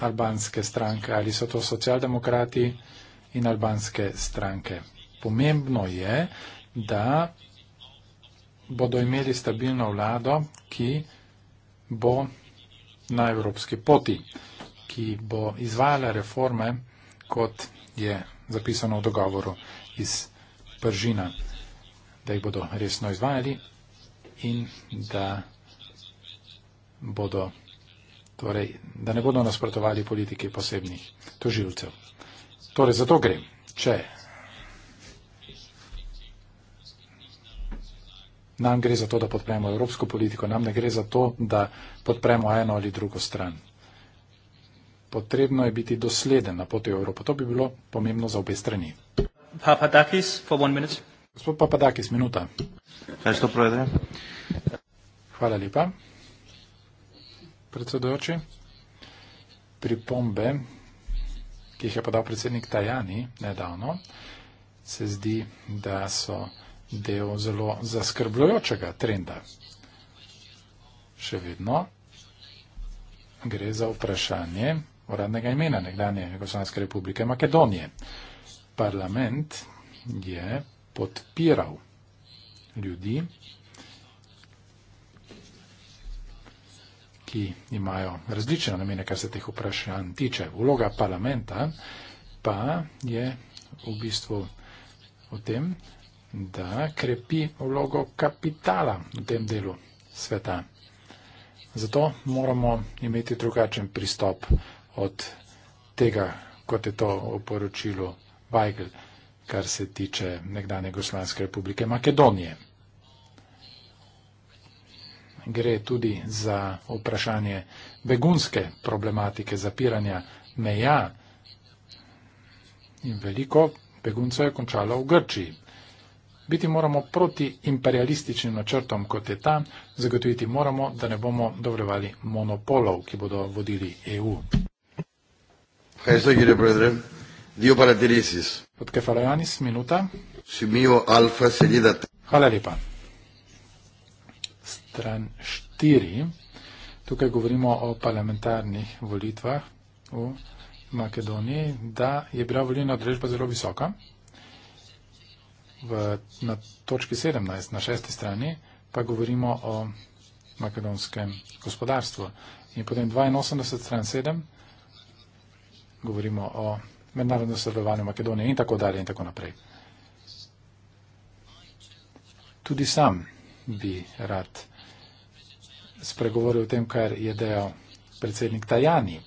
albanske stranke, ali so to socialdemokrati in albanske stranke. Pomembno je, da bodo imeli stabilno vlado, ki bo na evropski poti, ki bo izvajala reforme, kot je zapisano v dogovoru iz Pržina, da jih bodo resno izvajali in da bodo torej, da ne bodo nasprotovali politiki posebnih tožilcev. Torej, zato grem, če nam gre za to, da podpremo evropsko politiko, nam ne gre za to, da podpremo eno ali drugo stran. Potrebno je biti dosleden na poti v Evropo. To bi bilo pomembno za obe strani. Papadakis, for one minute. Gospod Papadakis, minuta. Hvala lepa predsedujoči. Pripombe, ki jih je podal predsednik Tajani nedavno, se zdi, da so del zelo zaskrbljujočega trenda. Še vedno gre za vprašanje uradnega imena nekdanje Jugoslavijske republike Makedonije. Parlament je podpiral ljudi, ki imajo različne namene, kar se teh vprašanj tiče. Vloga parlamenta pa je v bistvu v tem, da krepi vlogo kapitala v tem delu sveta. Zato moramo imeti drugačen pristop od tega, kot je to oporočilo Weigl, kar se tiče nekdane Goslanske republike Makedonije gre tudi za vprašanje begunske problematike zapiranja meja. In veliko beguncev je končalo v Grčiji. Biti moramo proti imperialističnim načrtom, kot je ta, zagotoviti moramo, da ne bomo dovrevali monopolov, ki bodo vodili EU. Hvala lepa stran 4. Tukaj govorimo o parlamentarnih volitvah v Makedoniji, da je bila volilna odrežba zelo visoka. V, na točki 17, na šesti strani, pa govorimo o makedonskem gospodarstvu. In potem 82 stran 7, govorimo o mednarodnem sodelovanju Makedonije in tako dalje in tako naprej. Tudi sam bi rad spregovoril o tem, kar je dejal predsednik Tajani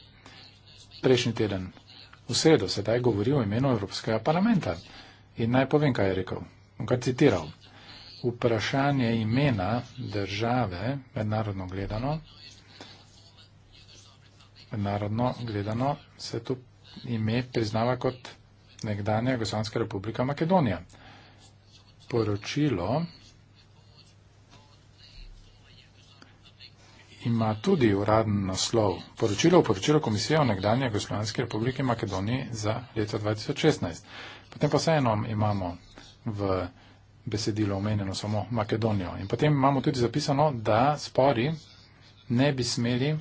prejšnji teden v sredo, sedaj govori o imenu Evropskega parlamenta. In naj povem, kaj je rekel, kar citiral. Vprašanje imena države, mednarodno gledano, mednarodno gledano se tu ime priznava kot nekdanja Jugoslavijska republika Makedonija. Poročilo ima tudi uraden naslov poročilo v poročilo Komisije o nekdanje Goslovanske republike Makedonije za leto 2016. Potem pa vseeno imamo v besedilo omenjeno samo Makedonijo. In potem imamo tudi zapisano, da spori ne bi smeli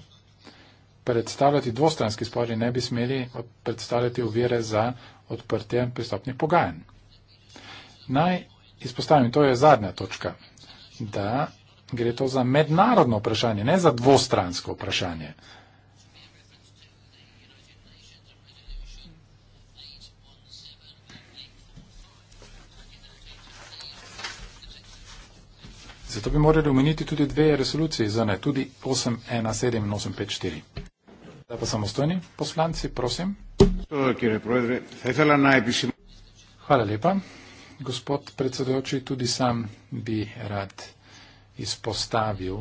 predstavljati, dvostranski spori ne bi smeli predstavljati uvire za odprtje pristopnih pogajanj. Naj izpostavim, to je zadnja točka, da gre to za mednarodno vprašanje, ne za dvostransko vprašanje. Zato bi morali omeniti tudi dve resoluciji, za ne, tudi 817 in 854. Zdaj pa samostojni poslanci, prosim. Hvala lepa. Gospod predsedujoči, tudi sam bi rad izpostavil,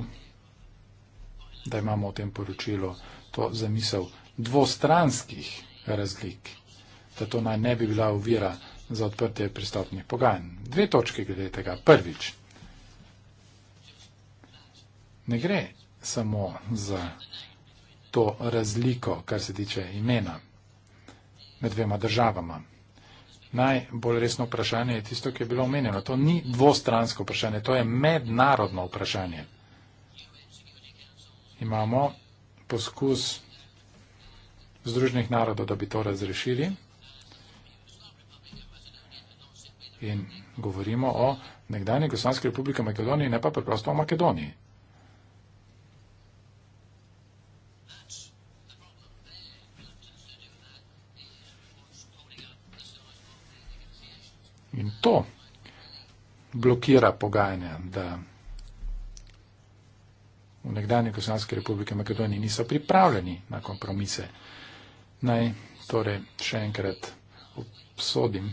da imamo v tem poročilu to zamisel dvostranskih razlik, da to naj ne bi bila uvira za odprtje pristopnih pogajanj. Dve točke glede tega. Prvič, ne gre samo za to razliko, kar se tiče imena med dvema državama najbolj resno vprašanje je tisto, ki je bilo omenjeno. To ni dvostransko vprašanje, to je mednarodno vprašanje. Imamo poskus Združenih narodov, da bi to razrešili in govorimo o nekdani Gospodarski republiki Makedoniji, ne pa preprosto o Makedoniji. In to blokira pogajanja, da v nekdanji Kosovanski republiki Makedoniji niso pripravljeni na kompromise. Naj torej še enkrat obsodim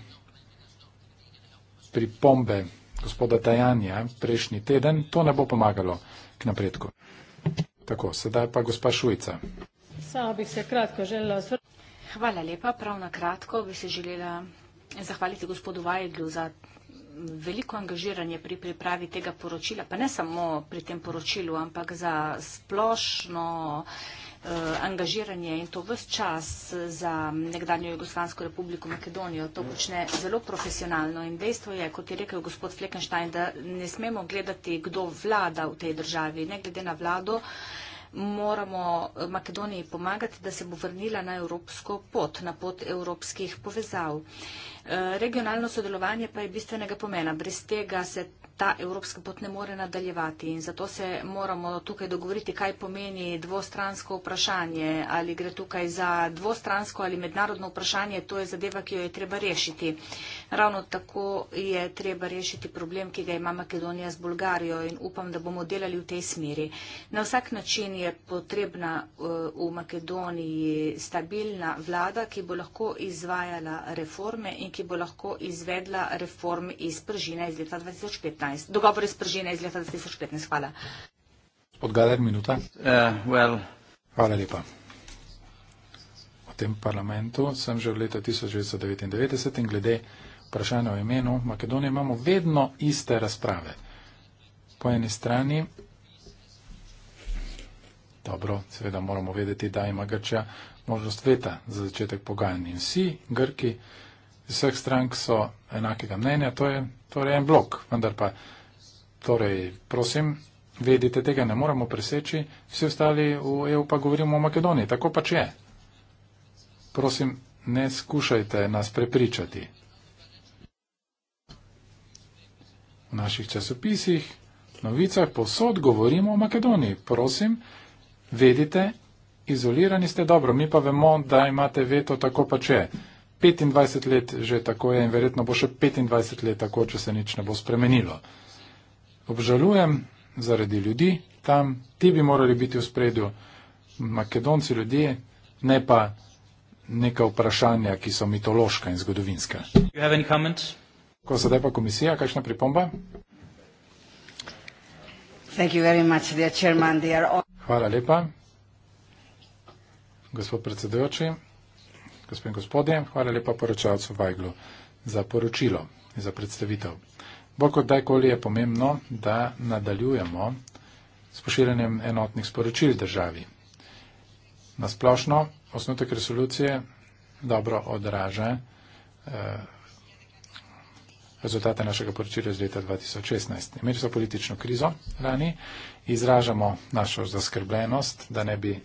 pripombe gospoda Tajanja prejšnji teden, to ne bo pomagalo k napredku. Tako, sedaj pa gospa Šujica. Samo bi se kratko želela osvrniti. Hvala lepa, prav na kratko bi se želela zahvaliti gospodu Vajdlu za veliko angažiranje pri pripravi tega poročila, pa ne samo pri tem poročilu, ampak za splošno eh, angažiranje in to vse čas za nekdanjo Jugoslansko republiko Makedonijo. To počne zelo profesionalno in dejstvo je, kot je rekel gospod Fleckenstein, da ne smemo gledati, kdo vlada v tej državi. Ne glede na vlado, moramo Makedoniji pomagati, da se bo vrnila na evropsko pot, na pot evropskih povezav. Eh, regionalno sodelovanje pa je bistvenega pomena. Brez tega se ta evropska pot ne more nadaljevati in zato se moramo tukaj dogovoriti, kaj pomeni dvostransko vprašanje, ali gre tukaj za dvostransko ali mednarodno vprašanje, to je zadeva, ki jo je treba rešiti. Ravno tako je treba rešiti problem, ki ga ima Makedonija z Bolgarijo in upam, da bomo delali v tej smeri. Na vsak način je potrebna eh, v Makedoniji stabilna vlada, ki bo lahko izvajala reforme in ki bo lahko izvedla reform iz pržine iz leta 2015. Dogovor iz pržine iz leta 2015. Hvala. Odgajaj minuta. Uh, well. Hvala lepa. V tem parlamentu sem že v leta 1999 in glede vprašanja o imenu Makedonije, imamo vedno iste razprave. Po eni strani, dobro, seveda moramo vedeti, da ima Grčija možnost veta za začetek pogajanj in vsi Grki iz vseh strank so enakega mnenja, to je torej en blok, vendar pa, torej, prosim, vedite, tega ne moremo preseči, vsi ostali v EU pa govorimo o Makedoniji, tako pač je. Prosim, ne skušajte nas prepričati. v naših časopisih, novicah, posod govorimo o Makedoniji. Prosim, vedite, izolirani ste dobro, mi pa vemo, da imate veto tako pa če. 25 let že tako je in verjetno bo še 25 let tako, če se nič ne bo spremenilo. Obžalujem zaradi ljudi tam, ti bi morali biti v spredju, makedonci ljudje, ne pa neka vprašanja, ki so mitološka in zgodovinska. Do you have any comments? Ko se da pa komisija, kakšna pripomba? Hvala lepa. Gospod predsedujoči, gospod in gospodje, hvala lepa poročalcu Vajglu za poročilo in za predstavitev. Bolj kot dajkoli je pomembno, da nadaljujemo s poširjanjem enotnih sporočil državi. Nasplošno osnutek resolucije dobro odraža eh, rezultate našega poročila iz leta 2016. Imeli smo politično krizo lani, izražamo našo zaskrbljenost, da ne bi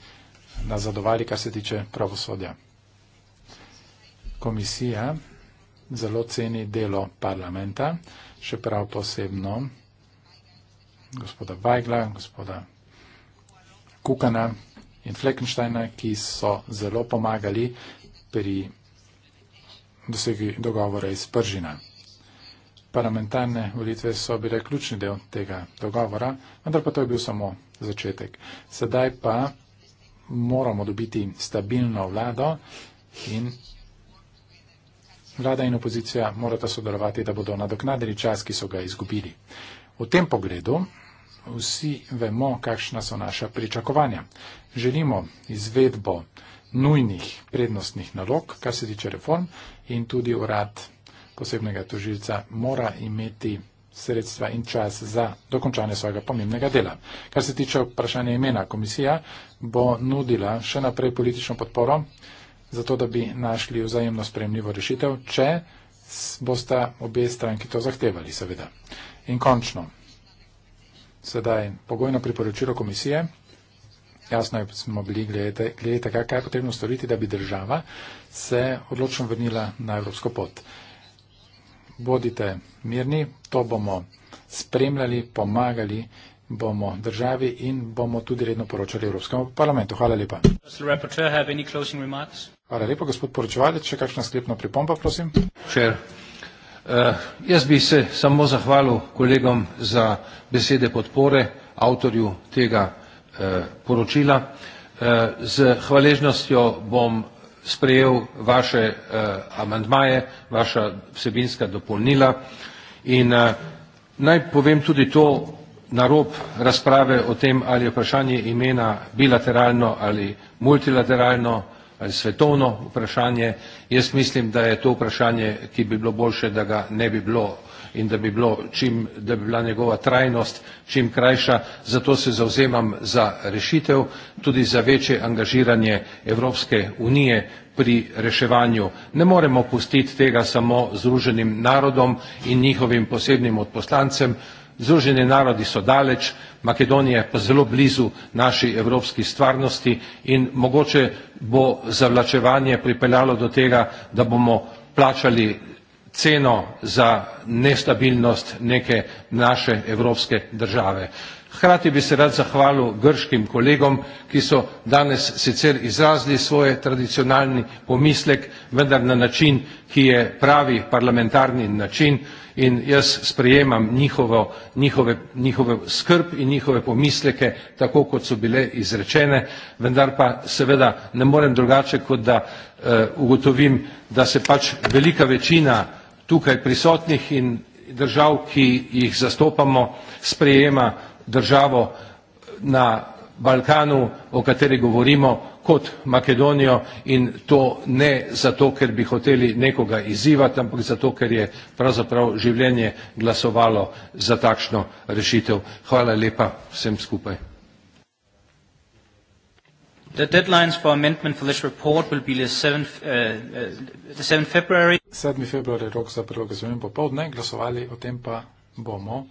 nazadovali, kar se tiče pravosodja. Komisija zelo ceni delo parlamenta, še prav posebno gospoda Vajgla, gospoda Kukana in Fleckensteina, ki so zelo pomagali pri dosegi dogovora iz Pržina parlamentarne volitve so bile ključni del tega dogovora, vendar pa to je bil samo začetek. Sedaj pa moramo dobiti stabilno vlado in vlada in opozicija morata sodelovati, da bodo nadoknadili čas, ki so ga izgubili. V tem pogledu vsi vemo, kakšna so naša pričakovanja. Želimo izvedbo nujnih prednostnih nalog, kar se tiče reform in tudi urad posebnega tožilca mora imeti sredstva in čas za dokončanje svojega pomembnega dela. Kar se tiče vprašanja imena, komisija bo nudila še naprej politično podporo, zato da bi našli vzajemno spremljivo rešitev, če bosta obe stranki to zahtevali, seveda. In končno, sedaj pogojno priporočilo komisije, jasno je, smo bili glede tega, kaj je potrebno storiti, da bi država se odločno vrnila na evropsko pot bodite mirni, to bomo spremljali, pomagali bomo državi in bomo tudi redno poročali Evropskemu parlamentu. Hvala lepa. Hvala lepa, gospod poročevalec. Še kakšna sklepna pripomba, prosim? Sure. Uh, jaz bi se samo zahvalil kolegom za besede podpore avtorju tega uh, poročila. Uh, z hvaležnostjo bom sprejel vaše uh, amandmaje, vaša vsebinska dopolnila in uh, naj povem tudi to na rob razprave o tem, ali je vprašanje imena bilateralno ali multilateralno ali svetovno vprašanje. Jaz mislim, da je to vprašanje, ki bi bilo boljše, da ga ne bi bilo in da bi, bilo čim, da bi bila njegova trajnost čim krajša. Zato se zauzemam za rešitev, tudi za večje angažiranje Evropske unije pri reševanju. Ne moremo pustiti tega samo Združenim narodom in njihovim posebnim odposlancem. Združeni narodi so daleč, Makedonija je pa zelo blizu naši evropski stvarnosti in mogoče bo zavlačevanje pripeljalo do tega, da bomo plačali ceno za nestabilnost neke naše evropske države. Hkrati bi se rad zahvalil grškim kolegom, ki so danes sicer izrazili svoj tradicionalni pomislek, vendar na način, ki je pravi parlamentarni način in jaz sprejemam njihovo, njihove, njihove skrb in njihove pomisleke tako, kot so bile izrečene, vendar pa seveda ne morem drugače, kot da eh, ugotovim, da se pač velika večina tukaj prisotnih in držav, ki jih zastopamo, sprejema državo na Balkanu, o kateri govorimo, kot Makedonijo in to ne zato, ker bi hoteli nekoga izzivati, ampak zato, ker je pravzaprav življenje glasovalo za takšno rešitev. Hvala lepa vsem skupaj. The deadlines for amendment for this report will be the 7th, uh, uh, the 7th February. 7. februar je rok za predloge za imen popovdne, glasovali o tem pa bomo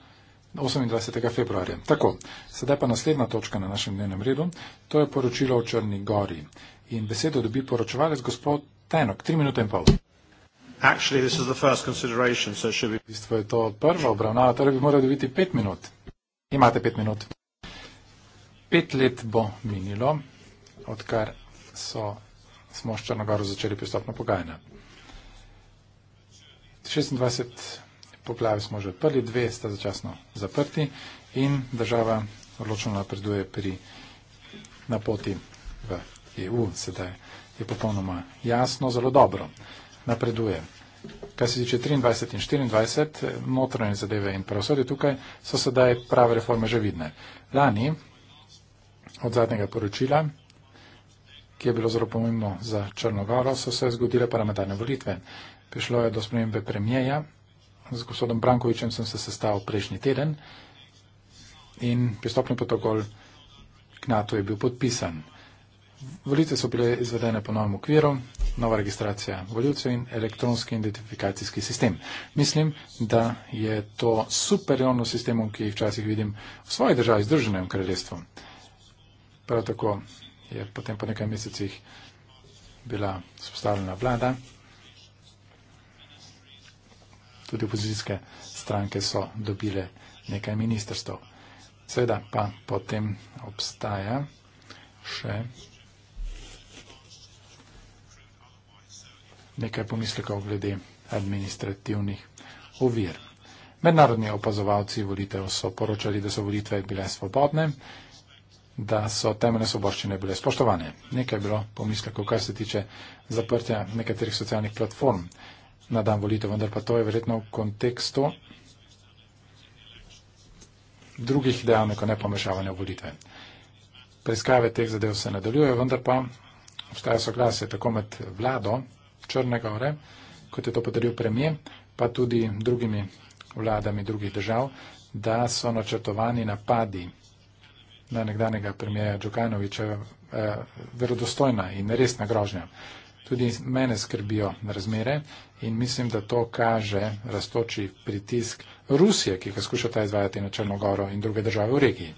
28. februarja. Tako, sedaj pa naslednja točka na našem dnevnem redu, to je poročilo o Črni gori. In besedo dobi poročevalec gospod Tenok, 3 minute in pol. Actually, this is the first consideration, so should we... Bistvo je to prva obravnava, torej bi morali dobiti 5 minut. Imate 5 minut. 5 let bo minilo odkar so, smo s Črnogoro začeli pristopno pogajanja. 26 poplavi smo že odprli, dve sta začasno zaprti in država odločno napreduje pri na poti v EU. Sedaj je popolnoma jasno, zelo dobro napreduje. Kar se tiče 23 in 24, notranje zadeve in pravosodje tukaj so sedaj prave reforme že vidne. Lani od zadnjega poročila ki je bilo zelo pomembno za Črnogoro, so se zgodile parlamentarne volitve. Prišlo je do spremembe premijeja. Z gospodom Brankovičem sem se sestal prejšnji teden in pristopni protokol k NATO je bil podpisan. Volitve so bile izvedene po novem okviru, nova registracija voljivcev in elektronski identifikacijski sistem. Mislim, da je to superiorno sistemom, ki jih včasih vidim v svoji državi, Združenem kraljestvu. Prav tako je potem po nekaj mesecih bila spostavljena vlada. Tudi opozicijske stranke so dobile nekaj ministrstv. Seveda pa potem obstaja še nekaj pomislekov glede administrativnih ovir. Mednarodni opazovalci volitev so poročali, da so volitve bile svobodne da so temeljne soboščine bile spoštovane. Nekaj je bilo pomisleko, kar se tiče zaprtja nekaterih socialnih platform na dan volitev, vendar pa to je verjetno v kontekstu drugih dejavnikov, ne pomešavanja volitve. Preiskave teh zadev se nadaljujejo, vendar pa obstaja soglasje tako med vlado Črne Gore, kot je to potrdil premije, pa tudi drugimi vladami drugih držav, da so načrtovani napadi na nekdanjega premijeja Džukanoviča eh, verodostojna in resna grožnja. Tudi mene skrbijo razmere in mislim, da to kaže raztoči pritisk Rusije, ki ga skušata izvajati na Črnogoro in druge države v regiji.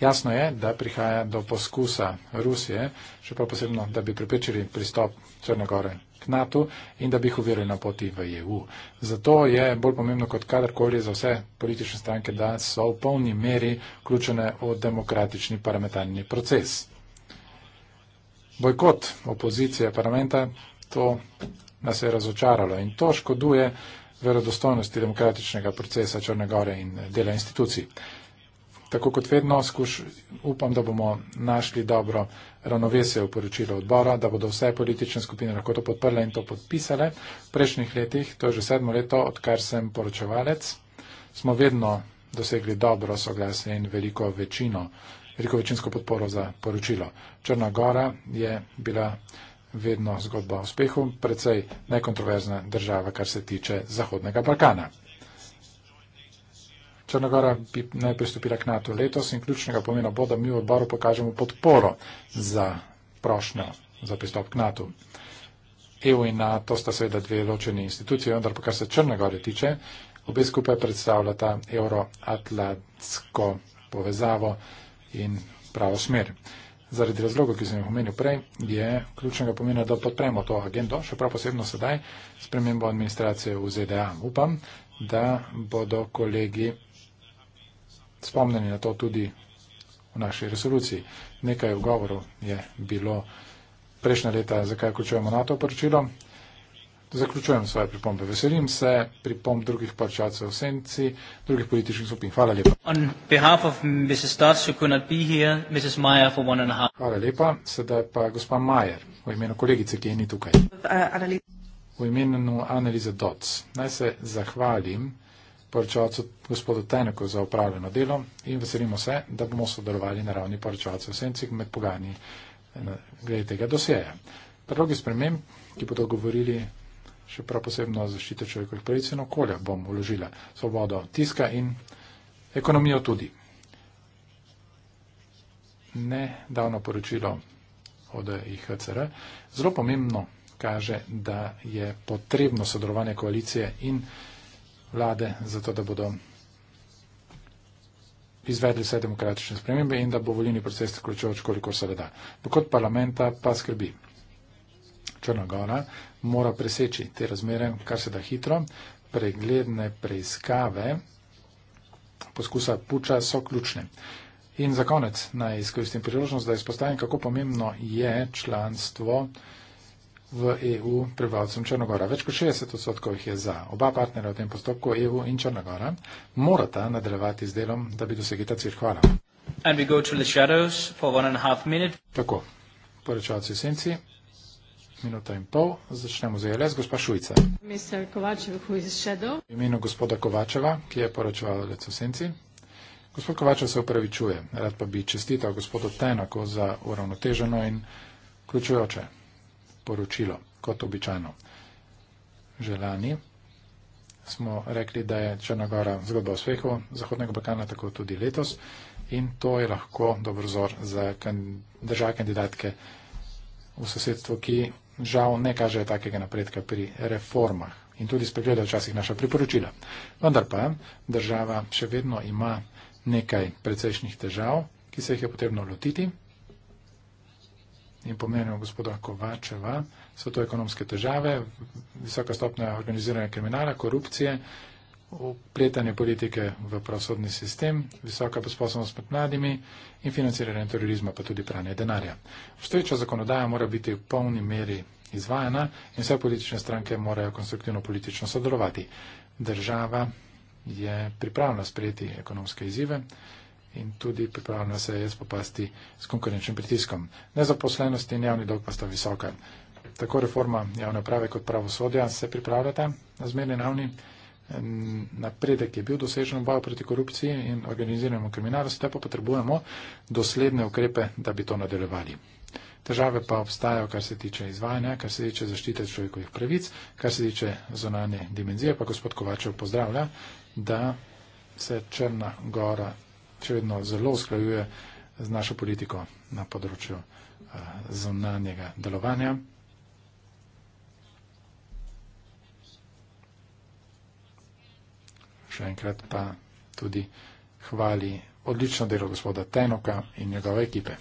Jasno je, da prihaja do poskusa Rusije, še pa posebno, da bi pripričali pristop Črnogore k NATO in da bi jih uverili na poti v EU. Zato je bolj pomembno kot kadarkoli za vse politične stranke, da so v polni meri vključene v demokratični parlamentarni proces. Bojkot opozicije parlamenta, to nas je razočaralo in to škoduje verodostojnosti demokratičnega procesa Črne Gore in dela institucij. Tako kot vedno, skuš, upam, da bomo našli dobro ravnovesje v poročilo odbora, da bodo vse politične skupine lahko to podprle in to podpisale. V prejšnjih letih, to je že sedmo leto, odkar sem poročevalec, smo vedno dosegli dobro soglasje in veliko večino, veliko večinsko podporo za poročilo. Črna Gora je bila vedno zgodba o uspehu, precej nekontroverzna država, kar se tiče Zahodnega Balkana. Črna Gora bi naj pristopila k NATO letos in ključnega pomena bo, da mi v odboru pokažemo podporo za prošnjo za pristop k NATO. EU in NATO sta seveda dve ločene institucije, vendar pa kar se Črne Gore tiče, obe skupaj predstavljata euroatlantsko povezavo in pravo smer. Zaradi razlogov, ki sem jih omenil prej, je ključnega pomena, da podpremo to agendo, še prav posebno sedaj, spremembo administracije v ZDA. Upam, da bodo kolegi spomnjeni na to tudi v naši resoluciji. Nekaj ugovorov je bilo prejšnja leta, zakaj vključujemo NATO poročilo. Zaključujem svoje pripombe. Veselim se pripomb drugih plačacev v senci, drugih političnih skupin. Hvala lepa. Hvala lepa. Sedaj pa gospa Majer v imenu kolegice, ki je ni tukaj. V eh, imenu Analize Dots. Naj se zahvalim poročevalcu gospodu Teneku za upravljeno delo in veselimo se, da bomo sodelovali na ravni poročevalcu v Sencik med pogajanji eh, glede tega dosjeja. Predlogi sprememb, ki bodo govorili še prav posebno zaščite človekovih pravic in okolja, bom uložila svobodo tiska in ekonomijo tudi. Ne davno poročilo od IHCR. Zelo pomembno kaže, da je potrebno sodelovanje koalicije in vlade, zato da bodo izvedli vse demokratične spremembe in da bo voljeni proces zaključil, koliko se le da. Kot parlamenta pa skrbi. Črna Gora mora preseči te razmere, kar se da hitro. Pregledne preiskave poskusa puča so ključne. In za konec naj izkoristim priložnost, da izpostavim, kako pomembno je članstvo uh, v EU prebivalcem Črnogora. Več kot 60 odstotkov jih je za. Oba partnera v tem postopku, EU in Črnogora, morata nadaljevati z delom, da bi dosegli ta cilj. Hvala. Tako, poročavci senci. Minuta in pol, začnemo z ELS, gospa Šujca. V imenu gospoda Kovačeva, ki je poročeval lec v senci. Gospod Kovačev se upravičuje, rad pa bi čestital gospodu Tenako za uravnoteženo in ključujoče sporočilo, kot običajno. Že lani smo rekli, da je Črnagora zgodba uspehu Zahodnega Balkana, tako tudi letos. In to je lahko dobro vzor za države kandidatke v sosedstvu, ki žal ne kažejo takega napredka pri reformah in tudi spregledajo včasih naša priporočila. Vendar pa država še vedno ima nekaj precejšnjih težav, ki se jih je potrebno lotiti, in pomenil gospoda Kovačeva, so to ekonomske težave, visoka stopnja organiziranja kriminala, korupcije, upletanje politike v pravosodni sistem, visoka posposobnost med mladimi in financiranje terorizma, pa tudi pranje denarja. Vstoječa zakonodaja mora biti v polni meri izvajana in vse politične stranke morajo konstruktivno politično sodelovati. Država je pripravljena sprejeti ekonomske izzive in tudi pripravljena se je spopasti s konkurenčnim pritiskom. Nezaposlenost in javni dolg pa sta visoka. Tako reforma javne prave kot pravosodja se pripravljata na zmerni ravni. Napredek je bil dosežen v boju proti korupciji in organiziranemu kriminalu, zdaj pa potrebujemo dosledne ukrepe, da bi to nadaljevali. Težave pa obstajajo, kar se tiče izvajanja, kar se tiče zaštite človekovih pravic, kar se tiče zonanje dimenzije, pa gospod Kovačev pozdravlja, da se Črna gora še vedno zelo usklajuje z našo politiko na področju eh, zunanjega delovanja. Še enkrat pa tudi hvali odlično delo gospoda Tenoka in njegove ekipe.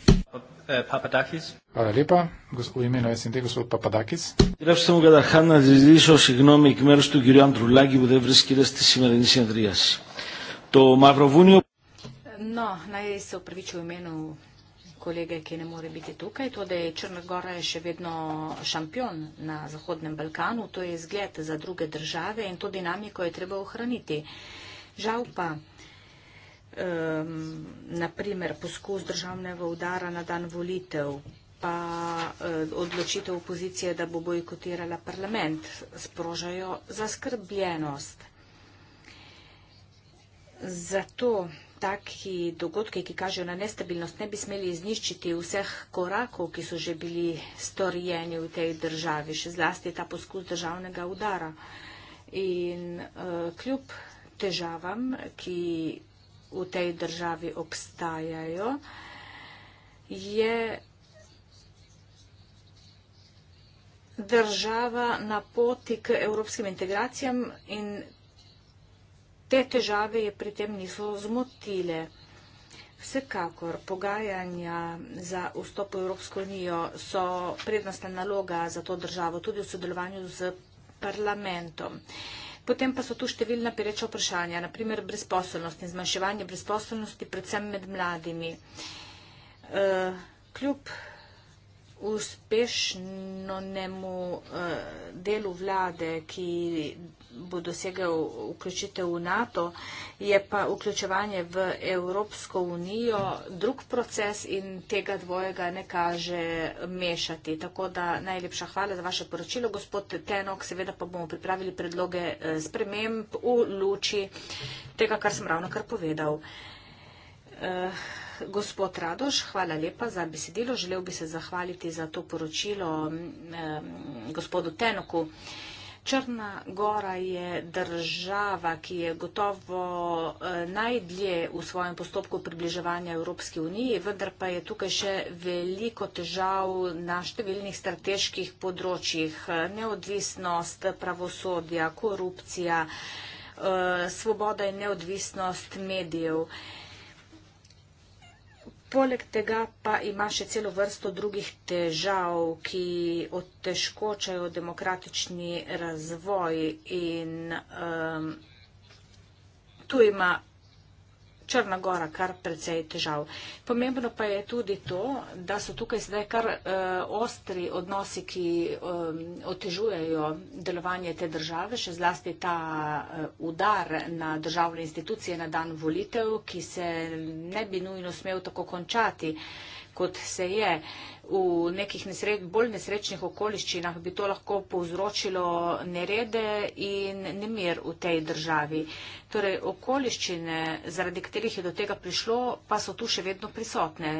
Eh, Papadakis. Hvala lepa. V imenu SND gospod Papadakis. To Mavrovunijo. No, naj se upraviči v imenu kolege, ki ne more biti tukaj, to, da je Črna Gora je še vedno šampion na Zahodnem Balkanu, to je zgled za druge države in to dinamiko je treba ohraniti. Žal pa, um, ehm, naprimer, poskus državnega udara na dan volitev, pa uh, odločitev opozicije, da bo bojkotirala parlament, sprožajo zaskrbljenost. Zato taki dogodki, ki kažejo na nestabilnost, ne bi smeli izniščiti vseh korakov, ki so že bili storjeni v tej državi, še zlasti ta poskus državnega udara. In uh, kljub težavam, ki v tej državi obstajajo, je država na poti k evropskim integracijam in Te težave je pri tem niso zmotile. Vsekakor pogajanja za vstop v Evropsko unijo so prednostna naloga za to državo, tudi v sodelovanju z parlamentom. Potem pa so tu številna pereča vprašanja, naprimer brezposobnost in zmanjševanje brezposobnosti, predvsem med mladimi. E, kljub uspešnemu e, delu vlade, ki bo dosegel vključitev v NATO, je pa vključevanje v Evropsko unijo drug proces in tega dvojega ne kaže mešati. Tako da najlepša hvala za vaše poročilo, gospod Tenok. Seveda pa bomo pripravili predloge eh, sprememb v luči tega, kar sem ravno kar povedal. Eh, gospod Radoš, hvala lepa za besedilo. Želel bi se zahvaliti za to poročilo eh, gospodu Tenoku. Črna Gora je država, ki je gotovo eh, najdlje v svojem postopku približevanja Evropski uniji, vendar pa je tukaj še veliko težav na številnih strateških področjih. Neodvisnost pravosodja, korupcija, eh, svoboda in neodvisnost medijev. Poleg tega pa ima še celo vrsto drugih težav, ki otežkočajo demokratični razvoj in um, tu ima Črna gora kar precej težav. Pomembno pa je tudi to, da so tukaj sedaj kar uh, ostri odnosi, ki um, otežujejo delovanje te države, še zlasti ta uh, udar na državne institucije na dan volitev, ki se ne bi nujno smel tako končati. Uh, kot se je. V nekih nesre bolj nesrečnih okoliščinah bi to lahko povzročilo nerede in nemir v tej državi. Torej, okoliščine, zaradi katerih je do tega prišlo, pa so tu še vedno prisotne.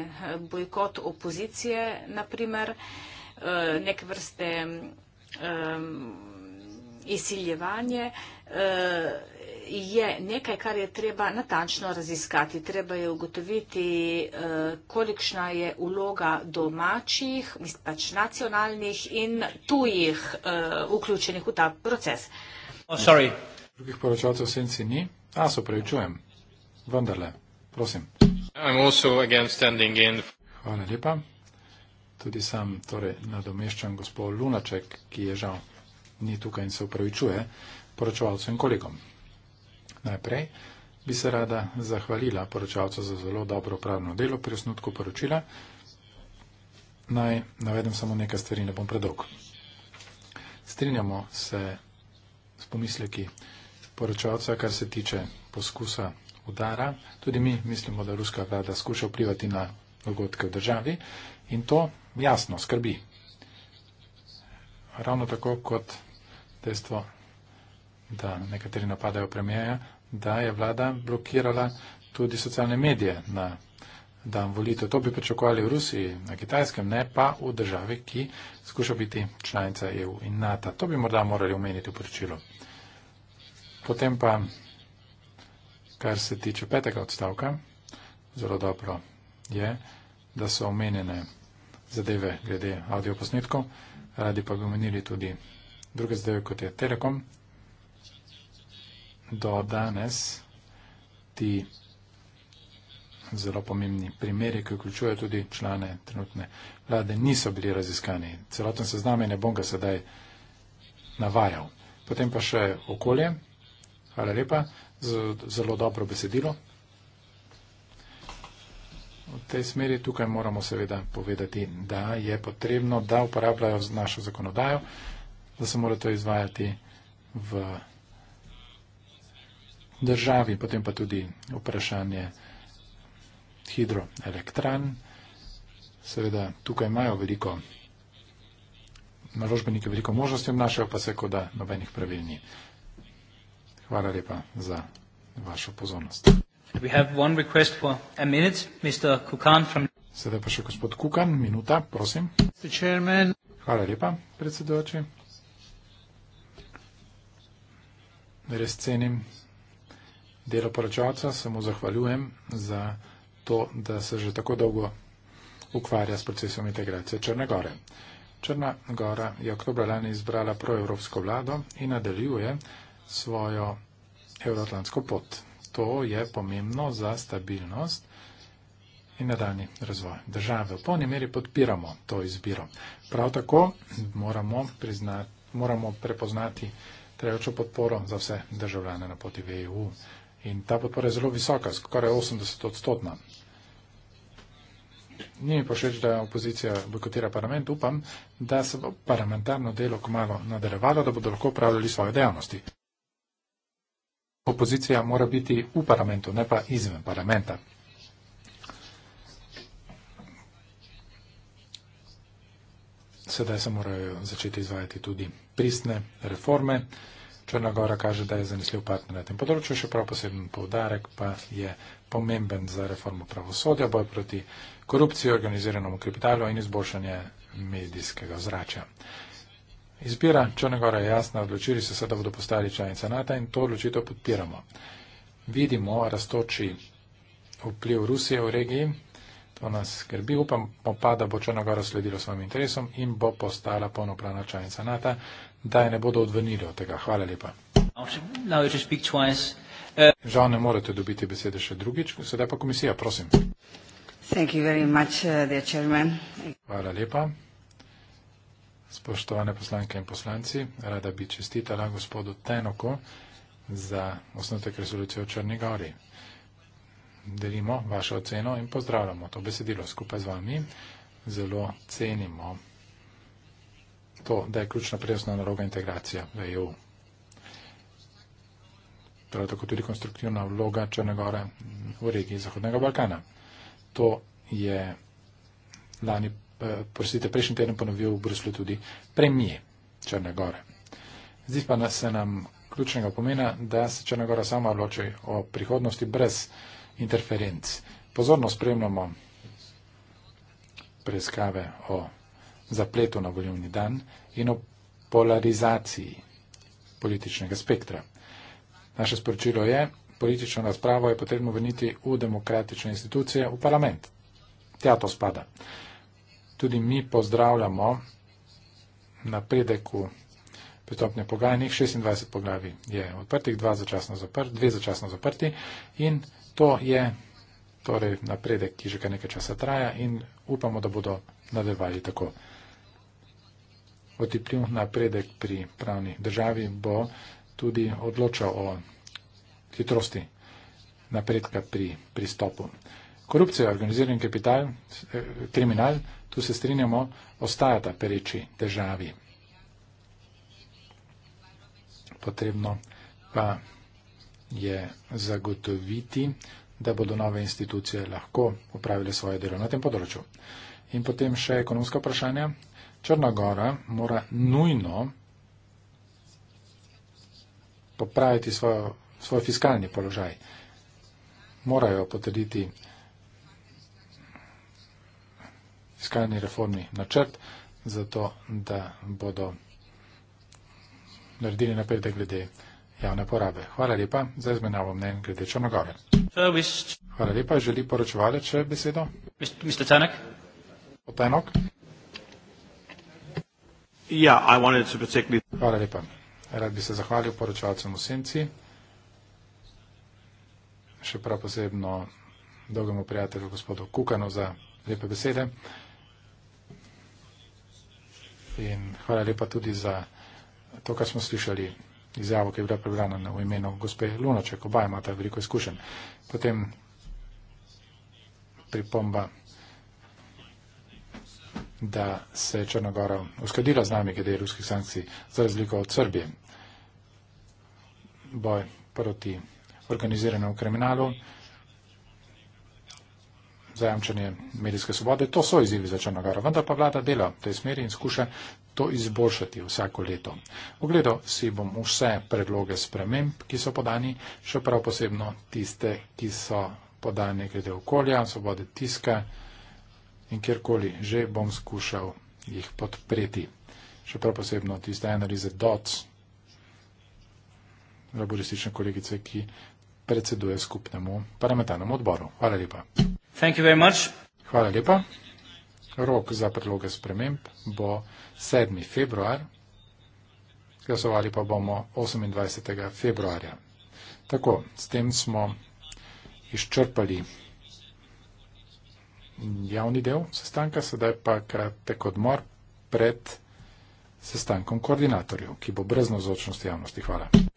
Bojkot opozicije, naprimer, eh, neke vrste um, izsiljevanje. Um, je nekaj, kar je treba natančno raziskati. Treba je ugotoviti, eh, kolikšna je uloga domačih, pač nacionalnih in tujih eh, vključenih v ta proces. Oh, Drugih poročavcev senci ni. A, se upravičujem. Vendarle, prosim. Hvala lepa. Tudi sam torej, nadomeščam gospod Lunaček, ki je žal ni tukaj in se upravičuje poročevalcem in kolegom. Najprej bi se rada zahvalila poročavcu za zelo dobro pravno delo pri osnutku poročila. Naj navedem samo nekaj stvari, ne bom predolg. Strinjamo se s pomisleki poročavca, kar se tiče poskusa udara. Tudi mi mislimo, da ruska vlada skuša vplivati na dogodke v državi in to jasno skrbi. Ravno tako kot dejstvo da nekateri napadajo premijeja, da je vlada blokirala tudi socialne medije na dan volitev. To bi pričakovali v Rusiji, na kitajskem, ne pa v državi, ki skuša biti članica EU in NATO. To bi morda morali omeniti v poročilu. Potem pa, kar se tiče petega odstavka, zelo dobro je, da so omenjene zadeve glede avdioposnetkov, radi pa bi omenili tudi druge zadeve, kot je Telekom, do danes ti zelo pomembni primeri, ki vključujejo tudi člane trenutne vlade, niso bili raziskani. Celoten seznam je ne bom ga sedaj navajal. Potem pa še okolje. Hvala lepa. Zelo dobro besedilo. V tej smeri tukaj moramo seveda povedati, da je potrebno, da uporabljajo našo zakonodajo, da se mora to izvajati v državi, potem pa tudi vprašanje hidroelektran. Seveda tukaj imajo veliko, naložbenike veliko možnosti obnašajo, pa se koda nobenih pravil ni. Hvala lepa za vašo pozornost. Sedaj pa še gospod Kukan, minuta, prosim. Hvala lepa, predsedujoči. Res cenim delo poročevalca, se mu zahvaljujem za to, da se že tako dolgo ukvarja s procesom integracije Črne Gore. Črna Gora je oktober lani izbrala proevropsko vlado in nadaljuje svojo euroatlantsko pot. To je pomembno za stabilnost in nadaljni razvoj države. V polni meri podpiramo to izbiro. Prav tako moramo, priznati, moramo prepoznati trajočo podporo za vse državljane na poti v EU. In ta podpora je zelo visoka, skoraj 80 odstotna. Ni mi pa všeč, da opozicija bojkotira parlament. Upam, da se bo parlamentarno delo kmalo nadaljevalo, da bodo lahko upravljali svoje dejavnosti. Opozicija mora biti v parlamentu, ne pa izven parlamenta. Sedaj se morajo začeti izvajati tudi pristne reforme. Črnagora kaže, da je zanesljiv partner na tem področju, še prav poseben povdarek pa je pomemben za reformo pravosodja, boj proti korupciji, organiziranemu kapitalu in izboljšanje medijskega zrača. Izbira Črnagora je jasna, odločili so se, da bodo postali članica NATO in to odločitev podpiramo. Vidimo raztoči vpliv Rusije v regiji, to nas skrbi, upamo pa, da bo Črnagora sledilo svojim interesom in bo postala polnopravna članica NATO da ne bodo odvrnili od tega. Hvala lepa. Žal ne morete dobiti besede še drugič, sedaj pa komisija, prosim. Much, uh, Hvala lepa. Spoštovane poslanke in poslanci, rada bi čestitala gospodu Tenoku za osnotek rezolucije o Črni Gori. Delimo vašo oceno in pozdravljamo to besedilo skupaj z vami. Zelo cenimo tako, da je ključna prednostna naloga integracija v EU. Prav tako tudi konstruktivna vloga Črne gore v regiji Zahodnega Balkana. To je lani, eh, prosite, prejšnji teden ponovil v Bruslu tudi premije Črne gore. Zdi pa se nam ključnega pomena, da se Črna gora sama odloči o prihodnosti brez interferenc. Pozorno spremljamo preiskave o zapletu na volilni dan in o polarizaciji političnega spektra. Naše sporočilo je, politično razpravo je potrebno vrniti v demokratične institucije, v parlament. Tja to spada. Tudi mi pozdravljamo napredek v pristopne pogajanjih, 26 poglavi je odprtih, dva začasno zaprti, dve začasno zaprti in to je torej napredek, ki že kar nekaj časa traja in upamo, da bodo nadaljevali tako odipljiv napredek pri pravni državi bo tudi odločal o hitrosti napredka pri pristopu. Korupcija, organiziran kapital, kriminal, tu se strinjamo, ostajata pereči državi. Potrebno pa je zagotoviti, da bodo nove institucije lahko upravile svoje delo na tem področju. In potem še ekonomska vprašanja. Črna Gora mora nujno popraviti svojo, svoj fiskalni položaj. Morajo potrditi fiskalni reformni načrt, zato da bodo naredili napredek glede javne porabe. Hvala lepa za izmenjavo mnen glede Črna Gora. Hvala lepa, želi poročevalec besedo. Mr. Tanek. Potenok. Ja, particularly... Hvala lepa. Rad bi se zahvalil poročevalcem v Senci, še prav posebno dolgemu prijatelju gospodu Kukanu za lepe besede. In hvala lepa tudi za to, kar smo slišali izjavo, ki je bila prebrana v imenu gospe Lunoček. Oba imata veliko izkušenj. Potem pripomba da se je Črnogora uskladila z nami, glede ruskih sankcij, za razliko od Srbije. Boj proti organiziranemu kriminalu, zajamčanje medijske svobode, to so izzivi za Črnogoro, vendar pa vlada dela v tej smeri in skuša to izboljšati vsako leto. Ogledal si bom vse predloge sprememb, ki so podani, še prav posebno tiste, ki so podane glede okolja, svobode tiska in kjerkoli že bom skušal jih podpreti. Še prav posebno tiste analize DOC, laboristične kolegice, ki predseduje skupnemu parlamentarnemu odboru. Hvala lepa. Hvala lepa. Rok za predloge sprememb bo 7. februar. Glasovali pa bomo 28. februarja. Tako, s tem smo izčrpali javni del sestanka, sedaj pa kratek odmor pred sestankom koordinatorjev, ki bo brez nazočnosti javnosti. Hvala.